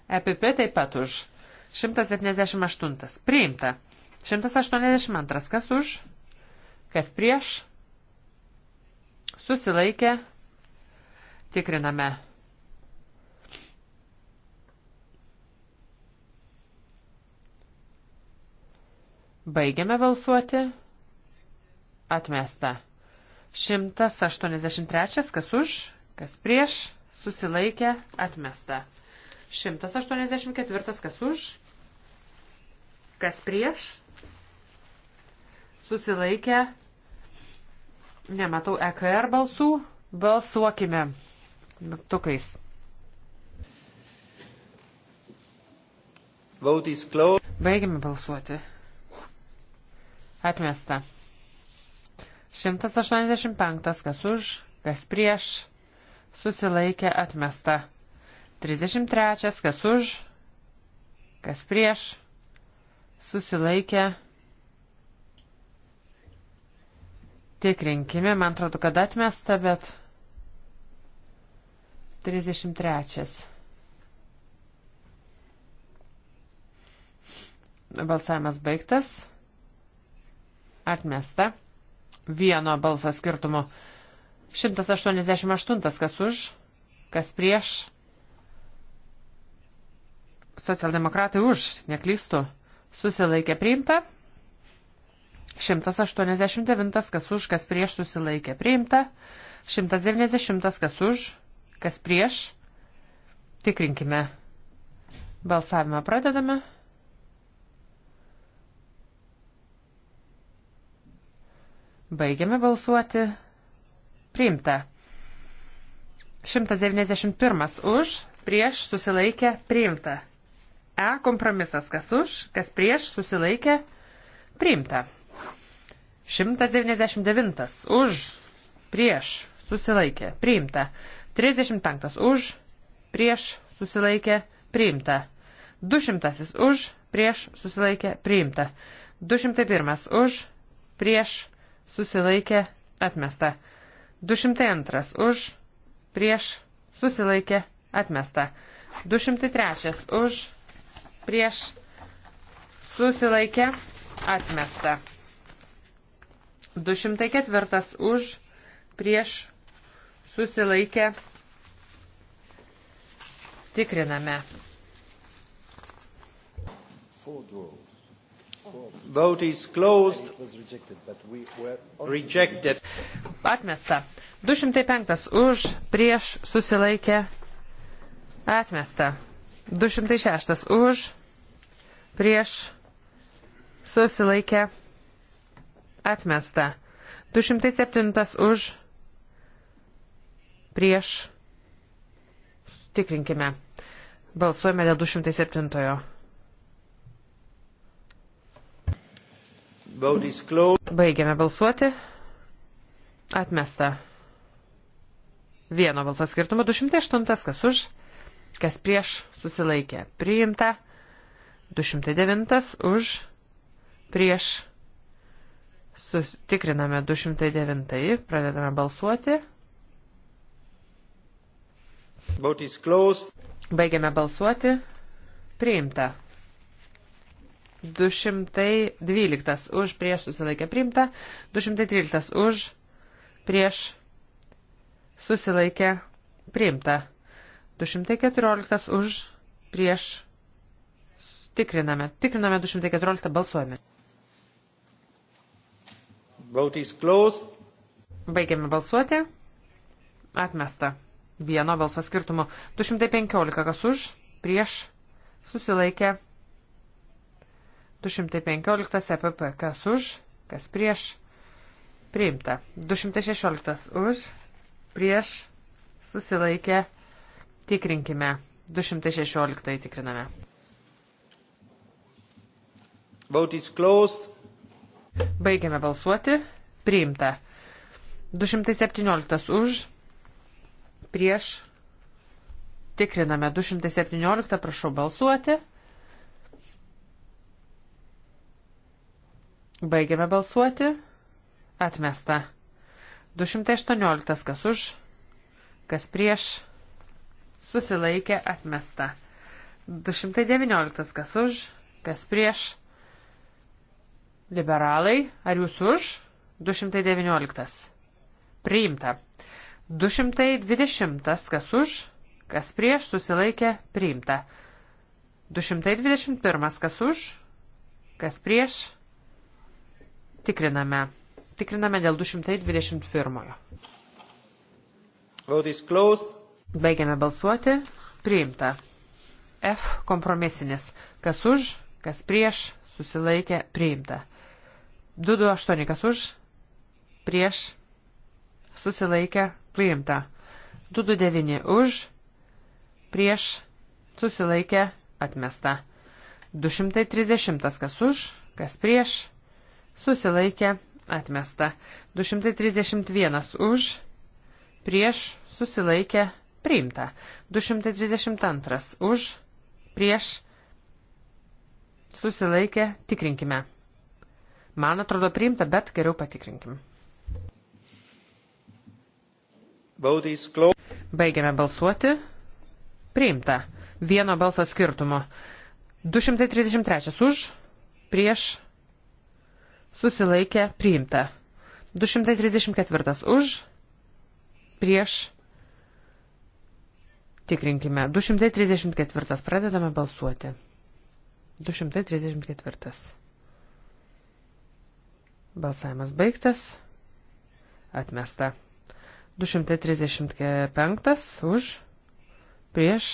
EPP taip pat už. 178. Priimta. 182. Kas už? Kas prieš? Susilaikė. Tikriname. Baigiame balsuoti. Atmesta. 183, kas už, kas prieš, susilaikė, atmesta. 184, kas už, kas prieš, susilaikė, nematau EKR balsų, balsuokime mygtukais. Baigime balsuoti. Atmesta. 185. Kas už, kas prieš. Susilaikė atmesta. 33. Kas už, kas prieš. Susilaikė. Tikrinkime, man atrodo, kad atmesta, bet. 33. Balsavimas baigtas. Atmesta. Vieno balso skirtumo. 188 kas už, kas prieš. Socialdemokratai už, neklystu. Susilaikė priimta. 189 kas už, kas prieš susilaikė priimta. 190 kas už, kas prieš. Tikrinkime. Balsavimą pradedame. Baigiame balsuoti. Priimta. 191 už, prieš susilaikę priimta. E kompromisas kas už, kas prieš susilaikę priimta. 199 už, prieš susilaikė priimta. 35 už, prieš susilaikė priimta. 200 už, prieš susilaikė priimta. 201 už, prieš susilaikė, atmesta. 202 už, prieš, susilaikė, atmesta. 203 už, prieš, susilaikė, atmesta. 204 už, prieš, susilaikė, tikriname. Four draw. Vote is closed. Rejected. Atmesta. 205 už, prieš, susilaikė. Atmesta. 206 už, prieš, susilaikė. Atmesta. 207 už, prieš. Tikrinkime. Balsuojame dėl 207. Baigiame balsuoti. Atmesta. Vieno balso skirtumo 208, kas už, kas prieš susilaikė. Priimta. 209 už, prieš. Sustikriname 209, pradedame balsuoti. Baigiame balsuoti. Priimta. 212 už prieš susilaikę priimta, 213 už prieš susilaikę priimta, 214 už prieš tikriname, tikriname 214 balsuojame. Vote is closed. Baigiame balsuoti. Atmesta. Vieno balso skirtumu. 215 kas už, prieš, susilaikė, 215 EPP. Kas už, kas prieš. Priimta. 216 už, prieš, susilaikė. Tikrinkime. 216 tikriname. Vote is closed. Baigiame balsuoti. Priimta. 217 už, prieš. Tikriname 217, prašau balsuoti. Baigiame balsuoti. Atmesta. 218 kas už, kas prieš, susilaikė atmesta. 219 kas už, kas prieš. Liberalai, ar jūs už? 219. Priimta. 220 kas už, kas prieš, susilaikė, priimta. 221 kas už, kas prieš, Tikriname. Tikriname dėl 221. Baigiame balsuoti. Priimta. F kompromisinis. Kas už, kas prieš, susilaikė, priimta. 228. Kas už, prieš, susilaikė, priimta. 229. Už, prieš, susilaikė, atmesta. 230. Kas už, kas prieš, susilaikė, atmesta. 231 už, prieš, susilaikė, priimta. 232 už, prieš, susilaikė, tikrinkime. Man atrodo priimta, bet geriau patikrinkim. Baigiame balsuoti. Priimta. Vieno balso skirtumo. 233 už, prieš susilaikė priimta. 234 už, prieš, tikrinkime. 234 pradedame balsuoti. 234. Balsavimas baigtas. Atmesta. 235 už, prieš,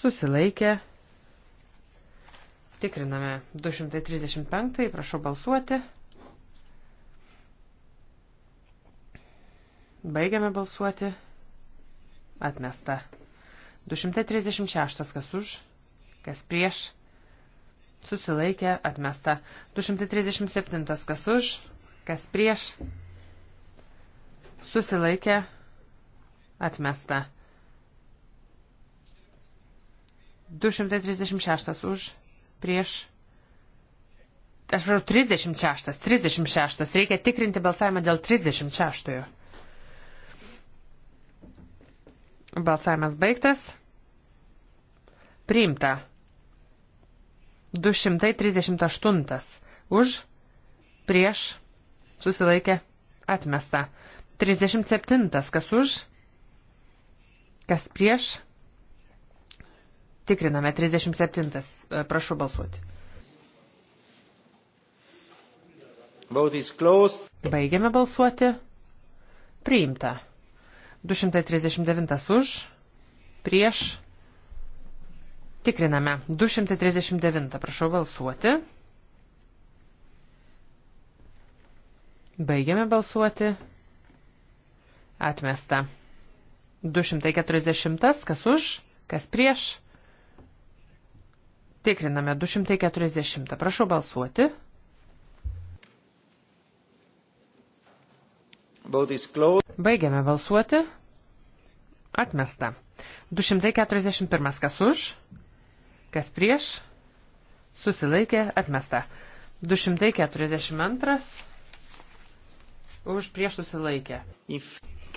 susilaikė Tikriname 235, prašau balsuoti. Baigiame balsuoti. Atmesta. 236 kas už, kas prieš. Susilaikė, atmesta. 237 kas už, kas prieš. Susilaikė, atmesta. 236 už, prieš. Aš prašau, 36. 36. Reikia tikrinti balsavimą dėl 36. Balsavimas baigtas. Priimta. 238. Už. Prieš. Susilaikė. Atmesta. 37. Kas už. Kas prieš Tikriname 37. E, prašau balsuoti. Baigiame balsuoti. Priimta. 239 už. Prieš. Tikriname. 239. Prašau balsuoti. Baigiame balsuoti. Atmesta. 240. Kas už, kas prieš Tikriname 240. Prašau balsuoti. Baigiame balsuoti. Atmesta. 241. Kas už? Kas prieš? Susilaikė. Atmesta. 242. Už prieš susilaikė.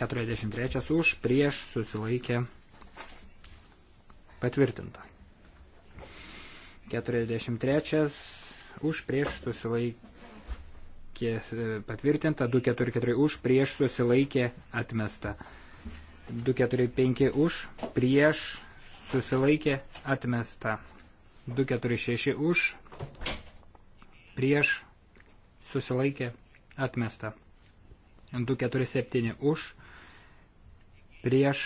43. Už prieš susilaikė. Patvirtinta. 43 už prieš susilaikė e, patvirtinta, 244 už prieš susilaikė atmesta, 245 už prieš susilaikė atmesta, 246 už prieš susilaikė atmesta, 247 už prieš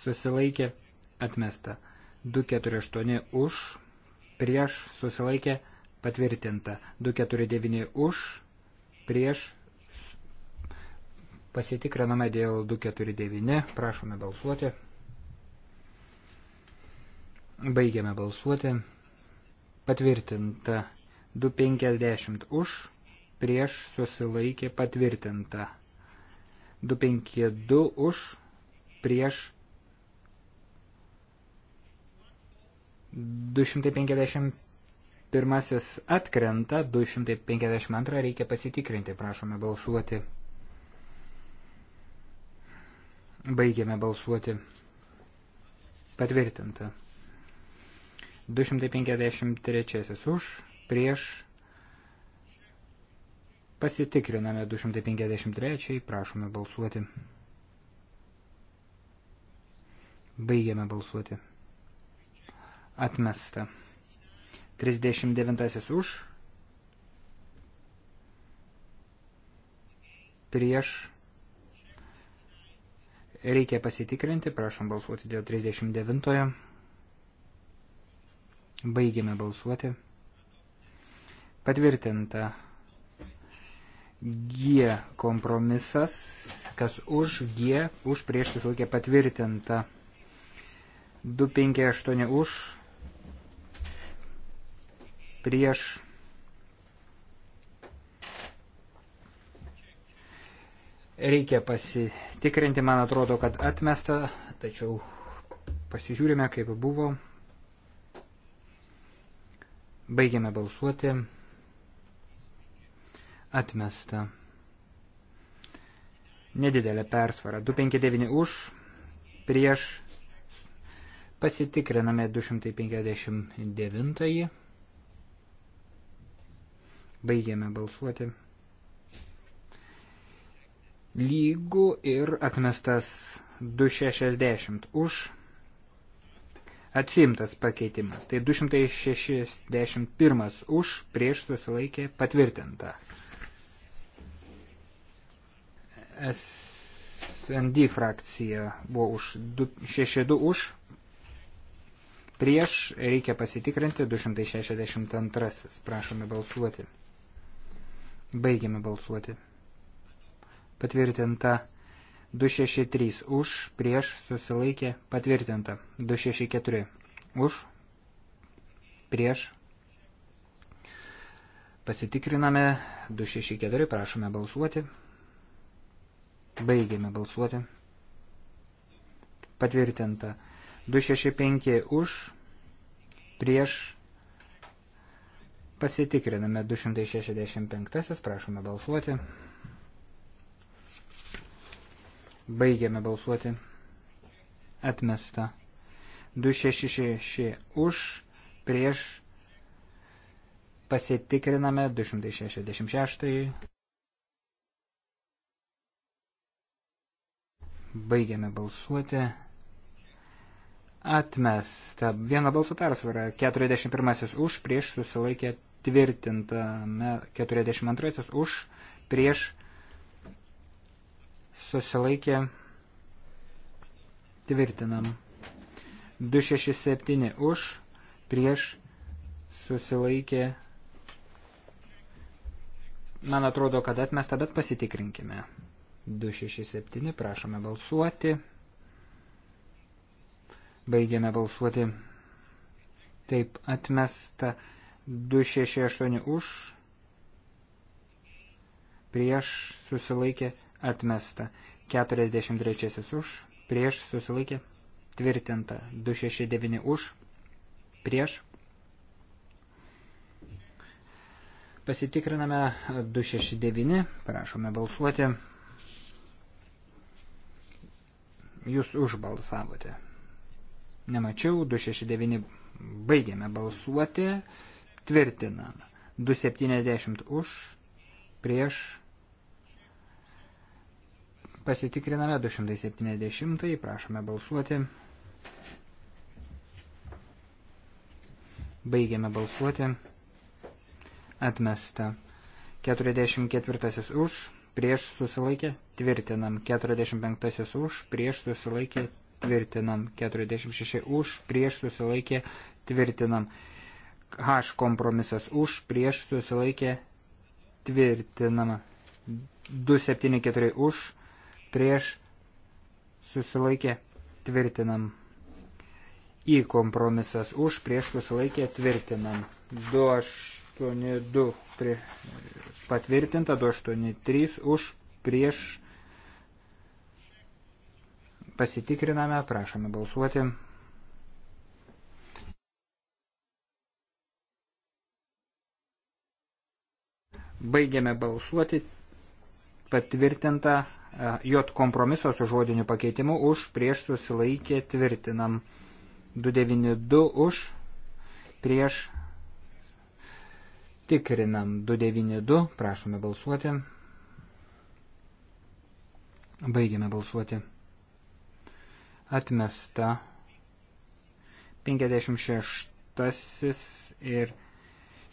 susilaikė atmesta. 248 už, prieš susilaikė patvirtinta. 249 už, prieš pasitikriname dėl 249, prašome balsuoti. Baigiame balsuoti. Patvirtinta 250 už, prieš susilaikė patvirtinta. 252 už, prieš 251 atkrenta, 252 reikia pasitikrinti, prašome balsuoti. Baigėme balsuoti. Patvirtinta. 253 už, prieš. Pasitikriname 253, prašome balsuoti. Baigėme balsuoti. Atmesta. 39 už. Prieš. Reikia pasitikrinti, prašom balsuoti dėl 39. Baigiame balsuoti. Patvirtinta G kompromisas, kas už G, už prieš susilaikė patvirtinta. 258 už, prieš. Reikia pasitikrinti, man atrodo, kad atmesta, tačiau pasižiūrime, kaip buvo. Baigiame balsuoti. Atmesta. Nedidelė persvara. 259 už, prieš pasitikriname 259. Baigėme balsuoti. Lygų ir atmestas 260 už. Atsimtas pakeitimas. Tai 261 už prieš susilaikė patvirtinta. SND frakcija buvo už 62 už. Prieš reikia pasitikrinti 262. Prašome balsuoti. Baigiame balsuoti. Patvirtinta 263 už, prieš susilaikė, patvirtinta 264 už, prieš. Pasitikriname 264, prašome balsuoti. Baigiame balsuoti. Patvirtinta 265 už, prieš Pasitikriname 265, prašome balsuoti. Baigiame balsuoti. Atmesta. 266 už, prieš. Pasitikriname 266. Baigiame balsuoti. Atmesta. Vieno balsų persvara. 41 už, prieš susilaikė patvirtintame 42 už prieš susilaikė tvirtinam. 267 už prieš susilaikė. Man atrodo, kad atmesta, bet pasitikrinkime. 267, prašome balsuoti. Baigiame balsuoti. Taip, atmesta. 268 už, prieš susilaikė atmesta, 43 už, prieš susilaikė tvirtinta, 269 už, prieš. Pasitikriname 269, prašome balsuoti. Jūs užbalsavote. Nemačiau, 269 baigėme balsuoti tvirtiname. 270 už, prieš pasitikriname 270, prašome balsuoti. Baigiame balsuoti. Atmesta. 44 už, prieš susilaikė, tvirtinam. 45 už, prieš susilaikė, tvirtinam. 46 už, prieš susilaikė, tvirtinam. H kompromisas už, prieš susilaikė tvirtinama. 274 už, prieš susilaikė tvirtinam. Į kompromisas už, prieš susilaikė tvirtinam. 282 prie, patvirtinta, 283 už, prieš pasitikriname, prašome balsuoti. Baigiame balsuoti patvirtintą e, J kompromiso su žodiniu pakeitimu už prieš susilaikė tvirtinam. 292 už prieš tikrinam. 292 prašome balsuoti. Baigiame balsuoti. Atmesta 56 ir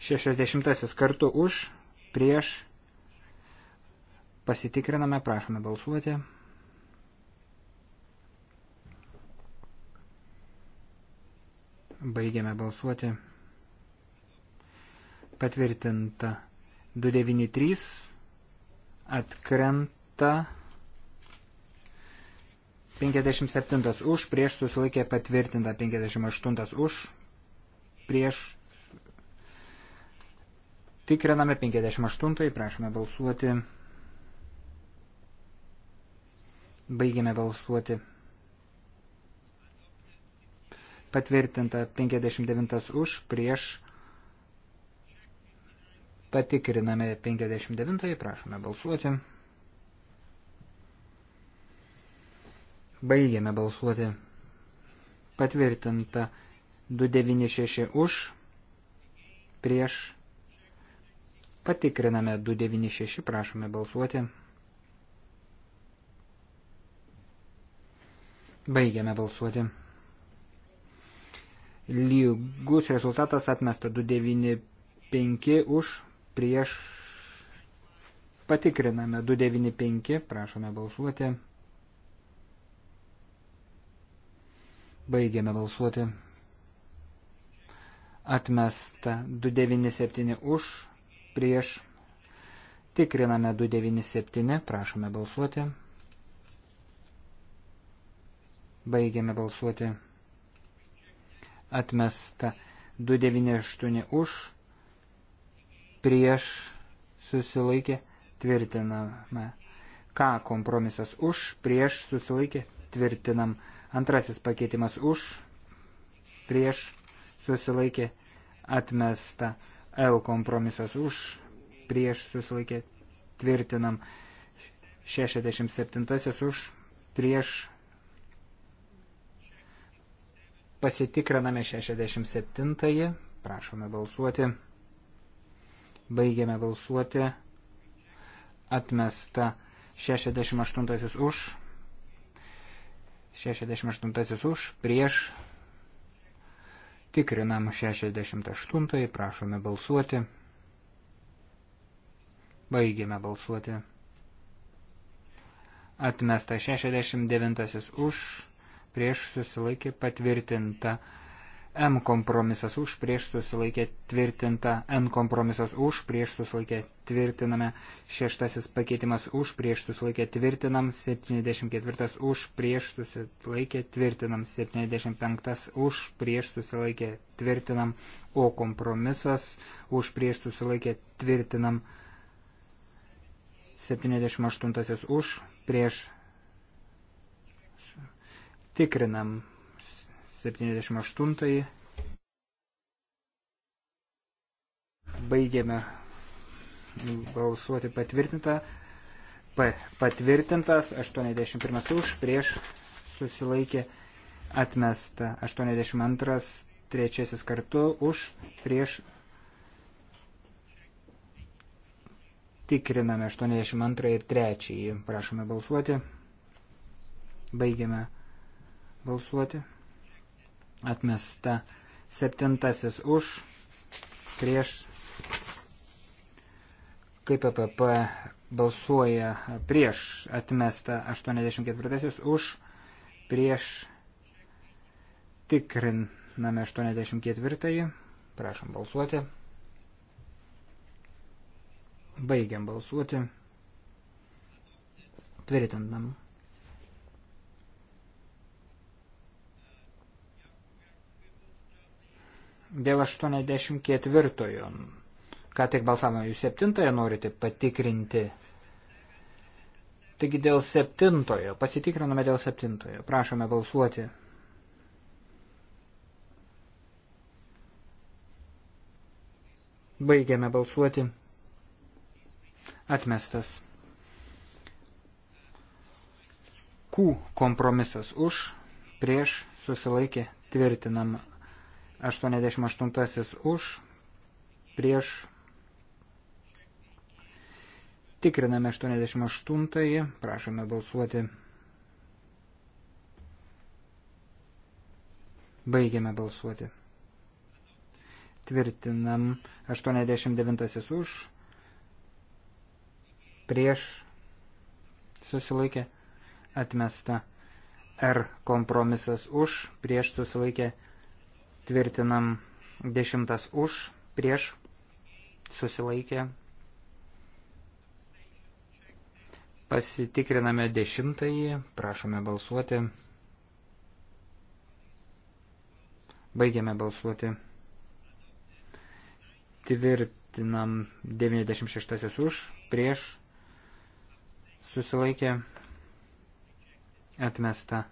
60 kartu už prieš, pasitikriname, prašome balsuoti. Baigiame balsuoti. Patvirtinta 293 atkrenta 57 už, prieš susilaikė patvirtinta 58 už, prieš Tikriname 58, prašome balsuoti. Baigiame balsuoti. Patvirtinta 59 už, prieš. Patikriname 59, prašome balsuoti. Baigiame balsuoti. Patvirtinta 296 už, prieš Patikriname 296, prašome balsuoti. Baigiame balsuoti. Lygus rezultatas atmesta 295 už prieš. Patikriname 295, prašome balsuoti. Baigiame balsuoti. Atmesta 297 už prieš. Tikriname 297, prašome balsuoti. Baigiame balsuoti. Atmesta 298 už, prieš susilaikė, tvirtiname. Ką kompromisas už, prieš susilaikė, tvirtinam. Antrasis pakeitimas už, prieš susilaikė, atmesta 299. L kompromisas už, prieš susilaikė tvirtinam 67 už, prieš pasitikriname 67-ąjį, prašome balsuoti, baigiame balsuoti, atmesta 68-asis už, 68-asis už, prieš Tikrinam 68, prašome balsuoti. Baigėme balsuoti. Atmesta 69 už, prieš susilaikė patvirtinta 69. M kompromisas už prieš susilaikė tvirtinta, N kompromisas už prieš susilaikė tvirtiname, šeštasis pakeitimas už prieš susilaikė tvirtinam, 74 už prieš susilaikė tvirtinam, 75 už prieš susilaikė tvirtinam, O kompromisas už prieš susilaikė tvirtinam, 78 už prieš tikrinam 78. Baigėme balsuoti patvirtintą. P patvirtintas 81 už, prieš susilaikė atmesta 82, trečiasis kartu už, prieš tikriname 82 ir 3. Prašome balsuoti. Baigiame balsuoti atmesta. Septintasis už, prieš, kaip APP balsuoja prieš atmesta 84-asis už, prieš tikriname 84-ąjį. Prašom balsuoti. Baigiam balsuoti. Tvirtinam Dėl 84-ojo, ką tik balsavome, jūs 7-ojo norite patikrinti. Taigi dėl 7-ojo, pasitikrinome dėl 7-ojo, prašome balsuoti. Baigiame balsuoti. Atmestas. Q kompromisas už, prieš, susilaikė, tvirtinama 88 už, prieš. Tikriname 88, prašome balsuoti. Baigiame balsuoti. Tvirtinam 89 už, prieš, susilaikė, atmesta. R kompromisas už, prieš susilaikė, atmesta Tvirtinam dešimtas už, prieš, susilaikė. Pasitikriname dešimtąjį, prašome balsuoti. Baigiame balsuoti. Tvirtinam 96 už, prieš, susilaikė, atmesta.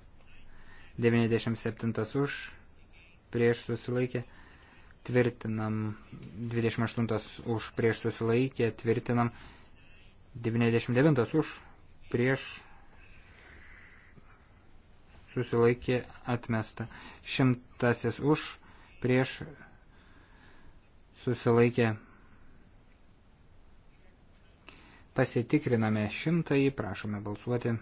97 už, prieš susilaikė tvirtinam 28 už prieš susilaikė, tvirtinam 99 už prieš susilaikė atmesta, šimtasis už prieš susilaikė pasitikriname šimtąjį, prašome balsuoti.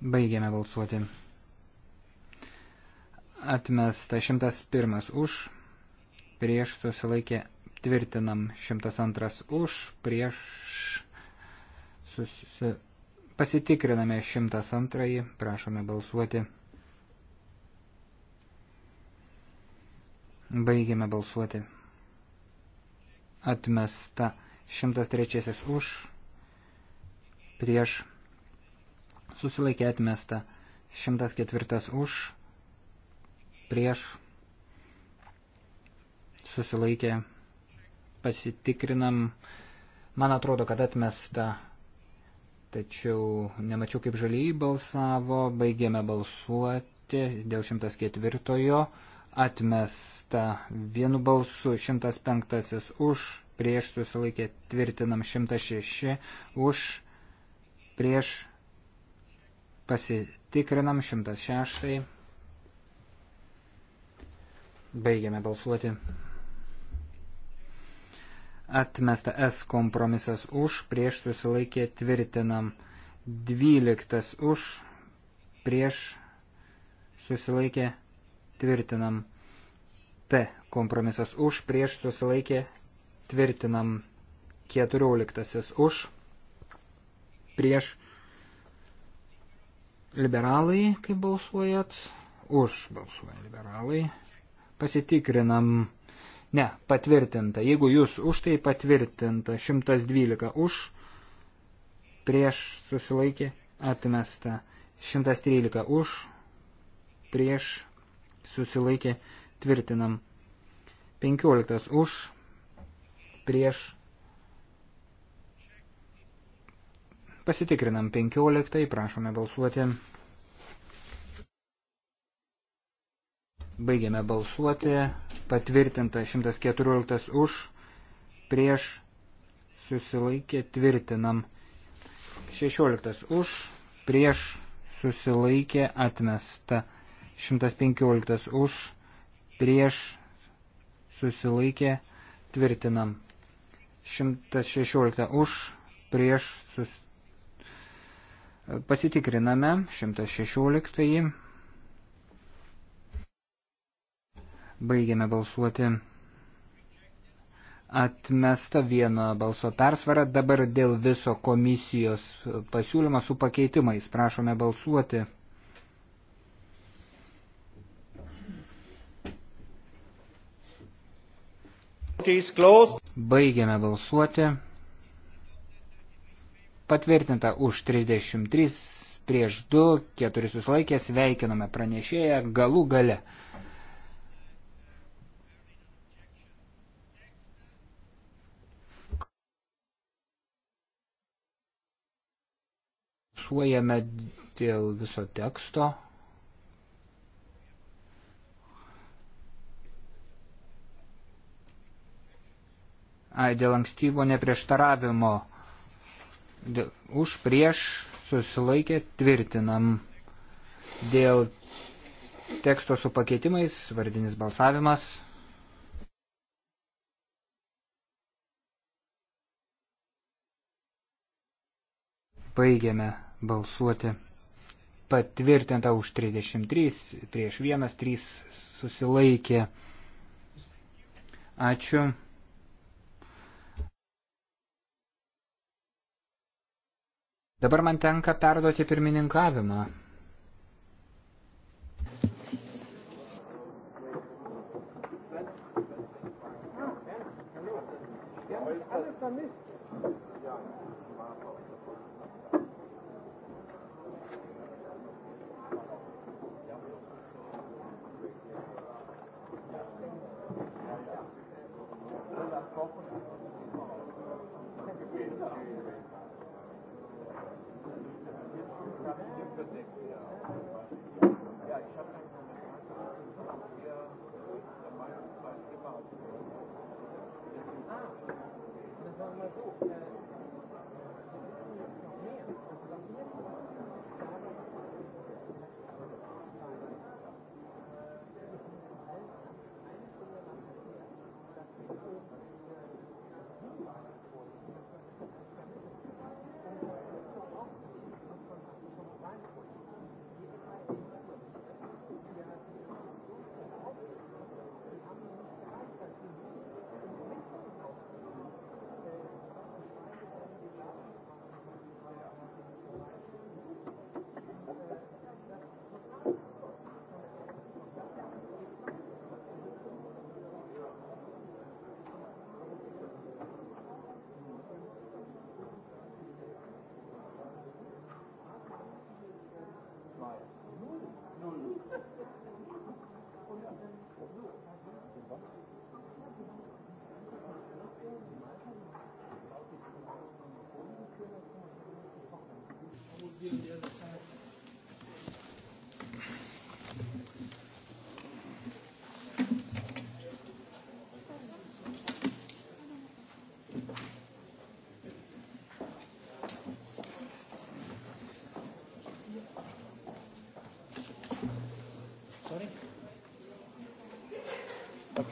Baigiame balsuoti. Atmesta 101 už, prieš susilaikė tvirtinam 102 už, prieš susi... pasitikriname 102, prašome balsuoti. Baigėme balsuoti. Atmesta 103 už, prieš susilaikė atmesta 104 už prieš susilaikė pasitikrinam. Man atrodo, kad atmesta, tačiau nemačiau, kaip žaliai balsavo, baigėme balsuoti dėl 104 atmesta vienu balsu 105 už, prieš susilaikė tvirtinam 106 už, prieš pasitikrinam 106. Baigiame balsuoti. Atmesta S kompromisas už, prieš susilaikė tvirtinam. 12 už, prieš susilaikė tvirtinam. T kompromisas už, prieš susilaikė tvirtinam. 14 už, prieš liberalai, kaip balsuojat, už balsuoja liberalai. Pasitikrinam. Ne, patvirtinta. Jeigu jūs už tai patvirtinta, 112 už, prieš susilaikė, atmesta. 113 už, prieš susilaikė, tvirtinam. 15 už, prieš. Pasitikrinam 15, prašome balsuoti. Baigiame balsuoti. Patvirtinta 114 už, prieš susilaikė tvirtinam. 16 už, prieš susilaikė atmesta. 115 už, prieš susilaikė tvirtinam. 116 už, prieš sus... pasitikriname 116. Baigėme balsuoti. Atmesta vieno balso persvara dabar dėl viso komisijos pasiūlymo su pakeitimais. Prašome balsuoti. Baigėme balsuoti. Patvirtinta už 33 prieš 2, 4 susilaikė, sveikiname pranešėją galų gale. Balsuojame dėl viso teksto. Ai, dėl ankstyvo neprieštaravimo. Dėl, už prieš susilaikė tvirtinam. Dėl teksto su pakeitimais vardinis balsavimas. Baigiame balsuoti patvirtinta už 33, prieš 1, 3 susilaikė. Ačiū. Dabar man tenka perduoti pirmininkavimą.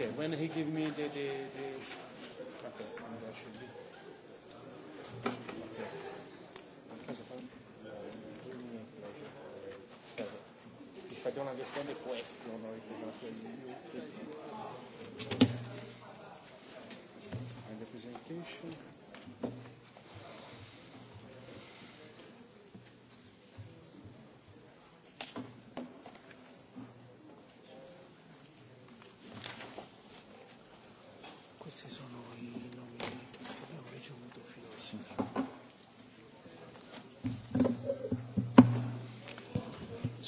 Okay, when he give me the, the, the okay, and that should be okay. Because if I'm doing a pleasure, pleasure. If I don't understand the question or if I'm not you, and the presentation.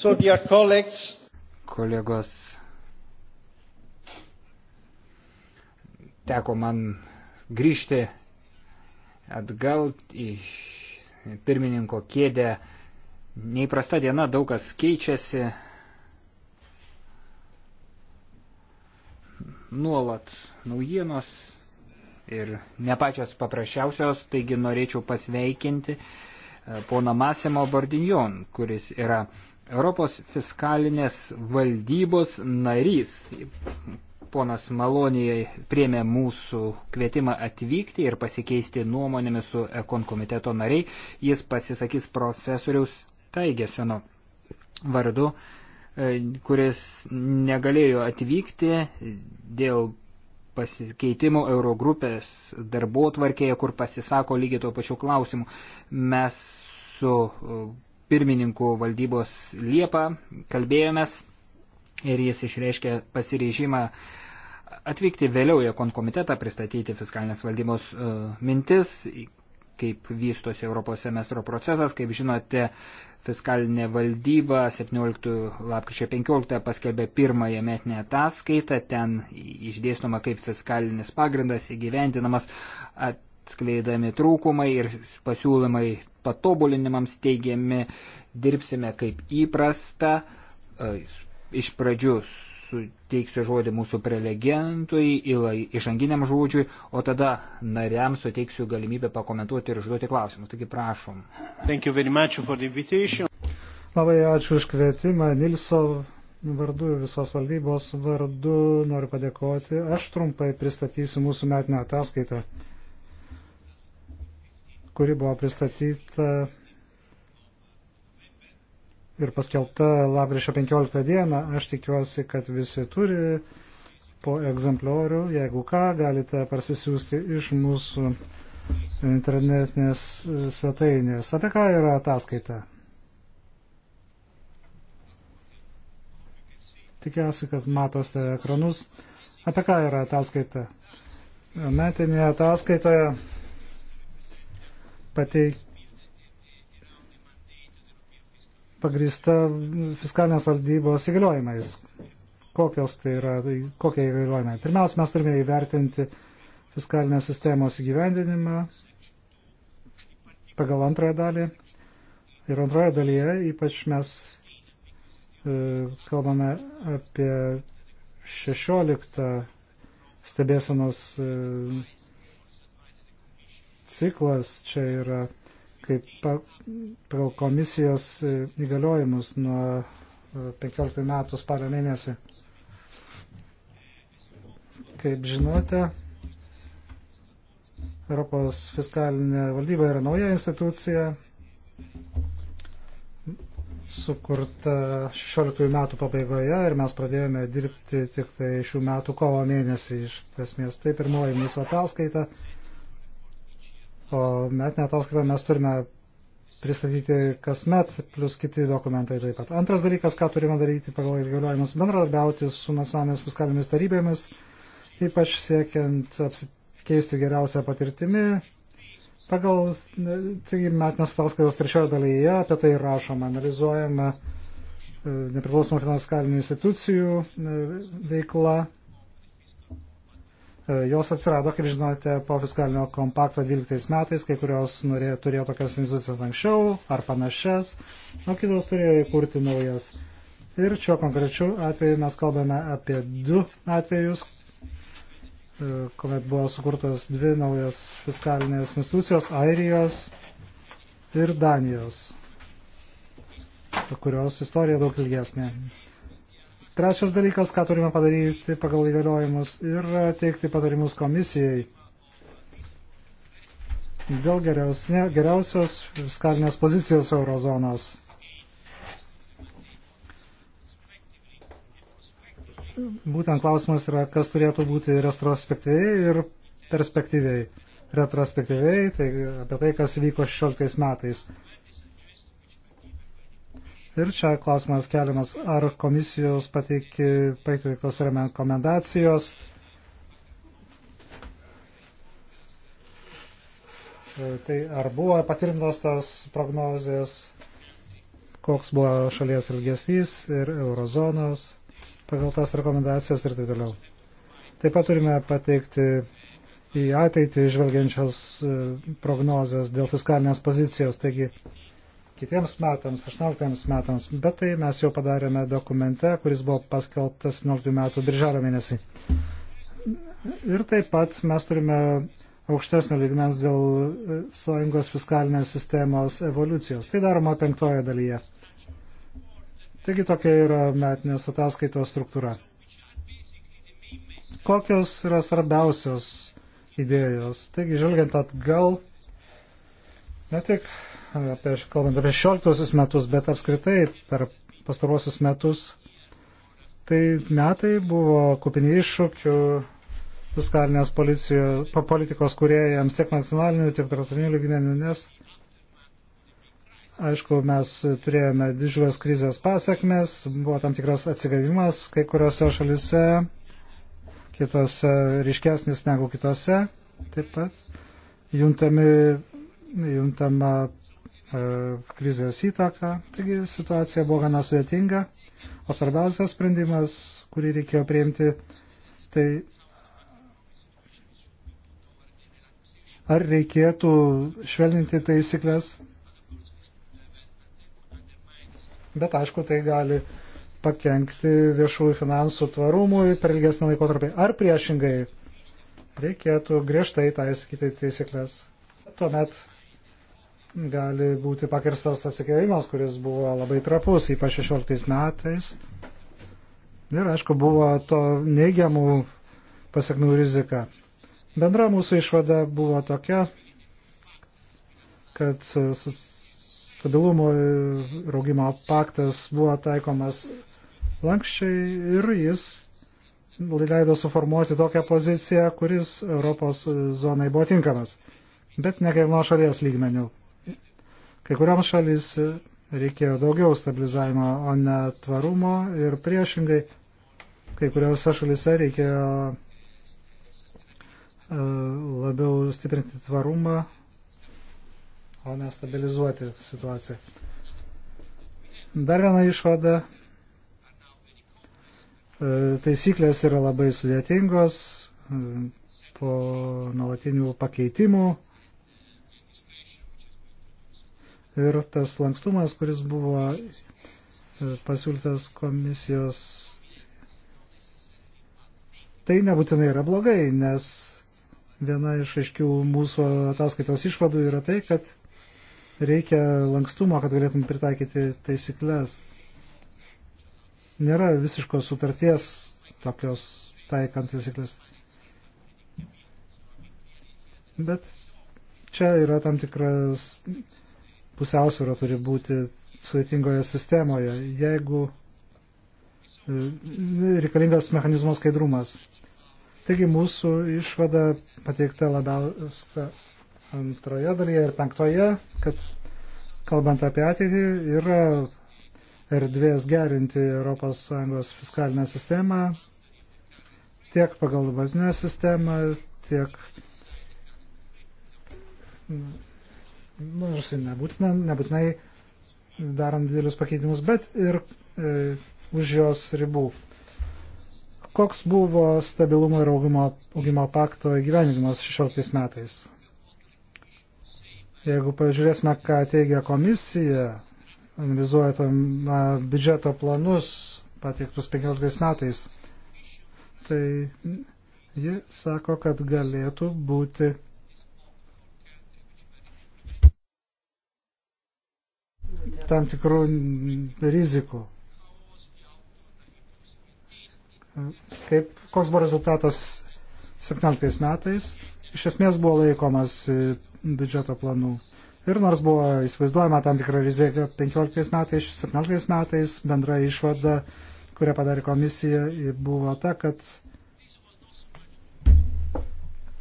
So, dear colleagues, kolegos, teko man grįžti atgal į pirmininko kėdę. Neįprasta diena, daug kas keičiasi. Nuolat naujienos ir ne pačios paprasčiausios, taigi norėčiau pasveikinti eh, poną Masimo Bordinjon, kuris yra Europos fiskalinės valdybos narys. Ponas Malonijai priemė mūsų kvietimą atvykti ir pasikeisti nuomonėmis su Ekon komiteto nariai. Jis pasisakys profesoriaus Taigeseno vardu, e, kuris negalėjo atvykti dėl pasikeitimų Eurogrupės darbo tvarkėje, kur pasisako lygiai tuo pačiu klausimu. Mes su pirmininku valdybos Liepą kalbėjomės ir jis išreiškė pasireižimą atvykti vėliau į Ekon komitetą, pristatyti fiskalinės valdybos e, mintis, kaip vystosi Europos semestro procesas. Kaip žinote, fiskalinė valdyba 17 lapkričio 15 paskelbė pirmąją metinę ataskaitą, ten išdėstoma, kaip fiskalinis pagrindas įgyvendinamas, atskleidami trūkumai ir pasiūlymai patobulinimams teigiami, dirbsime kaip įprasta. E, iš pradžių suteiksiu žodį mūsų prelegentui, išanginiam žodžiui, o tada nariams suteiksiu galimybę pakomentuoti ir užduoti klausimus. Taigi prašom. Labai ačiū už kvietimą. Nilso vardu ir visos valdybos vardu noriu padėkoti. Aš trumpai pristatysiu mūsų metinę ataskaitą kuri buvo pristatyta ir paskelbta labrišio 15 dieną. Aš tikiuosi, kad visi turi po egzempliorių. Jeigu ką, galite parsisiųsti iš mūsų internetinės svetainės. Apie ką yra ataskaita? Tikiuosi, kad matote ekranus. Apie ką yra ataskaita? Metinėje ataskaitoje pateikti pagrįsta fiskalinės valdybos įgaliojimais. Kokios tai yra, tai kokie įgaliojimai? Pirmiausia, mes turime įvertinti fiskalinės sistemos įgyvendinimą pagal antrąją dalį. Ir antroje dalyje ypač mes e, kalbame apie 16 stebėsenos e, ciklas čia yra kaip pagal komisijos įgaliojimus nuo 15 e, metų spalio mėnesį. Kaip žinote, Europos fiskalinė valdyba yra nauja institucija, sukurta 16 metų pabaigoje ir mes pradėjome dirbti tik tai šių metų kovo mėnesį. Iš esmės tai pirmoji mūsų ataskaita. O metinę ataskaitą mes turime pristatyti kasmet, plus kiti dokumentai taip pat. Antras dalykas, ką turime daryti pagal įgaliojimus, bendradarbiauti su nacionalinės fiskalinėmis tarybėmis, ypač siekiant apsikeisti geriausią patirtimį. Pagal taigi, metinės ataskaitos trečioje dalyje apie tai rašoma, analizuojama e, nepriklausomų fiskalinių institucijų e, veikla E, jos atsirado, kaip žinote, po fiskalinio kompakto 12 metais, kai kurios norėjo, turėjo tokias institucijas anksčiau ar panašias, o kitos turėjo įkurti naujas. Ir šiuo konkrečiu atveju mes kalbame apie du atvejus, e, kuomet buvo sukurtos dvi naujos fiskalinės institucijos - Airijos ir Danijos, kurios istorija daug ilgesnė. Trečias dalykas, ką turime padaryti pagal įgaliojimus, yra teikti patarimus komisijai dėl geriausne, geriausios fiskalinės pozicijos eurozonos. Būtent klausimas yra, kas turėtų būti retrospektyviai ir perspektyviai. Retrospektyviai, tai apie tai, kas vyko 16 metais. Ir čia klausimas keliamas, ar komisijos pateiktos rekomendacijos e, Tai ar buvo patvirtintos tos prognozijas, koks buvo šalies ilgesys ir eurozonos pagal tas rekomendacijas ir taip toliau. Taip pat turime pateikti į ateitį žvelgiančios e, prognozijas dėl fiskalinės pozicijos. Taigi kitiems metams, 18 metams, bet tai mes jau padarėme dokumente, kuris buvo paskelbtas 17 metų birželio mėnesį. Ir taip pat mes turime aukštesnio lygmens dėl e, sąjungos fiskalinės sistemos evoliucijos. Tai daroma penktoje dalyje. Taigi tokia yra metinės ataskaitos struktūra. Kokios yra svarbiausios idėjos? Taigi, žvelgiant atgal, ne tik apie, kalbant apie 16 metus, bet apskritai per pastarosius metus, tai metai buvo kupini iššūkių fiskalinės politikos kuriejams tiek nacionalinių, tiek tarptautinių lygmenių, nes aišku, mes turėjome didžiulės krizės pasiekmes, buvo tam tikras atsigavimas kai kuriuose šalise, kitose ryškesnis negu kitose, taip pat juntami, juntama E, krizės įtaką. Taigi situacija buvo gana sudėtinga, o svarbiausias sprendimas, kurį reikėjo priimti, tai ar reikėtų švelninti taisyklės. Bet aišku, tai gali pakengti viešųjų finansų tvarumui per ilgesnį laikotarpį. Ar priešingai reikėtų griežtai taisyti taisyklės. Tuomet gali būti pakirstas atsikėjimas, kuris buvo labai trapus, ypač 16 metais. Ir aišku, buvo to neigiamų pasiekmių rizika. Bendra mūsų išvada buvo tokia, kad stabilumo ir augimo paktas buvo taikomas lankščiai ir jis leido suformuoti tokią poziciją, kuris Europos zonai buvo tinkamas, bet ne kaip nuo šalies lygmenių. Kai kurioms šalis reikėjo daugiau stabilizavimo, o ne tvarumo ir priešingai, kai kuriuose šalise reikėjo e, labiau stiprinti tvarumą, o ne stabilizuoti situaciją. Dar viena išvada. E, taisyklės yra labai sudėtingos e, po nuolatinių pakeitimų Ir tas lankstumas, kuris buvo e, pasiūlytas komisijos, tai nebūtinai yra blogai, nes viena iš aiškių mūsų ataskaitos išvadų yra tai, kad reikia lankstumo, kad galėtum pritaikyti taisyklės. Nėra visiškos sutarties tokios taikant taisyklės. Bet čia yra tam tikras pusiausvėra turi būti sudėtingoje sistemoje, jeigu e, reikalingas mechanizmo skaidrumas. Taigi mūsų išvada pateikta labiausia antroje dalyje ir penktoje, kad kalbant apie ateitį, yra erdvės gerinti ES fiskalinę sistemą tiek pagal dabartinę sistemą, tiek nors nu, nebūtina, nebūtinai darant didelius pakeitimus, bet ir e, už jos ribų. Koks buvo stabilumo ir augimo, augimo pakto įgyvenimas 16 metais? Jeigu pažiūrėsime, ką teigia komisija, analizuojant biudžeto planus pateiktus 15 metais, tai ji sako, kad galėtų būti tam tikrų rizikų. Kaip, koks buvo rezultatas 17 metais? Iš esmės buvo laikomas e, biudžeto planų. Ir nors buvo įsivaizduojama tam tikra rizika 15 metais, 17 metais, bendra išvada, kurią padarė komisija, buvo ta, kad,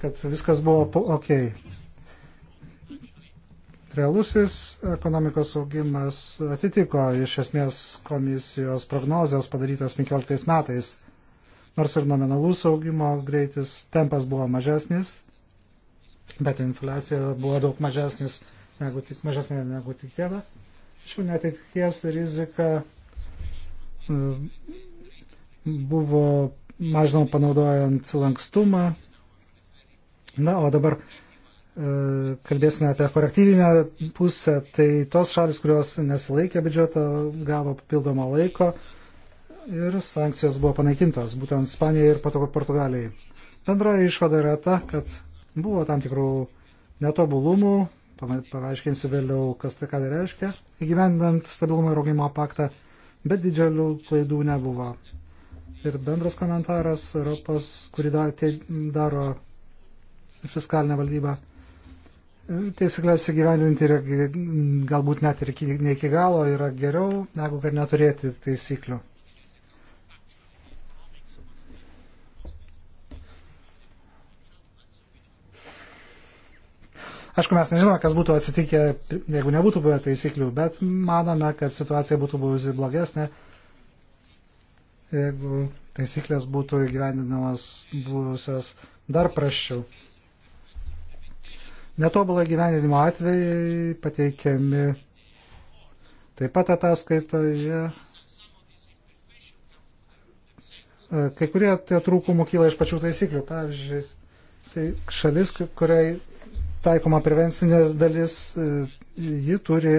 kad viskas buvo ok realusis ekonomikos augimas atitiko iš esmės komisijos prognozijas padarytas 15 metais. Nors ir nominalus augimo greitis, tempas buvo mažesnis, bet infliacija buvo daug mažesnis negu, mažesnė negu tikėta. Šių netitikties rizika e, buvo mažinama panaudojant lankstumą. Na, o dabar E, kalbėsime apie korektyvinę pusę, tai tos šalis, kurios nesilaikė biudžeto, gavo papildomą laiko ir sankcijos buvo panaikintos, būtent Spanijai ir Portugalijai. Bendra išvada yra ta, kad buvo tam tikrų netobulumų, paaiškinsiu vėliau, kas tai ką tai reiškia, įgyvendant stabilumo ir augimo paktą, bet didelių klaidų nebuvo. Ir bendras komentaras Europos, kurį daro fiskalinė valdyba taisyklės įgyvendinti ir galbūt net ir iki, ne iki galo yra geriau, negu kad neturėti taisyklių. Aišku, mes nežinome, kas būtų atsitikę, jeigu nebūtų buvę taisyklių, bet manome, kad situacija būtų buvusi blogesnė, jeigu taisyklės būtų įgyvendinamas buvusios dar praščiau. Netobulą gyvenimo atvejai pateikiami taip pat ataskaitoje. Kai kurie tie trūkumų kyla iš pačių taisyklių. Pavyzdžiui, tai šalis, kuriai taikoma prevencinės dalis, e, ji turi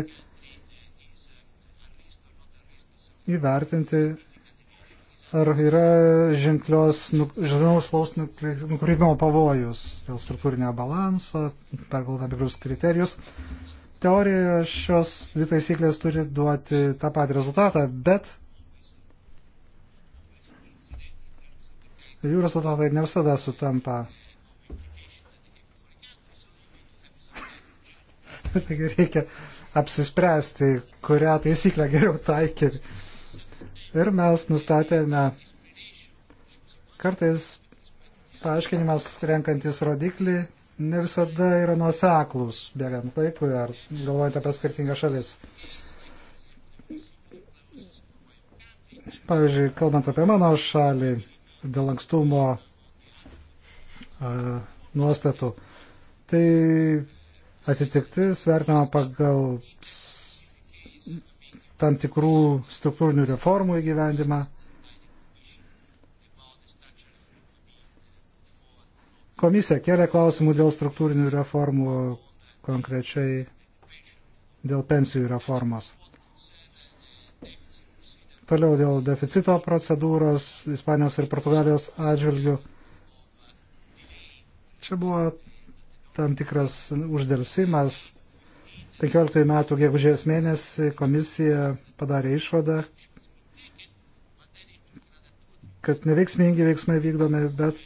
įvertinti ar yra ženklios, nu, žinomus laus nukrypimo pavojus dėl struktūrinio balanso, pagal tam tikrus kriterijus. Teorijoje šios dvi taisyklės turi duoti tą patį rezultatą, bet jų rezultatai ne visada sutampa. Taigi reikia apsispręsti, kurią taisyklę geriau taikyti Ir mes nustatėme kartais paaiškinimas renkantis rodiklį ne visada yra nuoseklus, bėgant laikui ar galvojant apie skirtingas šalis. Pavyzdžiui, kalbant apie mano šalį dėl ankstumo uh, nuostatų, tai atitiktis vertinama pagal tam tikrų struktūrinių reformų įgyvendimą. Komisija kėlė klausimų dėl struktūrinių reformų, konkrečiai dėl pensijų reformos. Toliau dėl deficito procedūros Ispanijos ir Portugalijos atžvilgių. Čia buvo tam tikras uždėlsimas 15 metų gegužės mėnesį komisija padarė išvadą, kad neveiksmingi veiksmai vykdomi, bet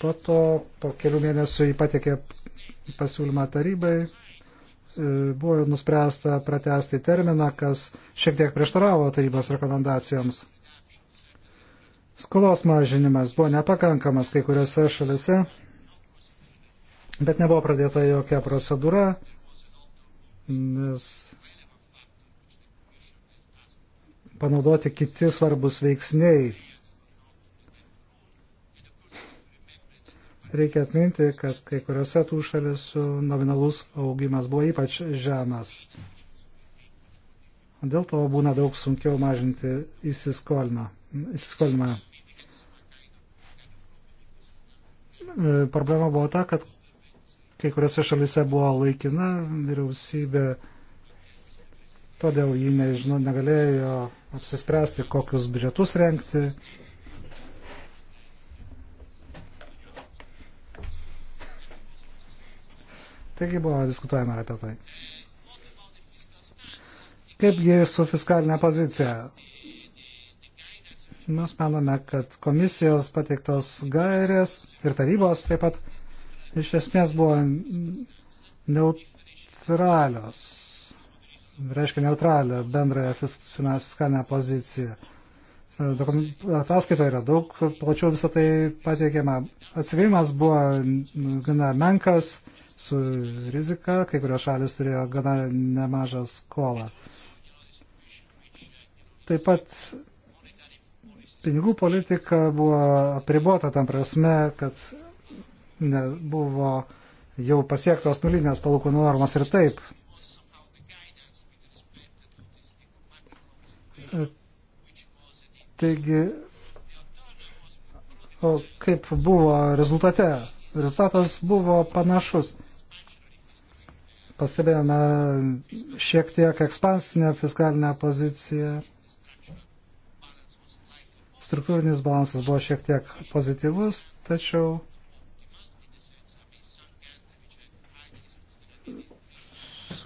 po to, po kelių mėnesių jį patikė pasiūlymą tarybai, e, buvo nuspręsta pratesti terminą, kas šiek tiek prieštaravo tarybos rekomendacijoms. Skolos mažinimas buvo nepakankamas kai kuriuose šalise, bet nebuvo pradėta jokia procedūra nes panaudoti kiti svarbus veiksniai. Reikia atminti, kad kai kuriuose tų šalių nominalus augimas buvo ypač žemas. Dėl to būna daug sunkiau mažinti įsiskolinimą. E, problema buvo ta, kad kai kuriuose šalise buvo laikina vyriausybė, todėl jį nežinau, negalėjo apsispręsti, kokius biudžetus renkti. Taigi buvo diskutuojama apie tai. Kaipgi su fiskalinė pozicija? Mes manome, kad komisijos pateiktos gairės ir tarybos taip pat iš esmės buvo neutralios, reiškia neutralią bendrąją fiskalinę poziciją. Ataskaitoje yra daug, plačiau visą tai pateikiama. Atsigavimas buvo gana menkas, su rizika, kai kurios šalis turėjo gana nemažą skolą. Taip pat pinigų politika buvo apribota tam prasme, kad buvo jau pasiektos nulinės palūkanų normos ir taip. Taigi, o kaip buvo rezultate? Rezultatas buvo panašus. Pastebėjome šiek tiek ekspansinę fiskalinę poziciją. Struktūrinis balansas buvo šiek tiek pozityvus, tačiau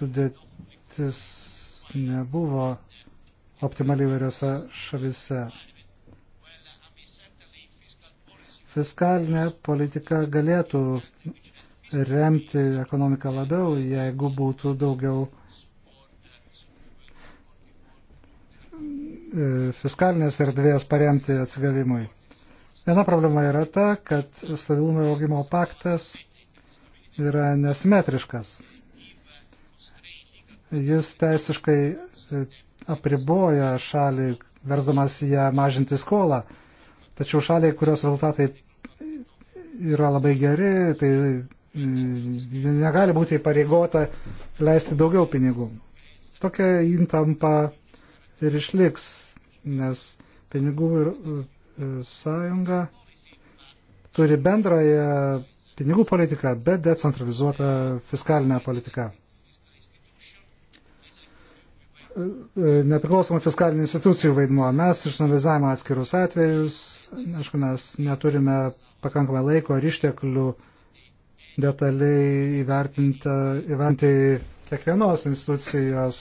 sudėtis nebuvo optimaliai vairiose šalise. Fiskalinė politika galėtų remti ekonomiką labiau, jeigu būtų daugiau e, fiskalinės erdvės paremti atsigavimui. Viena problema yra ta, kad stabilumo ir augimo paktas yra nesimetriškas jis teisiškai e, apriboja šalį, versdamas ją mažinti skolą. Tačiau šaliai, kurios rezultatai yra labai geri, tai mm, negali būti pareigota leisti daugiau pinigų. Tokia intampa ir išliks, nes pinigų ir e, sąjunga turi bendrąją pinigų politiką, bet decentralizuotą fiskalinę politiką. E, e, nepriklausomų fiskalinių institucijų vaidmuo. Mes išanalizavome atskirus atvejus, aišku, mes neturime pakankamai laiko ir išteklių detaliai įvertinti, įvertinti kiekvienos institucijos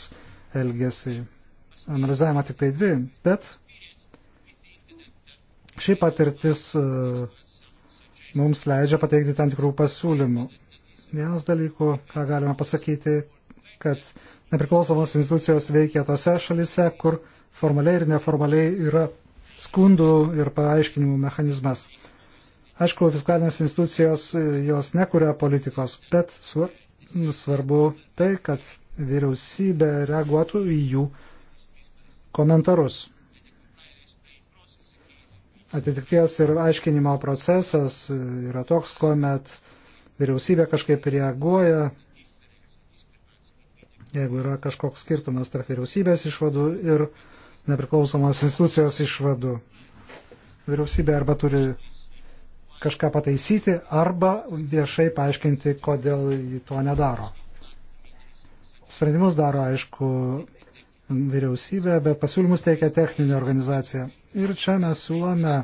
elgesį. Analizavome tik tai dvi, bet ši patirtis e, mums leidžia pateikti tam tikrų pasiūlymų. Vienas dalykų, ką galime pasakyti, kad nepriklausomos institucijos veikia tose šalise, kur formaliai ir neformaliai yra skundų ir paaiškinimų mechanizmas. Aišku, fiskalinės institucijos e, jos nekuria politikos, bet svarbu tai, kad vyriausybė reaguotų į jų komentarus. Atitikties ir aiškinimo procesas e, yra toks, kuomet vyriausybė kažkaip reaguoja jeigu yra kažkoks skirtumas tarp vyriausybės išvadų ir nepriklausomos institucijos išvadų. Vyriausybė arba turi kažką pataisyti, arba viešai paaiškinti, kodėl ji to nedaro. Sprendimus daro, aišku, vyriausybė, bet pasiūlymus teikia techninė organizacija. Ir čia mes siūlome,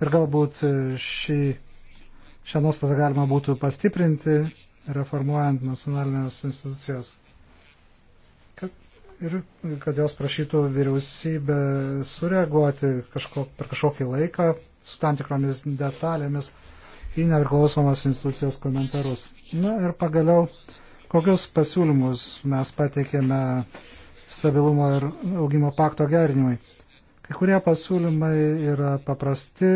ir galbūt šį, šią nuostatą galima būtų pastiprinti, reformuojant nacionalinės institucijas ir kad jos prašytų vyriausybę sureaguoti kažko, per kažkokį laiką su tam tikromis detalėmis į nepriklausomas institucijos komentarus. Na ir pagaliau, kokius pasiūlymus mes pateikėme stabilumo ir augimo pakto gerinimui. Kai kurie pasiūlymai yra paprasti,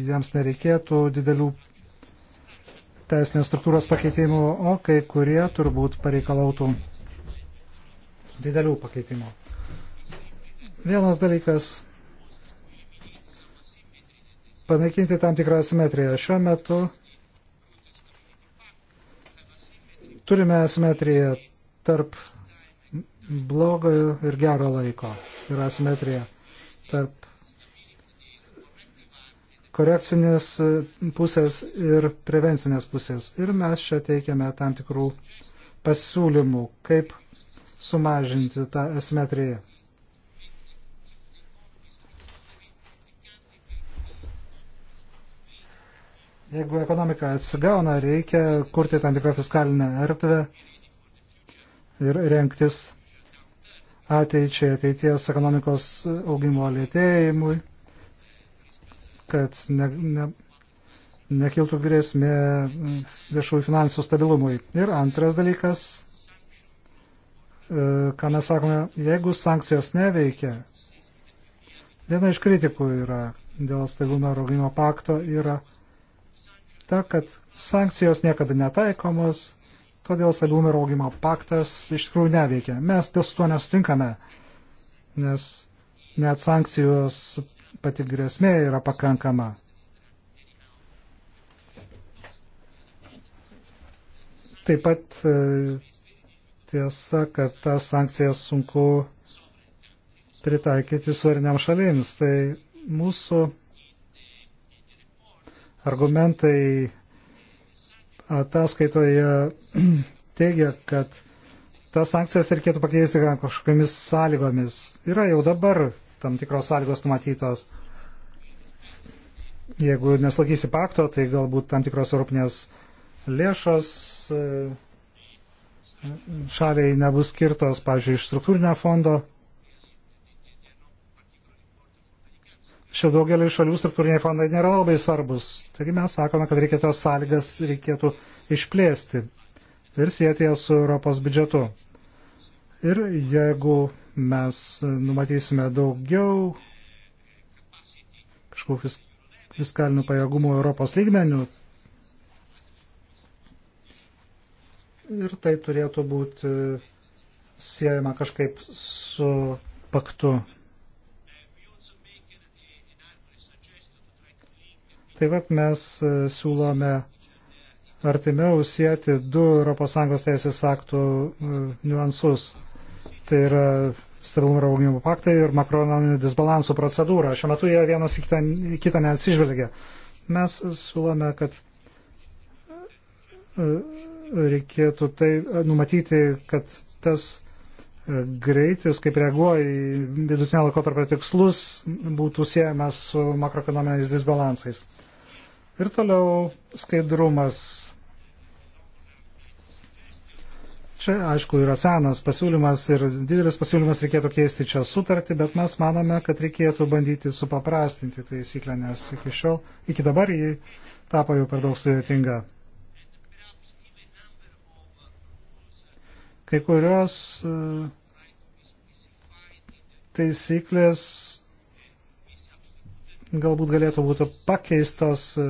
jiems nereikėtų didelių teisinės struktūros pakeitimų, o kai kurie turbūt pareikalautų didelių pakeitimų. Vienas dalykas - panaikinti tam tikrą asimetriją. Šiuo metu turime asimetriją tarp blogo ir gero laiko. Yra asimetrija tarp korekcinės pusės ir prevencinės pusės. Ir mes čia teikiame tam tikrų pasiūlymų, kaip sumažinti tą asimetriją. Jeigu ekonomika atsigauna, reikia kurti tam tikrą fiskalinę erdvę ir renktis ateičiai, ateities ekonomikos augimo lėtėjimui, kad ne, ne, nekiltų grėsmė viešųjų finansų stabilumui. Ir antras dalykas E, ką mes sakome, jeigu sankcijos neveikia, viena iš kritikų yra dėl stabilumo ir augimo pakto yra ta, kad sankcijos niekada netaikomos, todėl stabilumo ir augimo paktas iš tikrųjų neveikia. Mes dėl su tuo nesutinkame, nes net sankcijos pati grėsmė yra pakankama. Taip pat e, tiesa, kad tas sankcijas sunku pritaikyti suveriniam šalims. Tai mūsų argumentai ataskaitoje teigia, kad tas sankcijas reikėtų pakeisti kažkokiamis sąlygomis. Yra jau dabar tam tikros sąlygos numatytos. Jeigu neslaikysi pakto, tai galbūt tam tikros europinės lėšos e, šaliai nebus skirtos, pavyzdžiui, iš struktūrinio fondo. Šio daugelį šalių struktūriniai fondai nėra labai svarbus. Taigi mes sakome, kad reikia tas sąlygas reikėtų išplėsti ir sieti jas su Europos biudžetu. Ir jeigu mes numatysime daugiau kažkokius fiskalinių pajėgumų Europos lygmenių, ir tai turėtų būti siejama kažkaip su paktu. Taip pat mes e, siūlome artimiau sieti du ES teisės aktų e, niuansus. Tai yra stabilumo ir augimo paktai ir makroekonominių disbalansų procedūra. Šiuo metu jie vienas į kitą, į kitą neatsižvelgia. Mes siūlome, kad e, reikėtų tai numatyti, kad tas greitis, kaip reaguoja į vidutinio laikotarpio tikslus, būtų siejamas su makroekonominiais disbalansais. Ir toliau skaidrumas. Čia, aišku, yra senas pasiūlymas ir didelis pasiūlymas reikėtų keisti čia sutartį, bet mes manome, kad reikėtų bandyti supaprastinti taisyklę, nes iki šiol, iki dabar jį tapo jau per daug sudėtinga. Kai kurios e, taisyklės galbūt galėtų būti pakeistos e,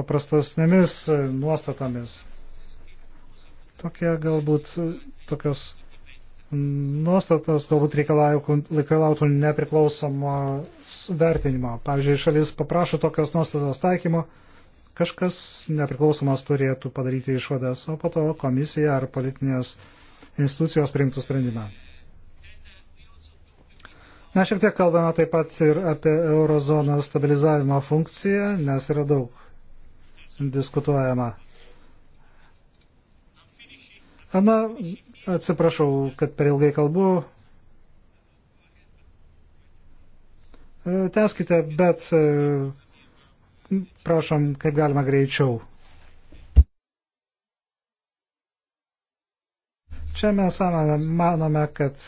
paprastosnėmis e, nuostatomis. Tokie galbūt tokios nuostatos galbūt reikalautų nepriklausomo vertinimo. Pavyzdžiui, šalis paprašo tokios nuostatos taikymo Kažkas nepriklausomas turėtų padaryti išvadas, o po to komisija ar politinės institucijos priimtų sprendimą. Mes šiek tiek kalbame taip pat ir apie eurozono stabilizavimo funkciją, nes yra daug diskutuojama. Na, atsiprašau, kad per ilgai kalbu. E, Teskite, bet e, prašom, kaip galima greičiau. Čia mes manome, kad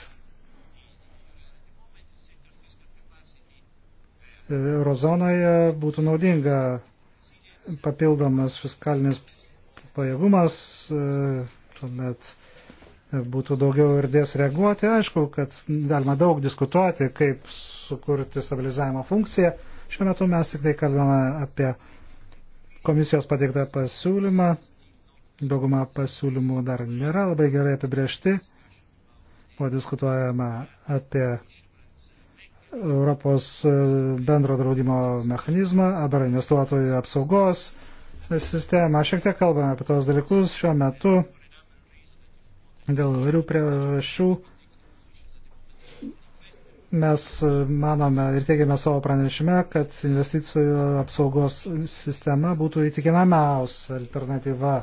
eurozonoje būtų naudinga papildomas fiskalinis pajėgumas, e, tuomet būtų daugiau erdvės reaguoti. Aišku, kad galima daug diskutuoti, kaip sukurti stabilizavimo funkciją. Šiuo metu mes tik tai kalbame apie komisijos pateiktą pasiūlymą. Dauguma pasiūlymų dar nėra labai gerai apibriešti. Buvo diskutuojama apie Europos e, bendro draudimo mechanizmą arba investuotojų apsaugos sistemą. Šiek tiek kalbame apie tos dalykus šiuo metu dėl įvairių priežasčių Mes e, manome ir teigiame savo pranešime, kad investicijų apsaugos sistema būtų įtikinamiausia alternatyva,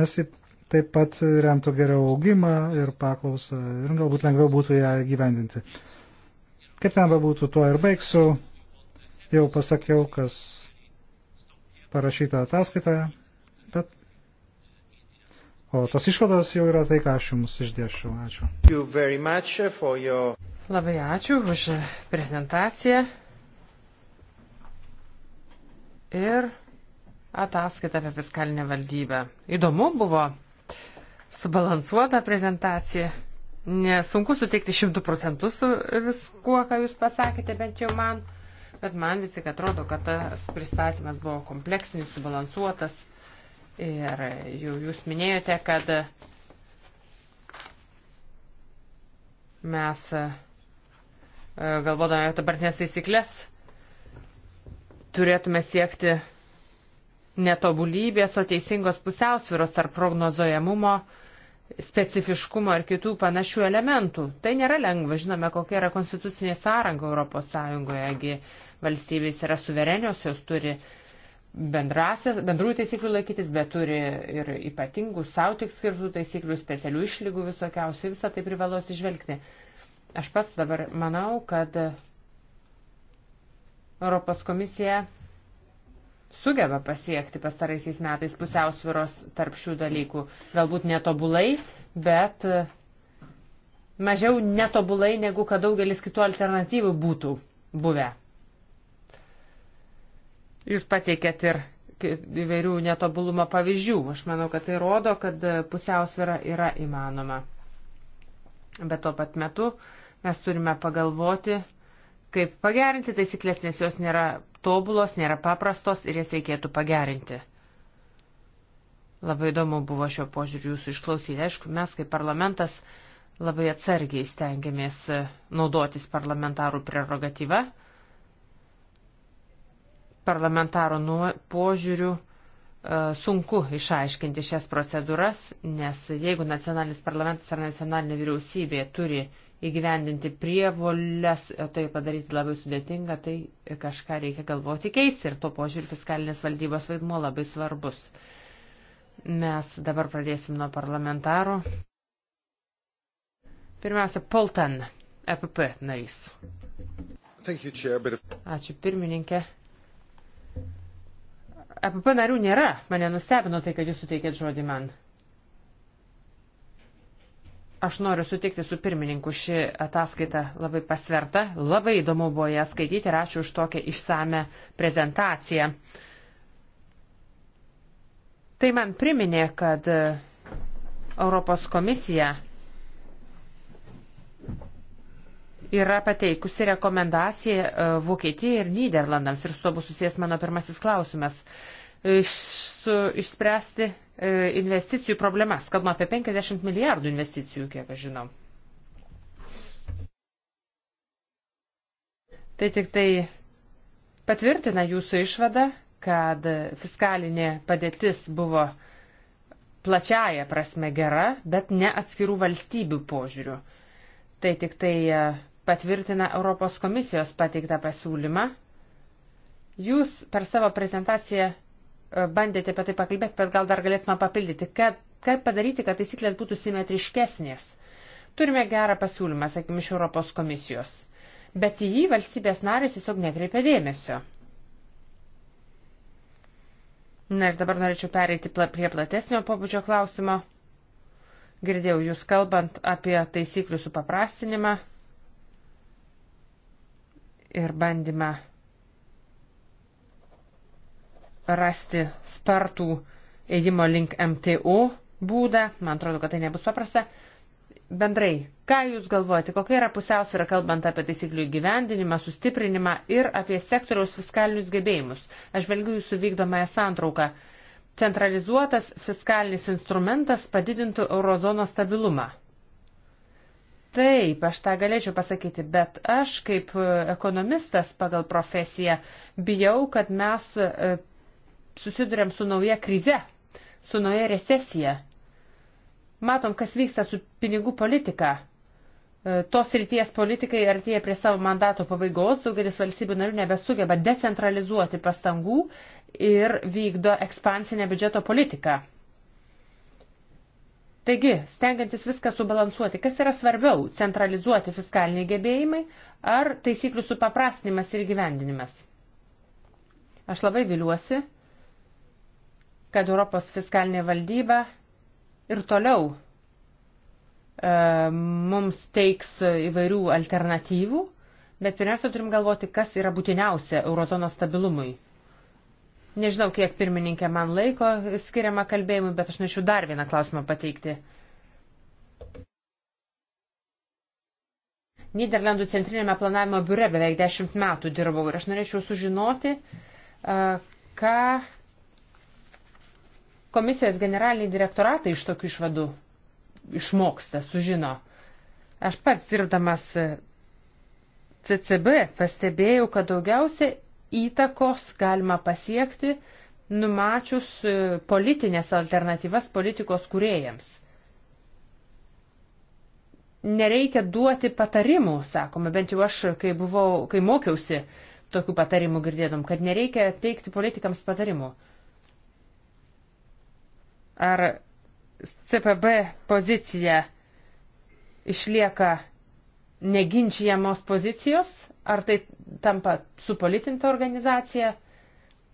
nes ji taip pat remtų geriau augimą ir paklausą ir galbūt lengviau būtų ją gyvendinti. Kaip ten bebūtų, tuo ir baigsiu. Jau pasakiau, kas parašyta ataskaitoje. O tos išvados jau yra tai, ką aš jums išdėšiu. Ačiū. Your... Labai ačiū už prezentaciją ir ataskaitą apie fiskalinę valdybę. Įdomu buvo subalansuota prezentacija. Nesunku suteikti šimtų procentų su viskuo, ką jūs pasakėte, bent jau man. Bet man vis tik atrodo, kad tas pristatymas buvo kompleksinis, subalansuotas. Ir jau jūs minėjote, kad mes e, galvodami apie dabartinės taisyklės turėtume siekti netobulybės, o teisingos pusiausvyros tarp prognozojamumo, specifiškumo ir kitų panašių elementų. Tai nėra lengva, žinome, kokia yra konstitucinė sąranga Europos Sąjungoje, valstybės yra suverenios, jos turi uh, bendrųjų taisyklių laikytis, bet turi ir ypatingų savo tik skirtų taisyklių, specialių išlygų visokiausių, visą tai privalos išvelgti. Aš pats dabar manau, kad Europos komisija sugeba pasiekti pastaraisiais metais pusiausviros tarp šių dalykų. Galbūt netobulai, bet mažiau netobulai negu kad daugelis kitų alternatyvų būtų buvę. Jūs pateikėt ir įvairių netobulumo pavyzdžių. Aš manau, kad tai rodo, kad pusiausvėra yra įmanoma. Bet tuo pat metu mes turime pagalvoti, kaip pagerinti taisyklės, nes jos nėra tobulos, nėra paprastos ir jas reikėtų pagerinti. Labai įdomu buvo šio požiūriu jūsų išklausyti. Aišku, mes kaip parlamentas labai atsargiai stengiamės naudotis parlamentarų prerogatyva, parlamentaro nu, požiūrių e, sunku išaiškinti šias procedūras, nes jeigu nacionalinis parlamentas ar nacionalinė vyriausybė turi įgyvendinti prievolės, o e, tai padaryti labai sudėtinga, tai kažką reikia galvoti keisti ir tuo požiūriu fiskalinės valdybos vaidmuo labai svarbus. Mes dabar pradėsim nuo parlamentarų. Pirmiausia, Poltan, EPP narys. Ačiū pirmininkė. EPP narių nėra. Mane nustebino tai, kad jūs suteikėt žodį man. Aš noriu sutikti su pirmininku šį ataskaitą labai pasverta. Labai įdomu buvo ją skaityti ir ačiū už tokią išsame prezentaciją. Tai man priminė, kad Europos komisija yra pateikusi rekomendaciją e, Vokietijai ir Niderlandams ir su to bus susijęs mano pirmasis klausimas. E, iš, su, išspręsti e, investicijų problemas. Kalbame apie 50 milijardų investicijų, kiek aš žinau. Tai tik tai patvirtina jūsų išvadą, kad fiskalinė padėtis buvo plačiaja prasme gera, bet ne atskirų valstybių požiūrių. Tai tik tai patvirtina Europos komisijos pateiktą pasiūlymą. Jūs per savo prezentaciją e, bandėte apie tai pakalbėti, bet gal dar galėtume papildyti, kad, kaip padaryti, kad taisyklės būtų simetriškesnės. Turime gerą pasiūlymą, sakykime, iš Europos komisijos, bet į jį valstybės narės tiesiog nekreipia dėmesio. Na ir dabar norėčiau pereiti prie platesnio pobūdžio klausimo. Girdėjau jūs kalbant apie taisyklių supaprastinimą ir bandymą rasti spartų ėjimo link MTO būdą. Man atrodo, kad tai nebus paprasta. Bendrai, ką Jūs galvojate, kokia yra pusiausvėra kalbant apie taisyklių gyvendinimą, sustiprinimą ir apie sektoriaus fiskalinius gebėjimus? Aš velgiu Jūsų vykdomąją santrauką. Centralizuotas fiskalinis instrumentas padidintų eurozono stabilumą. Taip, aš tą galėčiau pasakyti, bet aš kaip e, ekonomistas pagal profesiją bijau, kad mes e, susidurėm su nauja krize, su nauja recesija. Matom, kas vyksta su pinigų politika. E, tos ryties politikai artėja prie savo mandato pabaigos, daugelis valstybių narių nebesugeba decentralizuoti pastangų ir vykdo ekspansinę biudžeto politiką. Taigi, stengiantis viską subalansuoti, kas yra svarbiau - centralizuoti fiskaliniai gebėjimai ar taisyklių supaprastinimas ir gyvendinimas? Aš labai viliuosi, kad Europos fiskalinė valdyba ir toliau e, mums teiks įvairių alternatyvų, bet pirmiausia turim galvoti, kas yra būtiniausia eurozonos stabilumui. Nežinau, kiek pirmininkė man laiko skiriama kalbėjimui, bet aš norėčiau dar vieną klausimą pateikti. Niderlandų centrinėme planavimo biure beveik dešimt metų dirbau ir aš norėčiau sužinoti, ką komisijos generaliniai direktoratai iš tokių išvadų išmoksta, sužino. Aš pats dirbdamas CCB pastebėjau, kad daugiausiai įtakos galima pasiekti, numačius e, politinės alternatyvas politikos kuriejams. Nereikia duoti patarimų, sakoma, bent jau aš, kai, buvau, kai mokiausi, tokių patarimų girdėdom, kad nereikia teikti politikams patarimų. Ar CPB pozicija išlieka neginčiamos pozicijos? Ar tai tampa supolitinta organizacija?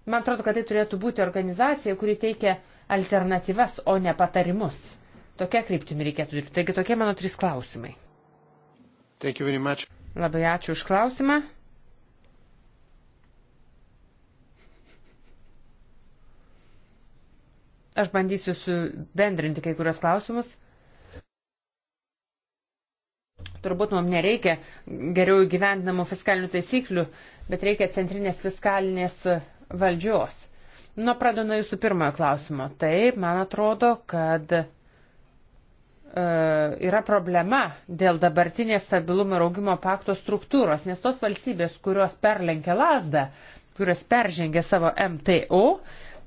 Man atrodo, kad tai turėtų būti organizacija, kuri teikia alternatyvas, o ne patarimus. Tokia kryptimi reikėtų dirbti. Taigi tokie mano trys klausimai. Labai ačiū už klausimą. Aš bandysiu subendrinti kai kurios klausimus turbūt mums nereikia geriau įgyvendinamų fiskalinių taisyklių, bet reikia centrinės fiskalinės valdžios. Nu, pradedu nuo jūsų pirmojo klausimo. Taip, man atrodo, kad e, yra problema dėl dabartinės stabilumo ir augimo pakto struktūros, nes tos valstybės, kurios perlenkia lasdą, kurios peržengia savo MTO,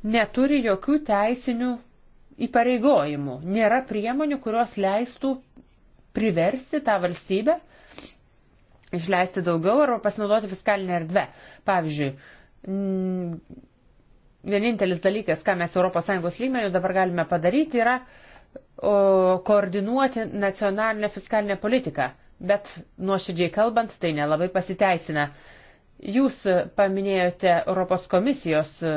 neturi jokių teisinių įpareigojimų, nėra priemonių, kurios leistų priversti tą valstybę išleisti daugiau arba pasinaudoti fiskalinę erdvę. Pavyzdžiui, vienintelis dalykas, ką mes ES lygmenių dabar galime padaryti, yra o, koordinuoti nacionalinę fiskalinę politiką. Bet nuoširdžiai kalbant, tai nelabai pasiteisina. Jūs paminėjote Europos komisijos e,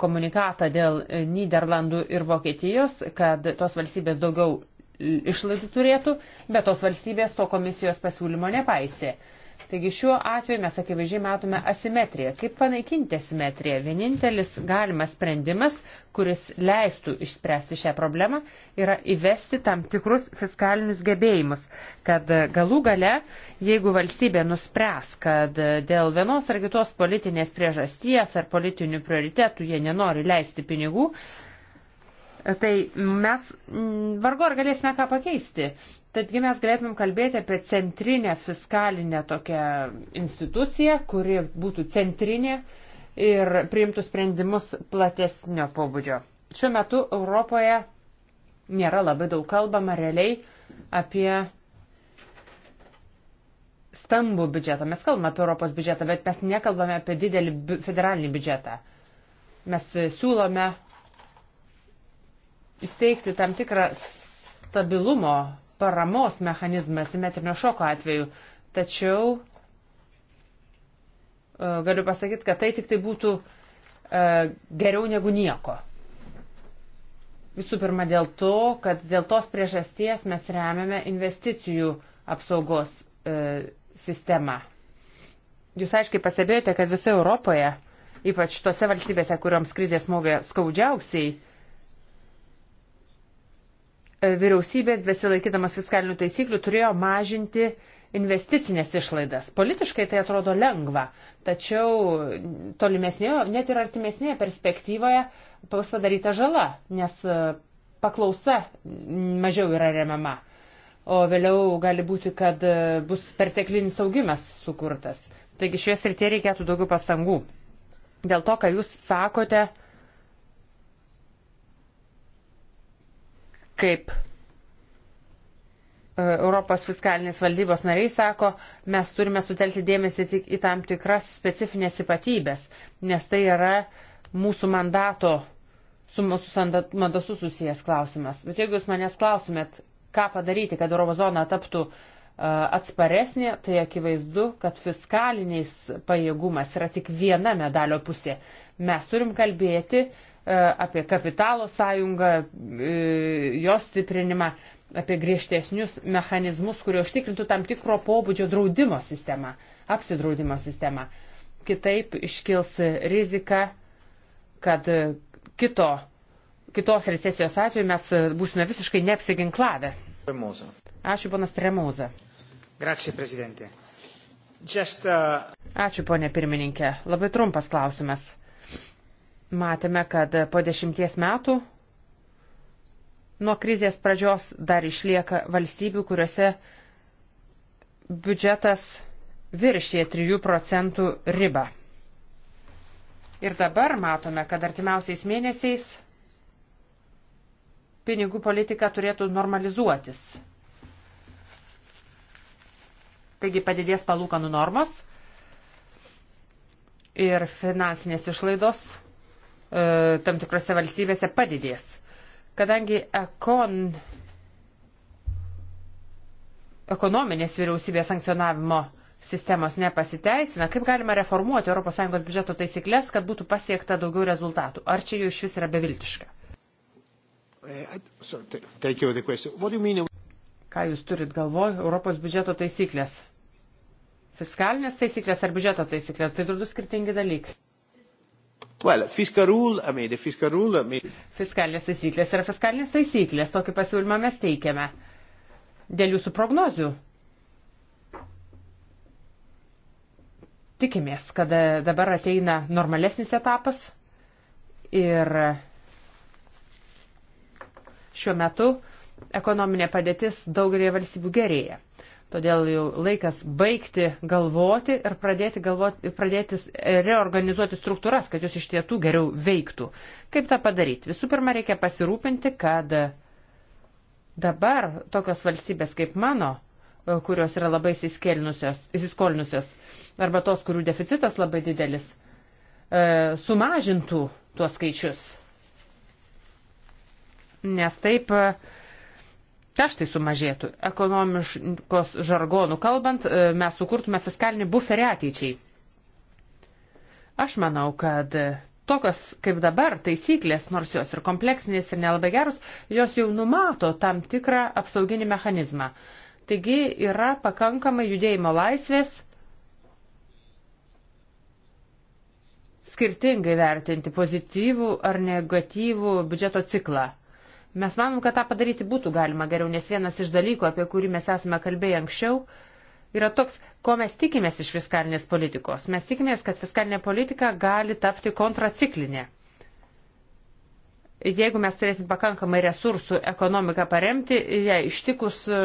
komunikatą dėl Niderlandų ir Vokietijos, kad tos valstybės daugiau išlaidų turėtų, bet tos valstybės to komisijos pasiūlymo nepaisė. Taigi šiuo atveju mes akivaizdžiai matome asimetriją. Kaip panaikinti asimetriją? Vienintelis galimas sprendimas, kuris leistų išspręsti šią problemą, yra įvesti tam tikrus fiskalinius gebėjimus, kad galų gale, jeigu valstybė nuspręs, kad dėl vienos ar kitos politinės priežasties ar politinių prioritetų jie nenori leisti pinigų, tai mes mm, vargu ar galėsime ką pakeisti. Tadgi mes galėtumėm kalbėti apie centrinę fiskalinę tokią instituciją, kuri būtų centrinė ir priimtų sprendimus platesnio pobūdžio. Šiuo metu Europoje nėra labai daug kalbama realiai apie stambų biudžetą. Mes kalbame apie Europos biudžetą, bet mes nekalbame apie didelį federalinį biudžetą. Mes siūlome įsteigti tam tikrą stabilumo paramos mechanizmą simetrinio šoko atveju. Tačiau e, galiu pasakyti, kad tai tik tai būtų e, geriau negu nieko. Visų pirma dėl to, kad dėl tos priežasties mes remiame investicijų apsaugos e, sistemą. Jūs aiškiai pastebėjote, kad visoje Europoje, ypač tose valstybėse, kurioms krizės smogė skaudžiausiai, vyriausybės besilaikydamas fiskalinių taisyklių turėjo mažinti investicinės išlaidas. Politiškai tai atrodo lengva, tačiau tolimesnėje, net ir artimesnėje perspektyvoje bus padaryta žala, nes e, paklausa mažiau yra remiama, o vėliau gali būti, kad e, bus perteklinis augimas sukurtas. Taigi šioje srityje reikėtų daugiau pasangų. Dėl to, ką jūs sakote, kaip e, Europos fiskalinės valdybos nariai sako, mes turime sutelkti dėmesį tik į tam tikras specifines ypatybės, nes tai yra mūsų mandato, su mūsų mandatu susijęs klausimas. Bet jeigu jūs manęs klausimėt, ką padaryti, kad eurozona taptų e, atsparesnė, tai akivaizdu, kad fiskaliniais pajėgumas yra tik viena medalio pusė. Mes turim kalbėti, uh, E, apie kapitalo sąjungą, e, jos stiprinimą, apie griežtesnius mechanizmus, kurie užtikrintų tam tikro pobūdžio draudimo sistemą, apsidraudimo sistemą. Kitaip iškils rizika, kad kito, kitos recesijos atveju mes būsime visiškai neapsiginklavę. Ačiū, panas Tremoza. Grazie, prezidentė. Just, uh... Ačiū, ponė pirmininkė. Labai trumpas klausimas matėme, kad po dešimties metų nuo krizės pradžios dar išlieka valstybių, kuriuose biudžetas viršė 3 procentų ribą. Ir dabar matome, kad artimiausiais mėnesiais pinigų politika turėtų normalizuotis. Taigi padidės palūkanų normos ir finansinės išlaidos E, tam tikrose valstybėse padidės. Kadangi ekon, ekonominės vyriausybės sankcionavimo sistemos nepasiteisina, kaip galima reformuoti ES biudžeto taisyklės, kad būtų pasiekta daugiau rezultatų? Ar čia jau iš vis yra beviltiška? Eh, Ką jūs turit galvoj, Europos biudžeto taisyklės? Fiskalinės taisyklės ar biudžeto taisyklės? Tai du skirtingi dalykai. Well, fiscal rule, I mean, the fiscal rule, I mean... Fiskalinės taisyklės yra fiskalinės taisyklės, tokį pasiūlymą mes teikiame. Dėl jūsų prognozių. Tikimės, kad e, dabar ateina normalesnis etapas ir e, šiuo metu ekonominė padėtis daugelį valstybių gerėja. Todėl jau laikas baigti galvoti ir pradėti, galvoti, pradėti reorganizuoti struktūras, kad jos iš tiesų geriau veiktų. Kaip tą padaryti? Visų pirma, reikia pasirūpinti, kad dabar tokios valstybės kaip mano, kurios yra labai įsiskolinusios, arba tos, kurių deficitas labai didelis, e, sumažintų tuos skaičius. Nes taip uh, kaštai sumažėtų. Ekonomiškos žargonų kalbant, e, mes sukurtume fiskalinį buferį ateičiai. Aš manau, kad tokios kaip dabar taisyklės, nors jos ir kompleksinės ir nelabai gerus, jos jau numato tam tikrą apsauginį mechanizmą. Taigi yra pakankamai judėjimo laisvės skirtingai vertinti pozityvų ar negatyvų biudžeto ciklą. Mes manom, kad tą padaryti būtų galima geriau, nes vienas iš dalykų, apie kurį mes esame kalbėję anksčiau, yra toks, ko mes tikimės iš fiskalinės politikos. Mes tikimės, kad fiskalinė politika gali tapti kontraciklinė. Jeigu mes turėsim pakankamai resursų ekonomiką paremti, jei ištikus e,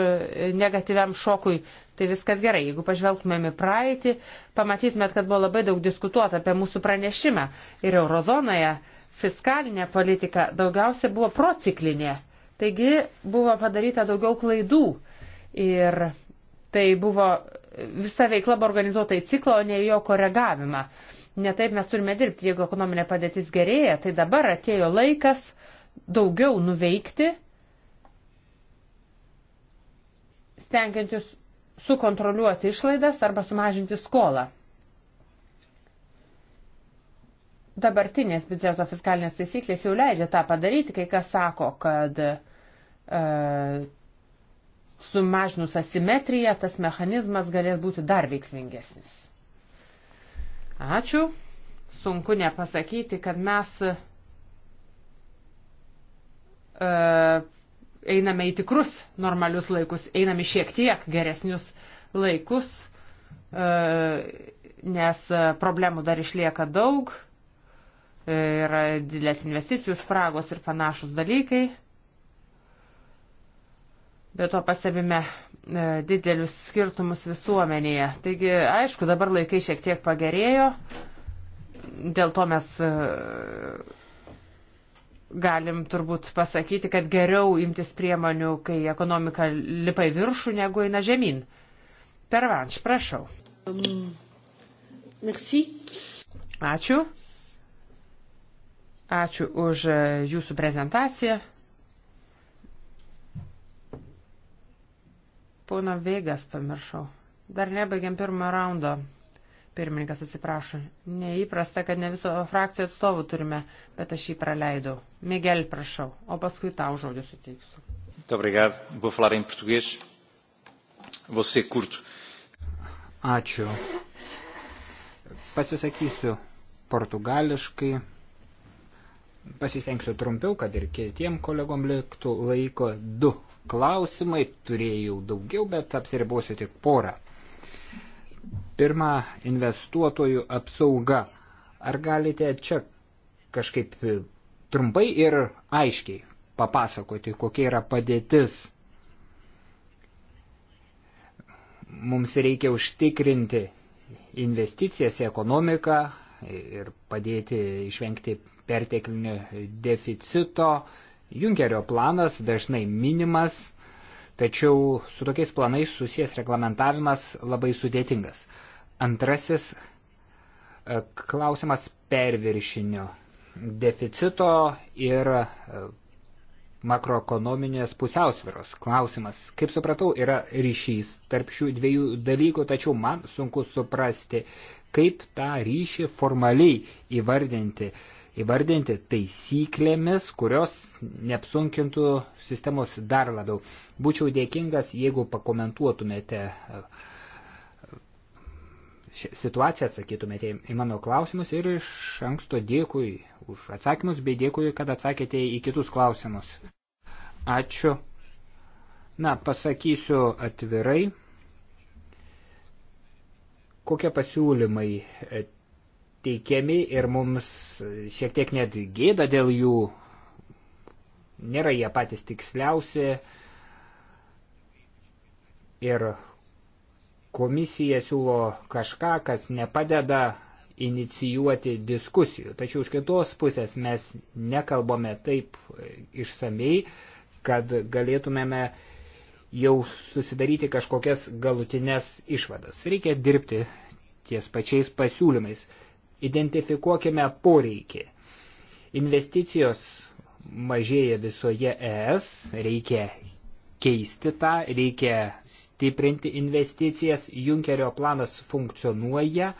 negatyviam šokui, tai viskas gerai. Jeigu pažvelgtumėm į praeitį, pamatytumėt, kad buvo labai daug diskutuota apie mūsų pranešimą ir eurozonoje fiskalinė politika daugiausia buvo prociklinė. Taigi buvo padaryta daugiau klaidų ir tai buvo visa veikla buvo organizuota į ciklą, o ne į jo koregavimą. Netaip mes turime dirbti, jeigu ekonominė padėtis gerėja, tai dabar atėjo laikas daugiau nuveikti, stengiantis sukontroliuoti išlaidas arba sumažinti skolą. dabartinės biudžeto fiskalinės taisyklės jau leidžia tą padaryti, kai kas sako, kad e, sumažinus asimetriją tas mechanizmas galės būti dar veiksmingesnis. Ačiū. Sunku nepasakyti, kad mes e, einame į tikrus normalius laikus, einame šiek tiek geresnius laikus, e, nes e, problemų dar išlieka daug yra didelės investicijų spragos ir panašus dalykai. Be to pastebime e, didelius skirtumus visuomenėje. Taigi, aišku, dabar laikai šiek tiek pagerėjo, dėl to mes e, galim turbūt pasakyti, kad geriau imtis priemonių, kai ekonomika lipa į viršų, negu eina žemyn. Pervanš, prašau. Um, merci. Ačiū. Ačiū už e, jūsų prezentaciją. Pono Vėgas pamiršau. Dar nebaigiam pirmą raundą. Pirmininkas atsiprašo. Neįprasta, kad ne viso frakcijų atstovų turime, bet aš jį praleidau. Miguel, prašau, o paskui tau žodį suteiksiu. Obrigado. Vou falar em português. Vou ser curto. Ačiū. Pasisakysiu portugališkai. Pasistengsiu trumpiau, kad ir kitiem kolegom liktų laiko. Du klausimai turėjau daugiau, bet apsiribosiu tik porą. Pirma, investuotojų apsauga. Ar galite čia kažkaip trumpai ir aiškiai papasakoti, kokia yra padėtis? Mums reikia užtikrinti investicijas į ekonomiką, ir padėti išvengti perteklinio deficito. Junkerio planas dažnai minimas, tačiau su tokiais planais susijęs reglamentavimas labai sudėtingas. Antrasis e, klausimas perviršinio deficito ir e, makroekonominės pusiausviros klausimas. Kaip supratau, yra ryšys tarp šių dviejų dalykų, tačiau man sunku suprasti, kaip tą ryšį formaliai įvardinti. Įvardinti taisyklėmis, kurios neapsunkintų sistemos dar labiau. Būčiau dėkingas, jeigu pakomentuotumėte e, situaciją, atsakytumėte į mano klausimus ir iš anksto dėkui už atsakymus, bei dėkui, kad atsakėte į kitus klausimus. Ačiū. Na, pasakysiu atvirai kokie pasiūlymai e, teikiami ir mums šiek tiek net gėda dėl jų, nėra jie patys tiksliausi ir komisija siūlo kažką, kas nepadeda inicijuoti diskusijų. Tačiau iš kitos pusės mes nekalbame taip e, išsamei, kad galėtumėme jau susidaryti kažkokias galutinės išvadas. Reikia dirbti ties pačiais pasiūlymais. Identifikuokime poreikį. Investicijos mažėja visoje ES, reikia keisti tą, reikia stiprinti investicijas, Junkerio planas funkcionuoja,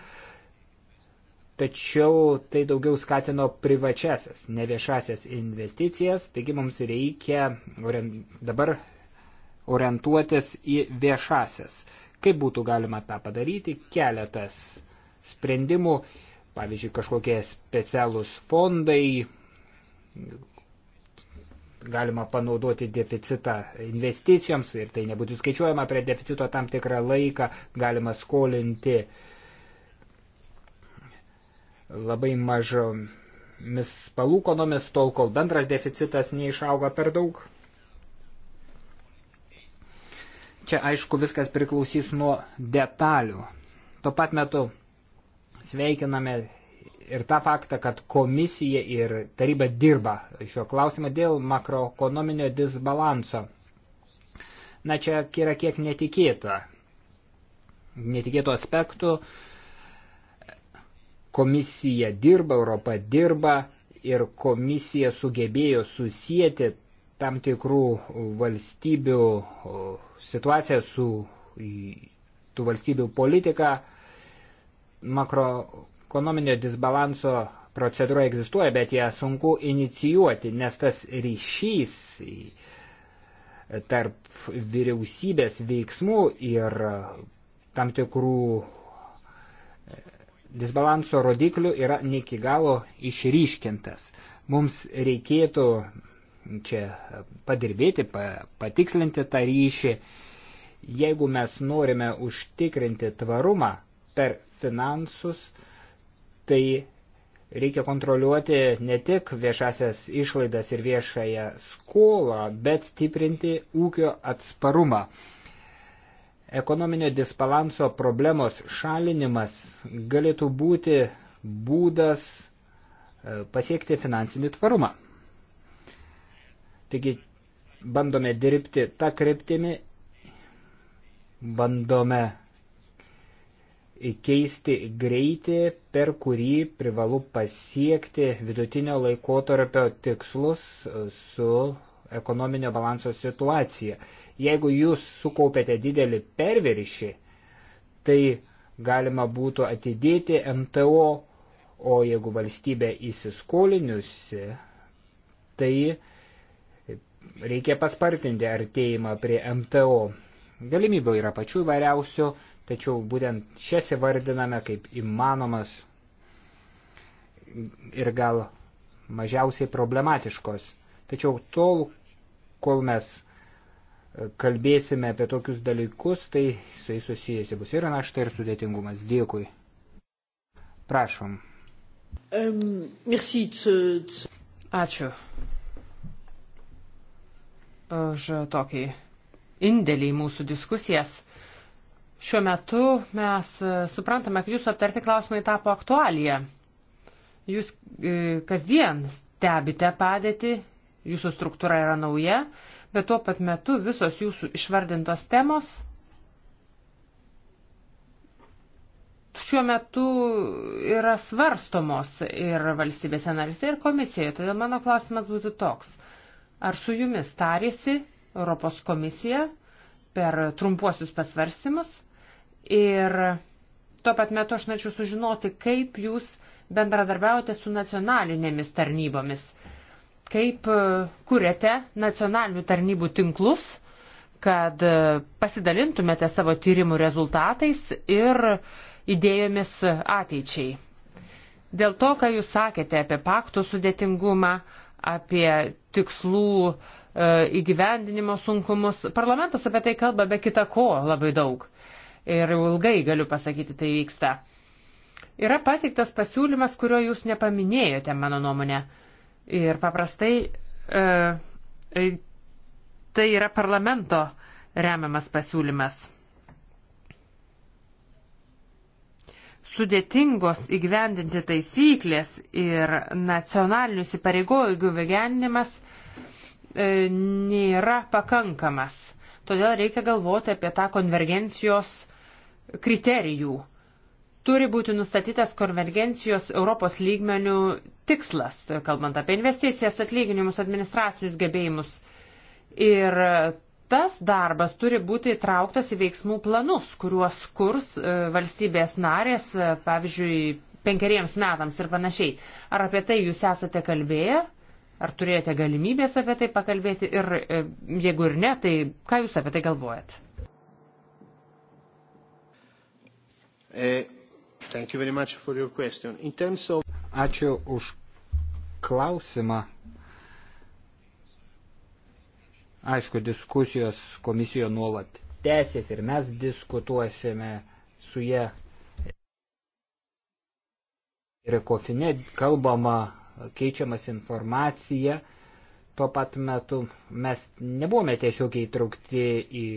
tačiau tai daugiau skatino privačiasias, ne viešasias investicijas, taigi mums reikia dabar orientuotis į viešasias. Kaip būtų galima tą padaryti? Keletas sprendimų, pavyzdžiui, kažkokie specialūs fondai, galima panaudoti deficitą investicijoms ir tai nebūtų skaičiuojama prie deficito tam tikrą laiką, galima skolinti labai mažomis palūkonomis tol, kol bendras deficitas neišauga per daug. Čia aišku viskas priklausys nuo detalių. Tuo pat metu sveikiname ir tą faktą, kad komisija ir taryba dirba šiuo klausimu dėl makroekonominio disbalanso. Na čia yra kiek netikėta. Netikėtų aspektų. Komisija dirba, Europa dirba ir komisija sugebėjo susijęti tam tikrų valstybių situaciją su tų valstybių politika. Makroekonominio disbalanso procedūra egzistuoja, bet ją sunku inicijuoti, nes tas ryšys tarp vyriausybės veiksmų ir tam tikrų e, disbalanso rodiklių yra ne iki galo išryškintas. Mums reikėtų čia padirbėti, patikslinti tą ryšį. Jeigu mes norime užtikrinti tvarumą per finansus, tai reikia kontroliuoti ne tik viešasias išlaidas ir viešąją skolą, bet stiprinti ūkio atsparumą. Ekonominio disbalanso problemos šalinimas galėtų būti būdas e, pasiekti finansinį tvarumą. Taigi bandome dirbti tą kryptimį, bandome keisti greitį, per kurį privalu pasiekti vidutinio laikotarpio tikslus e, su ekonominio balanso situacija. Jeigu jūs sukaupėte didelį perviršį, tai galima būtų atidėti MTO, o jeigu valstybė įsiskolinusi, tai reikia paspartinti artėjimą prie MTO. Galimybių yra pačių įvairiausių, tačiau būtent šias įvardiname kaip įmanomas ir gal mažiausiai problematiškos. Tačiau tol, kol mes e, kalbėsime apie tokius dalykus, tai su jais susijęsi bus ir našta, ir sudėtingumas. Dėkui. Prašom. Um, merci, Ačiū už tokį indėlį į mūsų diskusijas. Šiuo metu mes e, suprantame, kad jūsų aptarti klausimai tapo aktualija. Jūs e, kasdien stebite padėtį, jūsų struktūra yra nauja, bet tuo pat metu visos jūsų išvardintos temos šiuo metu yra svarstomos ir valstybėse narise, ir komisijoje. Todėl mano klausimas būtų toks. Ar su jumis tarėsi Europos komisija per trumpuosius pasvarstymus? Ir tuo pat metu aš norėčiau sužinoti, kaip jūs bendradarbiaujate su nacionalinėmis tarnybomis, kaip e, kuriate nacionalinių tarnybų tinklus, kad e, pasidalintumėte savo tyrimų rezultatais ir idėjomis ateičiai. Dėl to, ką jūs sakėte apie paktų sudėtingumą, apie tikslų e, įgyvendinimo sunkumus. Parlamentas apie tai kalba be kita ko labai daug. Ir jau ilgai galiu pasakyti, tai vyksta. Yra pateiktas pasiūlymas, kurio jūs nepaminėjote, mano nuomonė. Ir paprastai e, e tai yra parlamento remiamas pasiūlymas. Sudėtingos įgyvendinti taisyklės ir nacionalinių įsipareigojimų įgyvendinimas E, nėra pakankamas. Todėl reikia galvoti apie tą konvergencijos kriterijų. Turi būti nustatytas konvergencijos Europos lygmenių tikslas, kalbant apie investicijas, atlyginimus, administracinius gebėjimus. Ir tas darbas turi būti įtrauktas į veiksmų planus, kuriuos kurs e, valstybės narės, e, pavyzdžiui, penkeriems metams ir panašiai. Ar apie tai jūs esate kalbėję? Ar turėjote galimybės apie tai pakalbėti ir e, jeigu ir ne, tai ką jūs apie tai galvojat? E, Ačiū už klausimą. Aišku, diskusijos komisijoje nuolat tęsės ir mes diskutuosime su jie. Ir kofine kalbama keičiamas informacija. Tuo pat metu mes nebuvome tiesiog įtraukti į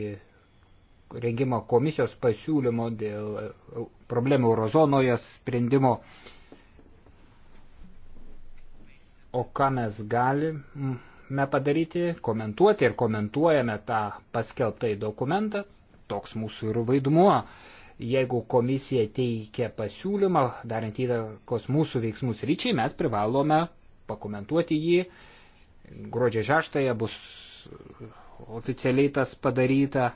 rengimo komisijos pasiūlymo dėl problemų eurozonoje sprendimo. O ką mes galime padaryti, komentuoti ir komentuojame tą paskelbtą dokumentą, toks mūsų ir vaidmuo jeigu komisija teikia pasiūlymą, darant įtakos mūsų veiksmus ryčiai, mes privalome pakomentuoti jį. Gruodžio 6 bus oficialiai tas padaryta.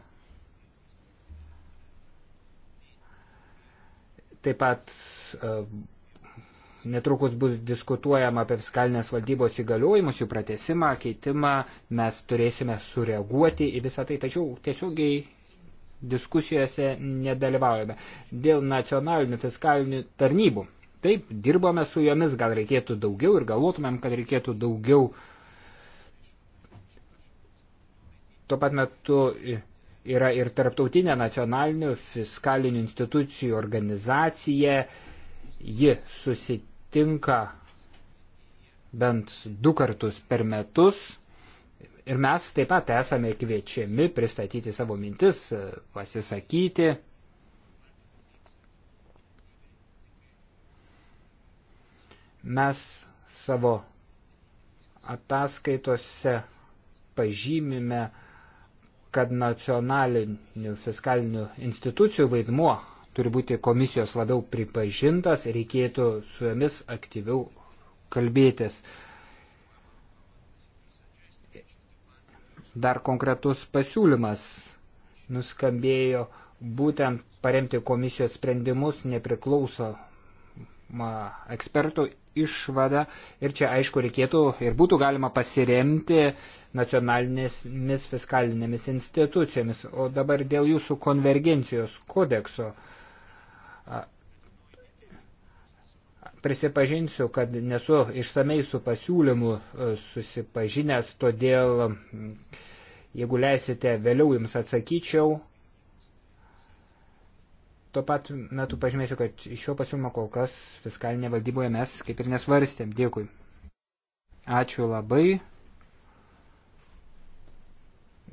Taip pat e, netrukus bus diskutuojama apie fiskalinės valdybos įgaliojimus, jų pratesimą, keitimą, mes turėsime sureaguoti į visą tai, tačiau tiesiogiai diskusijose nedalyvaujame. Dėl nacionalinių fiskalinių tarnybų. Taip, dirbome su jomis, gal reikėtų daugiau ir galvotumėm, kad reikėtų daugiau. Tuo pat metu yra ir tarptautinė nacionalinių fiskalinių institucijų organizacija. Ji susitinka bent du kartus per metus ir mes taip pat esame kviečiami pristatyti savo mintis, e, pasisakyti. Mes savo ataskaitose pažymime, kad nacionalinių fiskalinių institucijų vaidmuo turi būti komisijos labiau pripažintas, reikėtų su jomis aktyviau kalbėtis. dar konkretus pasiūlymas nuskambėjo būtent paremti komisijos sprendimus nepriklausomą ekspertų išvadą ir čia aišku reikėtų ir būtų galima pasiremti nacionalinėmis fiskalinėmis institucijomis. O dabar dėl jūsų konvergencijos kodekso. Prisipažinsiu, kad nesu išsamei su pasiūlymu e, susipažinęs, todėl jeigu leisite, vėliau jums atsakyčiau. Tuo pat metu pažymėsiu, kad iš šio pasiūlymo kol kas fiskalinė valdyboje mes kaip ir nesvarstėm. Dėkui. Ačiū labai.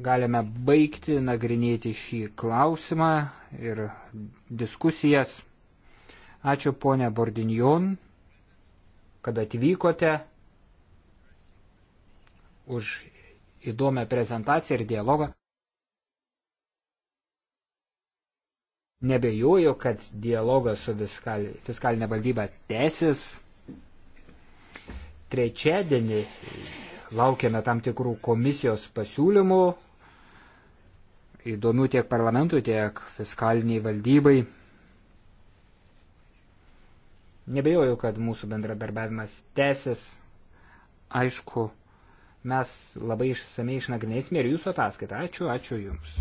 Galime baigti nagrinėti šį klausimą ir diskusijas. Ačiū ponė Bordinjon, kad atvykote už įdomią prezentaciją ir dialogą. Nebejoju, kad dialogas su fiskal, fiskalinė valdyba tęsis. Trečiadienį laukiame tam tikrų komisijos pasiūlymų, įdomių tiek parlamentui, tiek fiskaliniai valdybai. Nebejoju, kad mūsų bendradarbiavimas tęsis. Aišku, mes labai išsamei išnagrinėsime ir jūsų ataskaitą. Ačiū, ačiū Jums.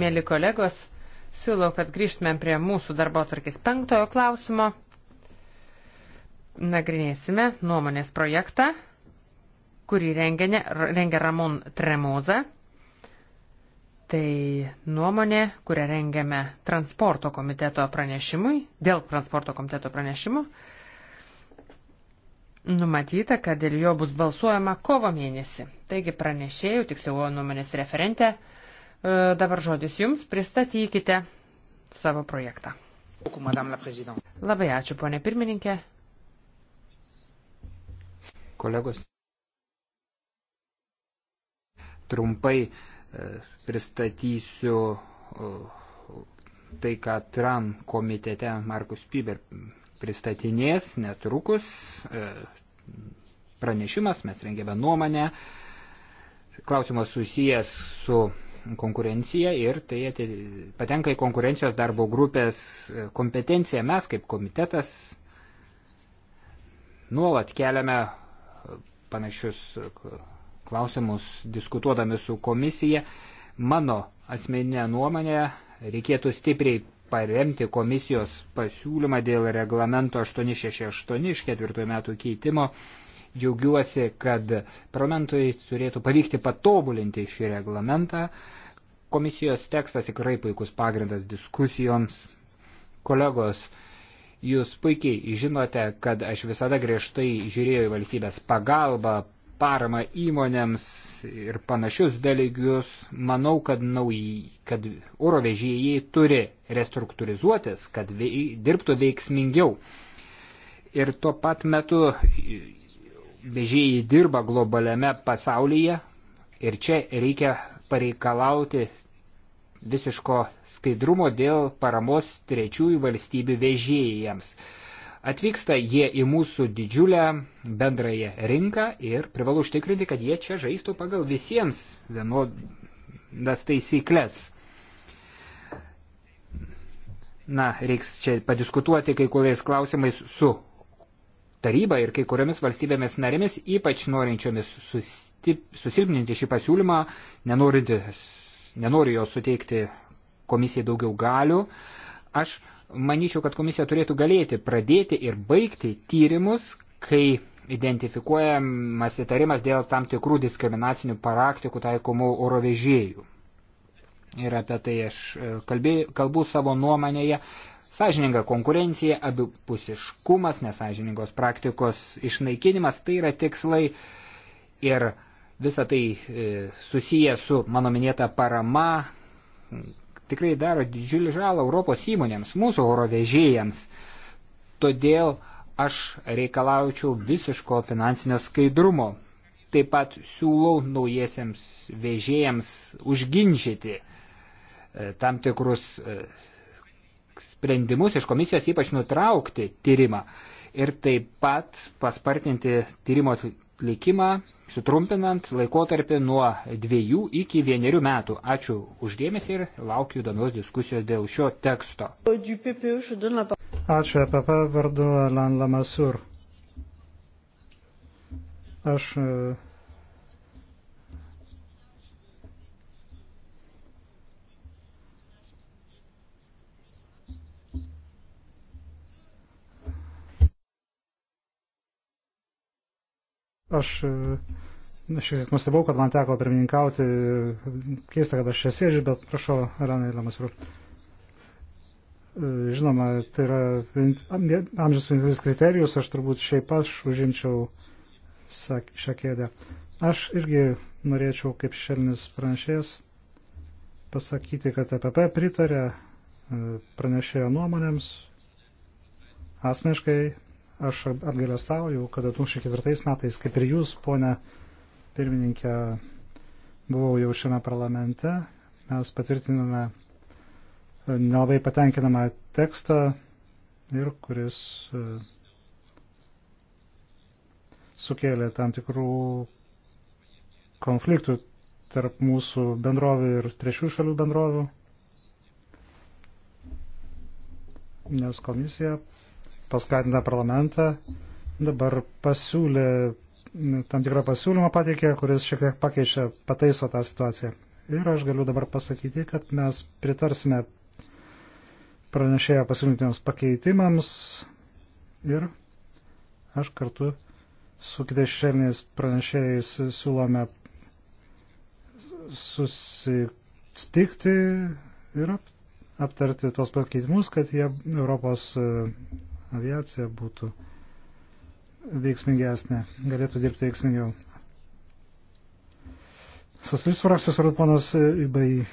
Mėly kolegos, siūlau, kad grįžtumėm prie mūsų darbo atvarkės penktojo klausimo. Nagrinėsime nuomonės projektą, kurį rengia, rengia Ramon Tremoza. Tai nuomonė, kurią rengiame transporto komiteto pranešimui, dėl transporto komiteto pranešimų numatyta, kad dėl jo bus balsuojama kovo mėnesį. Taigi pranešėjų, tiksliau nuomonės referentė, e, dabar žodis jums, pristatykite savo projektą. Labai ačiū, ponė pirmininkė. Kolegos. Trumpai e, pristatysiu e, tai, ką TRAN komitete Markus Piber pristatinės netrukus e, pranešimas, mes rengėme nuomonę. Klausimas susijęs su konkurencija ir tai patenka į konkurencijos darbo grupės e, kompetenciją. Mes kaip komitetas nuolat keliame panašius e, klausimus diskutuodami su komisija. Mano asmeninė nuomonė reikėtų stipriai paremti komisijos pasiūlymą dėl reglamento 868 iš ketvirtojų metų keitimo. Džiaugiuosi, kad parlamentui turėtų pavykti patobulinti šį reglamentą. Komisijos tekstas tikrai puikus pagrindas diskusijoms. Kolegos, jūs puikiai žinote, kad aš visada griežtai žiūrėjau į valstybės pagalbą, paramą įmonėms ir panašius dalykius, manau, kad, nauji, kad oro vežėjai turi restruktūrizuotis, kad vei, dirbtų veiksmingiau. Ir tuo pat metu vežėjai dirba globaliame pasaulyje ir čia reikia pareikalauti visiško skaidrumo dėl paramos trečiųjų valstybių vežėjams. Atvyksta jie į mūsų didžiulę bendrąją rinką ir privalu užtikrinti, kad jie čia žaistų pagal visiems vienodas taisyklės. Na, reiks čia padiskutuoti kai kuriais klausimais su taryba ir kai kuriomis valstybėmis narėmis, ypač norinčiomis sustip, susilpninti šį pasiūlymą, nenoriu jo suteikti komisijai daugiau galių. Aš manyčiau, kad komisija turėtų galėti pradėti ir baigti tyrimus, kai identifikuojamas įtarimas dėl tam tikrų diskriminacinių praktikų taikomų oro vežėjų. Ir apie tai aš e, kalbė, kalbu savo nuomonėje. Sažininga konkurencija, abipusiškumas, nesažiningos praktikos išnaikinimas tai yra tikslai ir visa tai e, susiję su mano minėta parama tikrai daro didžiulį žalą Europos įmonėms, mūsų oro vežėjams. Todėl aš reikalaučiau visiško finansinio skaidrumo. Taip pat siūlau naujiesiems vežėjams užginčyti e, tam tikrus e, sprendimus iš komisijos, ypač nutraukti tyrimą ir taip pat paspartinti tyrimo likimą, sutrumpinant laikotarpį nuo dviejų iki vienerių metų. Ačiū uždėmesi ir laukiu įdomios diskusijos dėl šio teksto. Ačiū, EPP vardu Alan Lamasur. Aš e, Aš e, šiek tiek nustebau, kad man teko pirmininkauti. Keista, kad aš čia sėdžiu, bet prašau, Ranai Lamasru. E, žinoma, tai yra amžiaus vienintelis kriterijus, aš turbūt šiaip aš užimčiau šią kėdę. Aš irgi norėčiau, kaip šelnis pranešėjas, pasakyti, kad EPP pritarė e, pranešėjo nuomonėms. Asmeniškai Aš apgailestauju, kad 2004 metais, kaip ir jūs, ponė pirmininkė, buvau jau šiame parlamente, mes patvirtinome e, nelabai patenkinamą tekstą ir kuris e, sukėlė tam tikrų konfliktų tarp mūsų bendrovių ir trečių šalių bendrovių, nes komisija paskatina parlamentą, dabar pasiūlė, tam tikrą pasiūlymą pateikė, kuris šiek tiek pakeičia, pataiso tą situaciją. Ir aš galiu dabar pasakyti, kad mes pritarsime pranešėjo pasiūlytiems pakeitimams ir aš kartu su kitais šešėliniais pranešėjais siūlome susitikti ir aptarti tuos pakeitimus, kad jie Europos aviacija būtų veiksmingesnė, galėtų dirbti veiksmingiau. Socialistų frakcijos vardu ponas Ibai.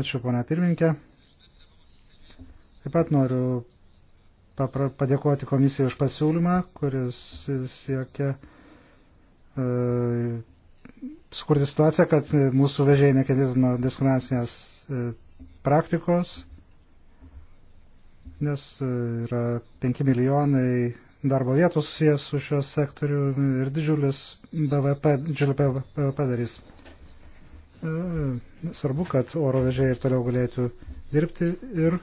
Ačiū, ponia pirminkė. Taip pat noriu padėkoti komisijai už pasiūlymą, kuris siekia e, skurti situaciją, kad mūsų vežėjai nekentėtų nuo diskriminacinės e, praktikos nes e, yra 5 milijonai darbo vietų susijęs su šiuo sektoriu ir didžiulis BVP, didžiulį BVP padarys. E, svarbu, kad oro vežėjai ir toliau galėtų dirbti ir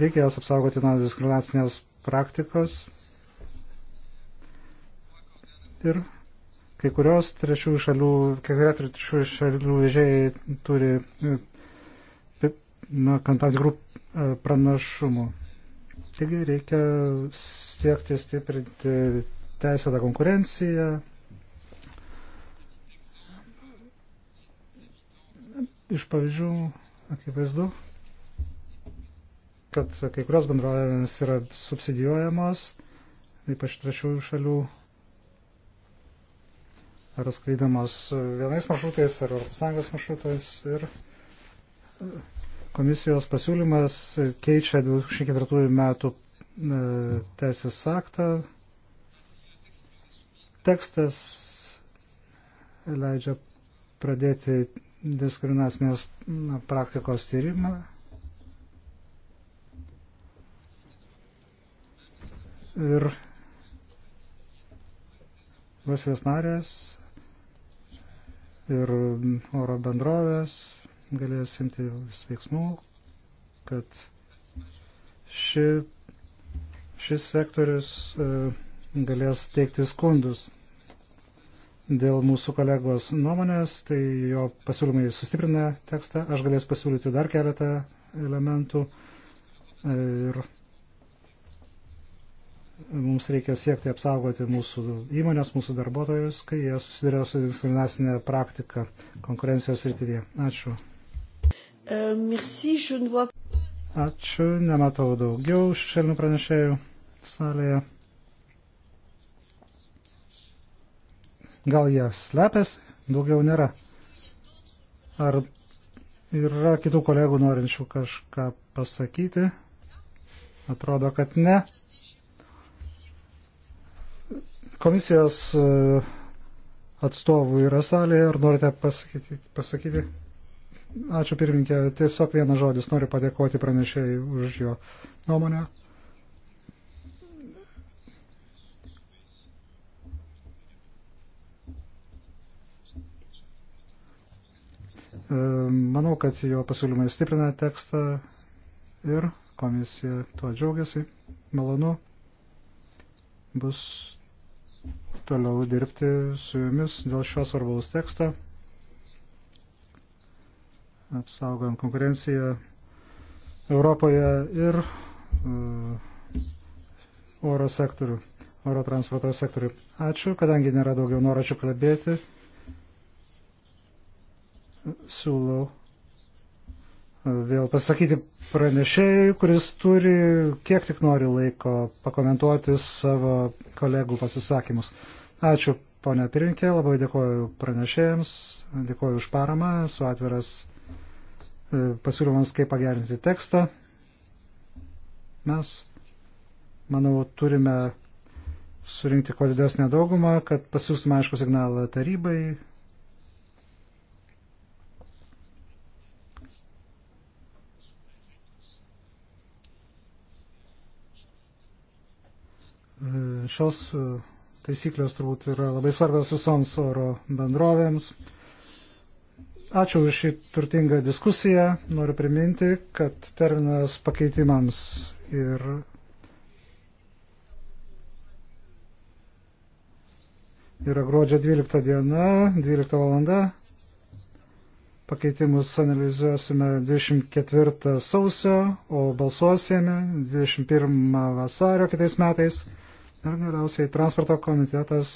reikia jas apsaugoti nuo diskriminacinės praktikos. Ir kai kurios trečių šalių, kai kurie trečių šalių vežėjai turi e, na, tam tikrų E, pranašumų. Taigi reikia siekti stiprinti teisėtą konkurenciją. Iš pavyzdžių akivaizdu, kad kai kurios bendrovės yra subsidijuojamos, ypač trečiųjų šalių, ar skrydamos vienais maršrutais, ar ES maršrutais. Ir Komisijos pasiūlymas keičia 2004 metų e, teisės aktą. Tekstas leidžia pradėti diskriminacinės praktikos tyrimą. Ir valstybės narės ir oro bendrovės galės imti veiksmų, kad ši, šis sektorius e, galės teikti skundus. Dėl mūsų kolegos nuomonės, tai jo pasiūlymai sustiprina tekstą, aš galės pasiūlyti dar keletą elementų e, ir mums reikia siekti apsaugoti mūsų įmonės, mūsų darbuotojus, kai jie susiduria su diskriminacinė praktika konkurencijos rytyje. Ačiū. E, Ačiū, nematau daugiau šešėlinių pranešėjų salėje. Gal jie slepiasi, daugiau nėra. Ar yra kitų kolegų norinčių kažką pasakyti? Atrodo, kad ne. Komisijos e, atstovų yra salėje, ar norite pasakyti? pasakyti? Ačiū pirmininkė, tiesiog vienas žodis noriu padėkoti pranešėjai už jo nuomonę. Ehm, manau, kad jo pasiūlymai stiprina tekstą ir komisija tuo džiaugiasi. Malonu bus toliau dirbti su jumis dėl šio svarbaus teksto apsaugant konkurenciją Europoje ir e, oro sektorių, oro transporto sektorių. Ačiū, kadangi nėra daugiau noračių kalbėti, siūlau e, vėl pasakyti pranešėjui, kuris turi kiek tik nori laiko pakomentuoti savo kolegų pasisakymus. Ačiū, ponia Pirinkė, labai dėkoju pranešėjams, dėkoju už paramą, esu atviras E, pasiūlymams, kaip pagerinti tekstą. Mes, manau, turime surinkti kuo didesnę daugumą, kad pasiūstume aišku signalą tarybai. E, šios taisyklės turbūt yra labai svarbios visoms oro bendrovėms. Ačiū už šį turtingą diskusiją. Noriu priminti, kad terminas pakeitimams ir yra gruodžio 12 diena, 12 valanda. Pakeitimus analizuosime 24 sausio, o balsuosime 21 vasario kitais metais. Ir galiausiai transporto komitetas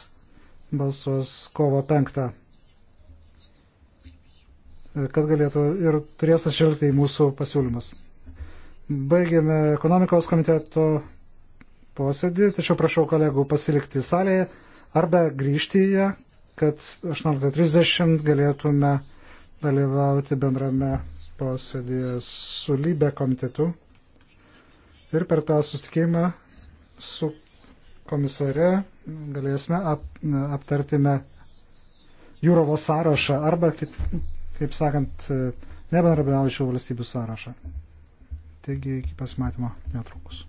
balsuos kovo 5 kad galėtų ir turės atšvelgti į mūsų pasiūlymus. Baigėme ekonomikos komiteto posėdį, tačiau prašau kolegų pasilikti salėje arba grįžti į ją, kad 18.30 galėtume dalyvauti bendrame posėdėje su lybe komitetu. Ir per tą sustikimą su komisare galėsime ap, aptartime Jūrovo sąrašą arba kaip taip sakant, e, nebendrabiaujančių valstybių sąrašą. Taigi iki pasimatymo netrukus.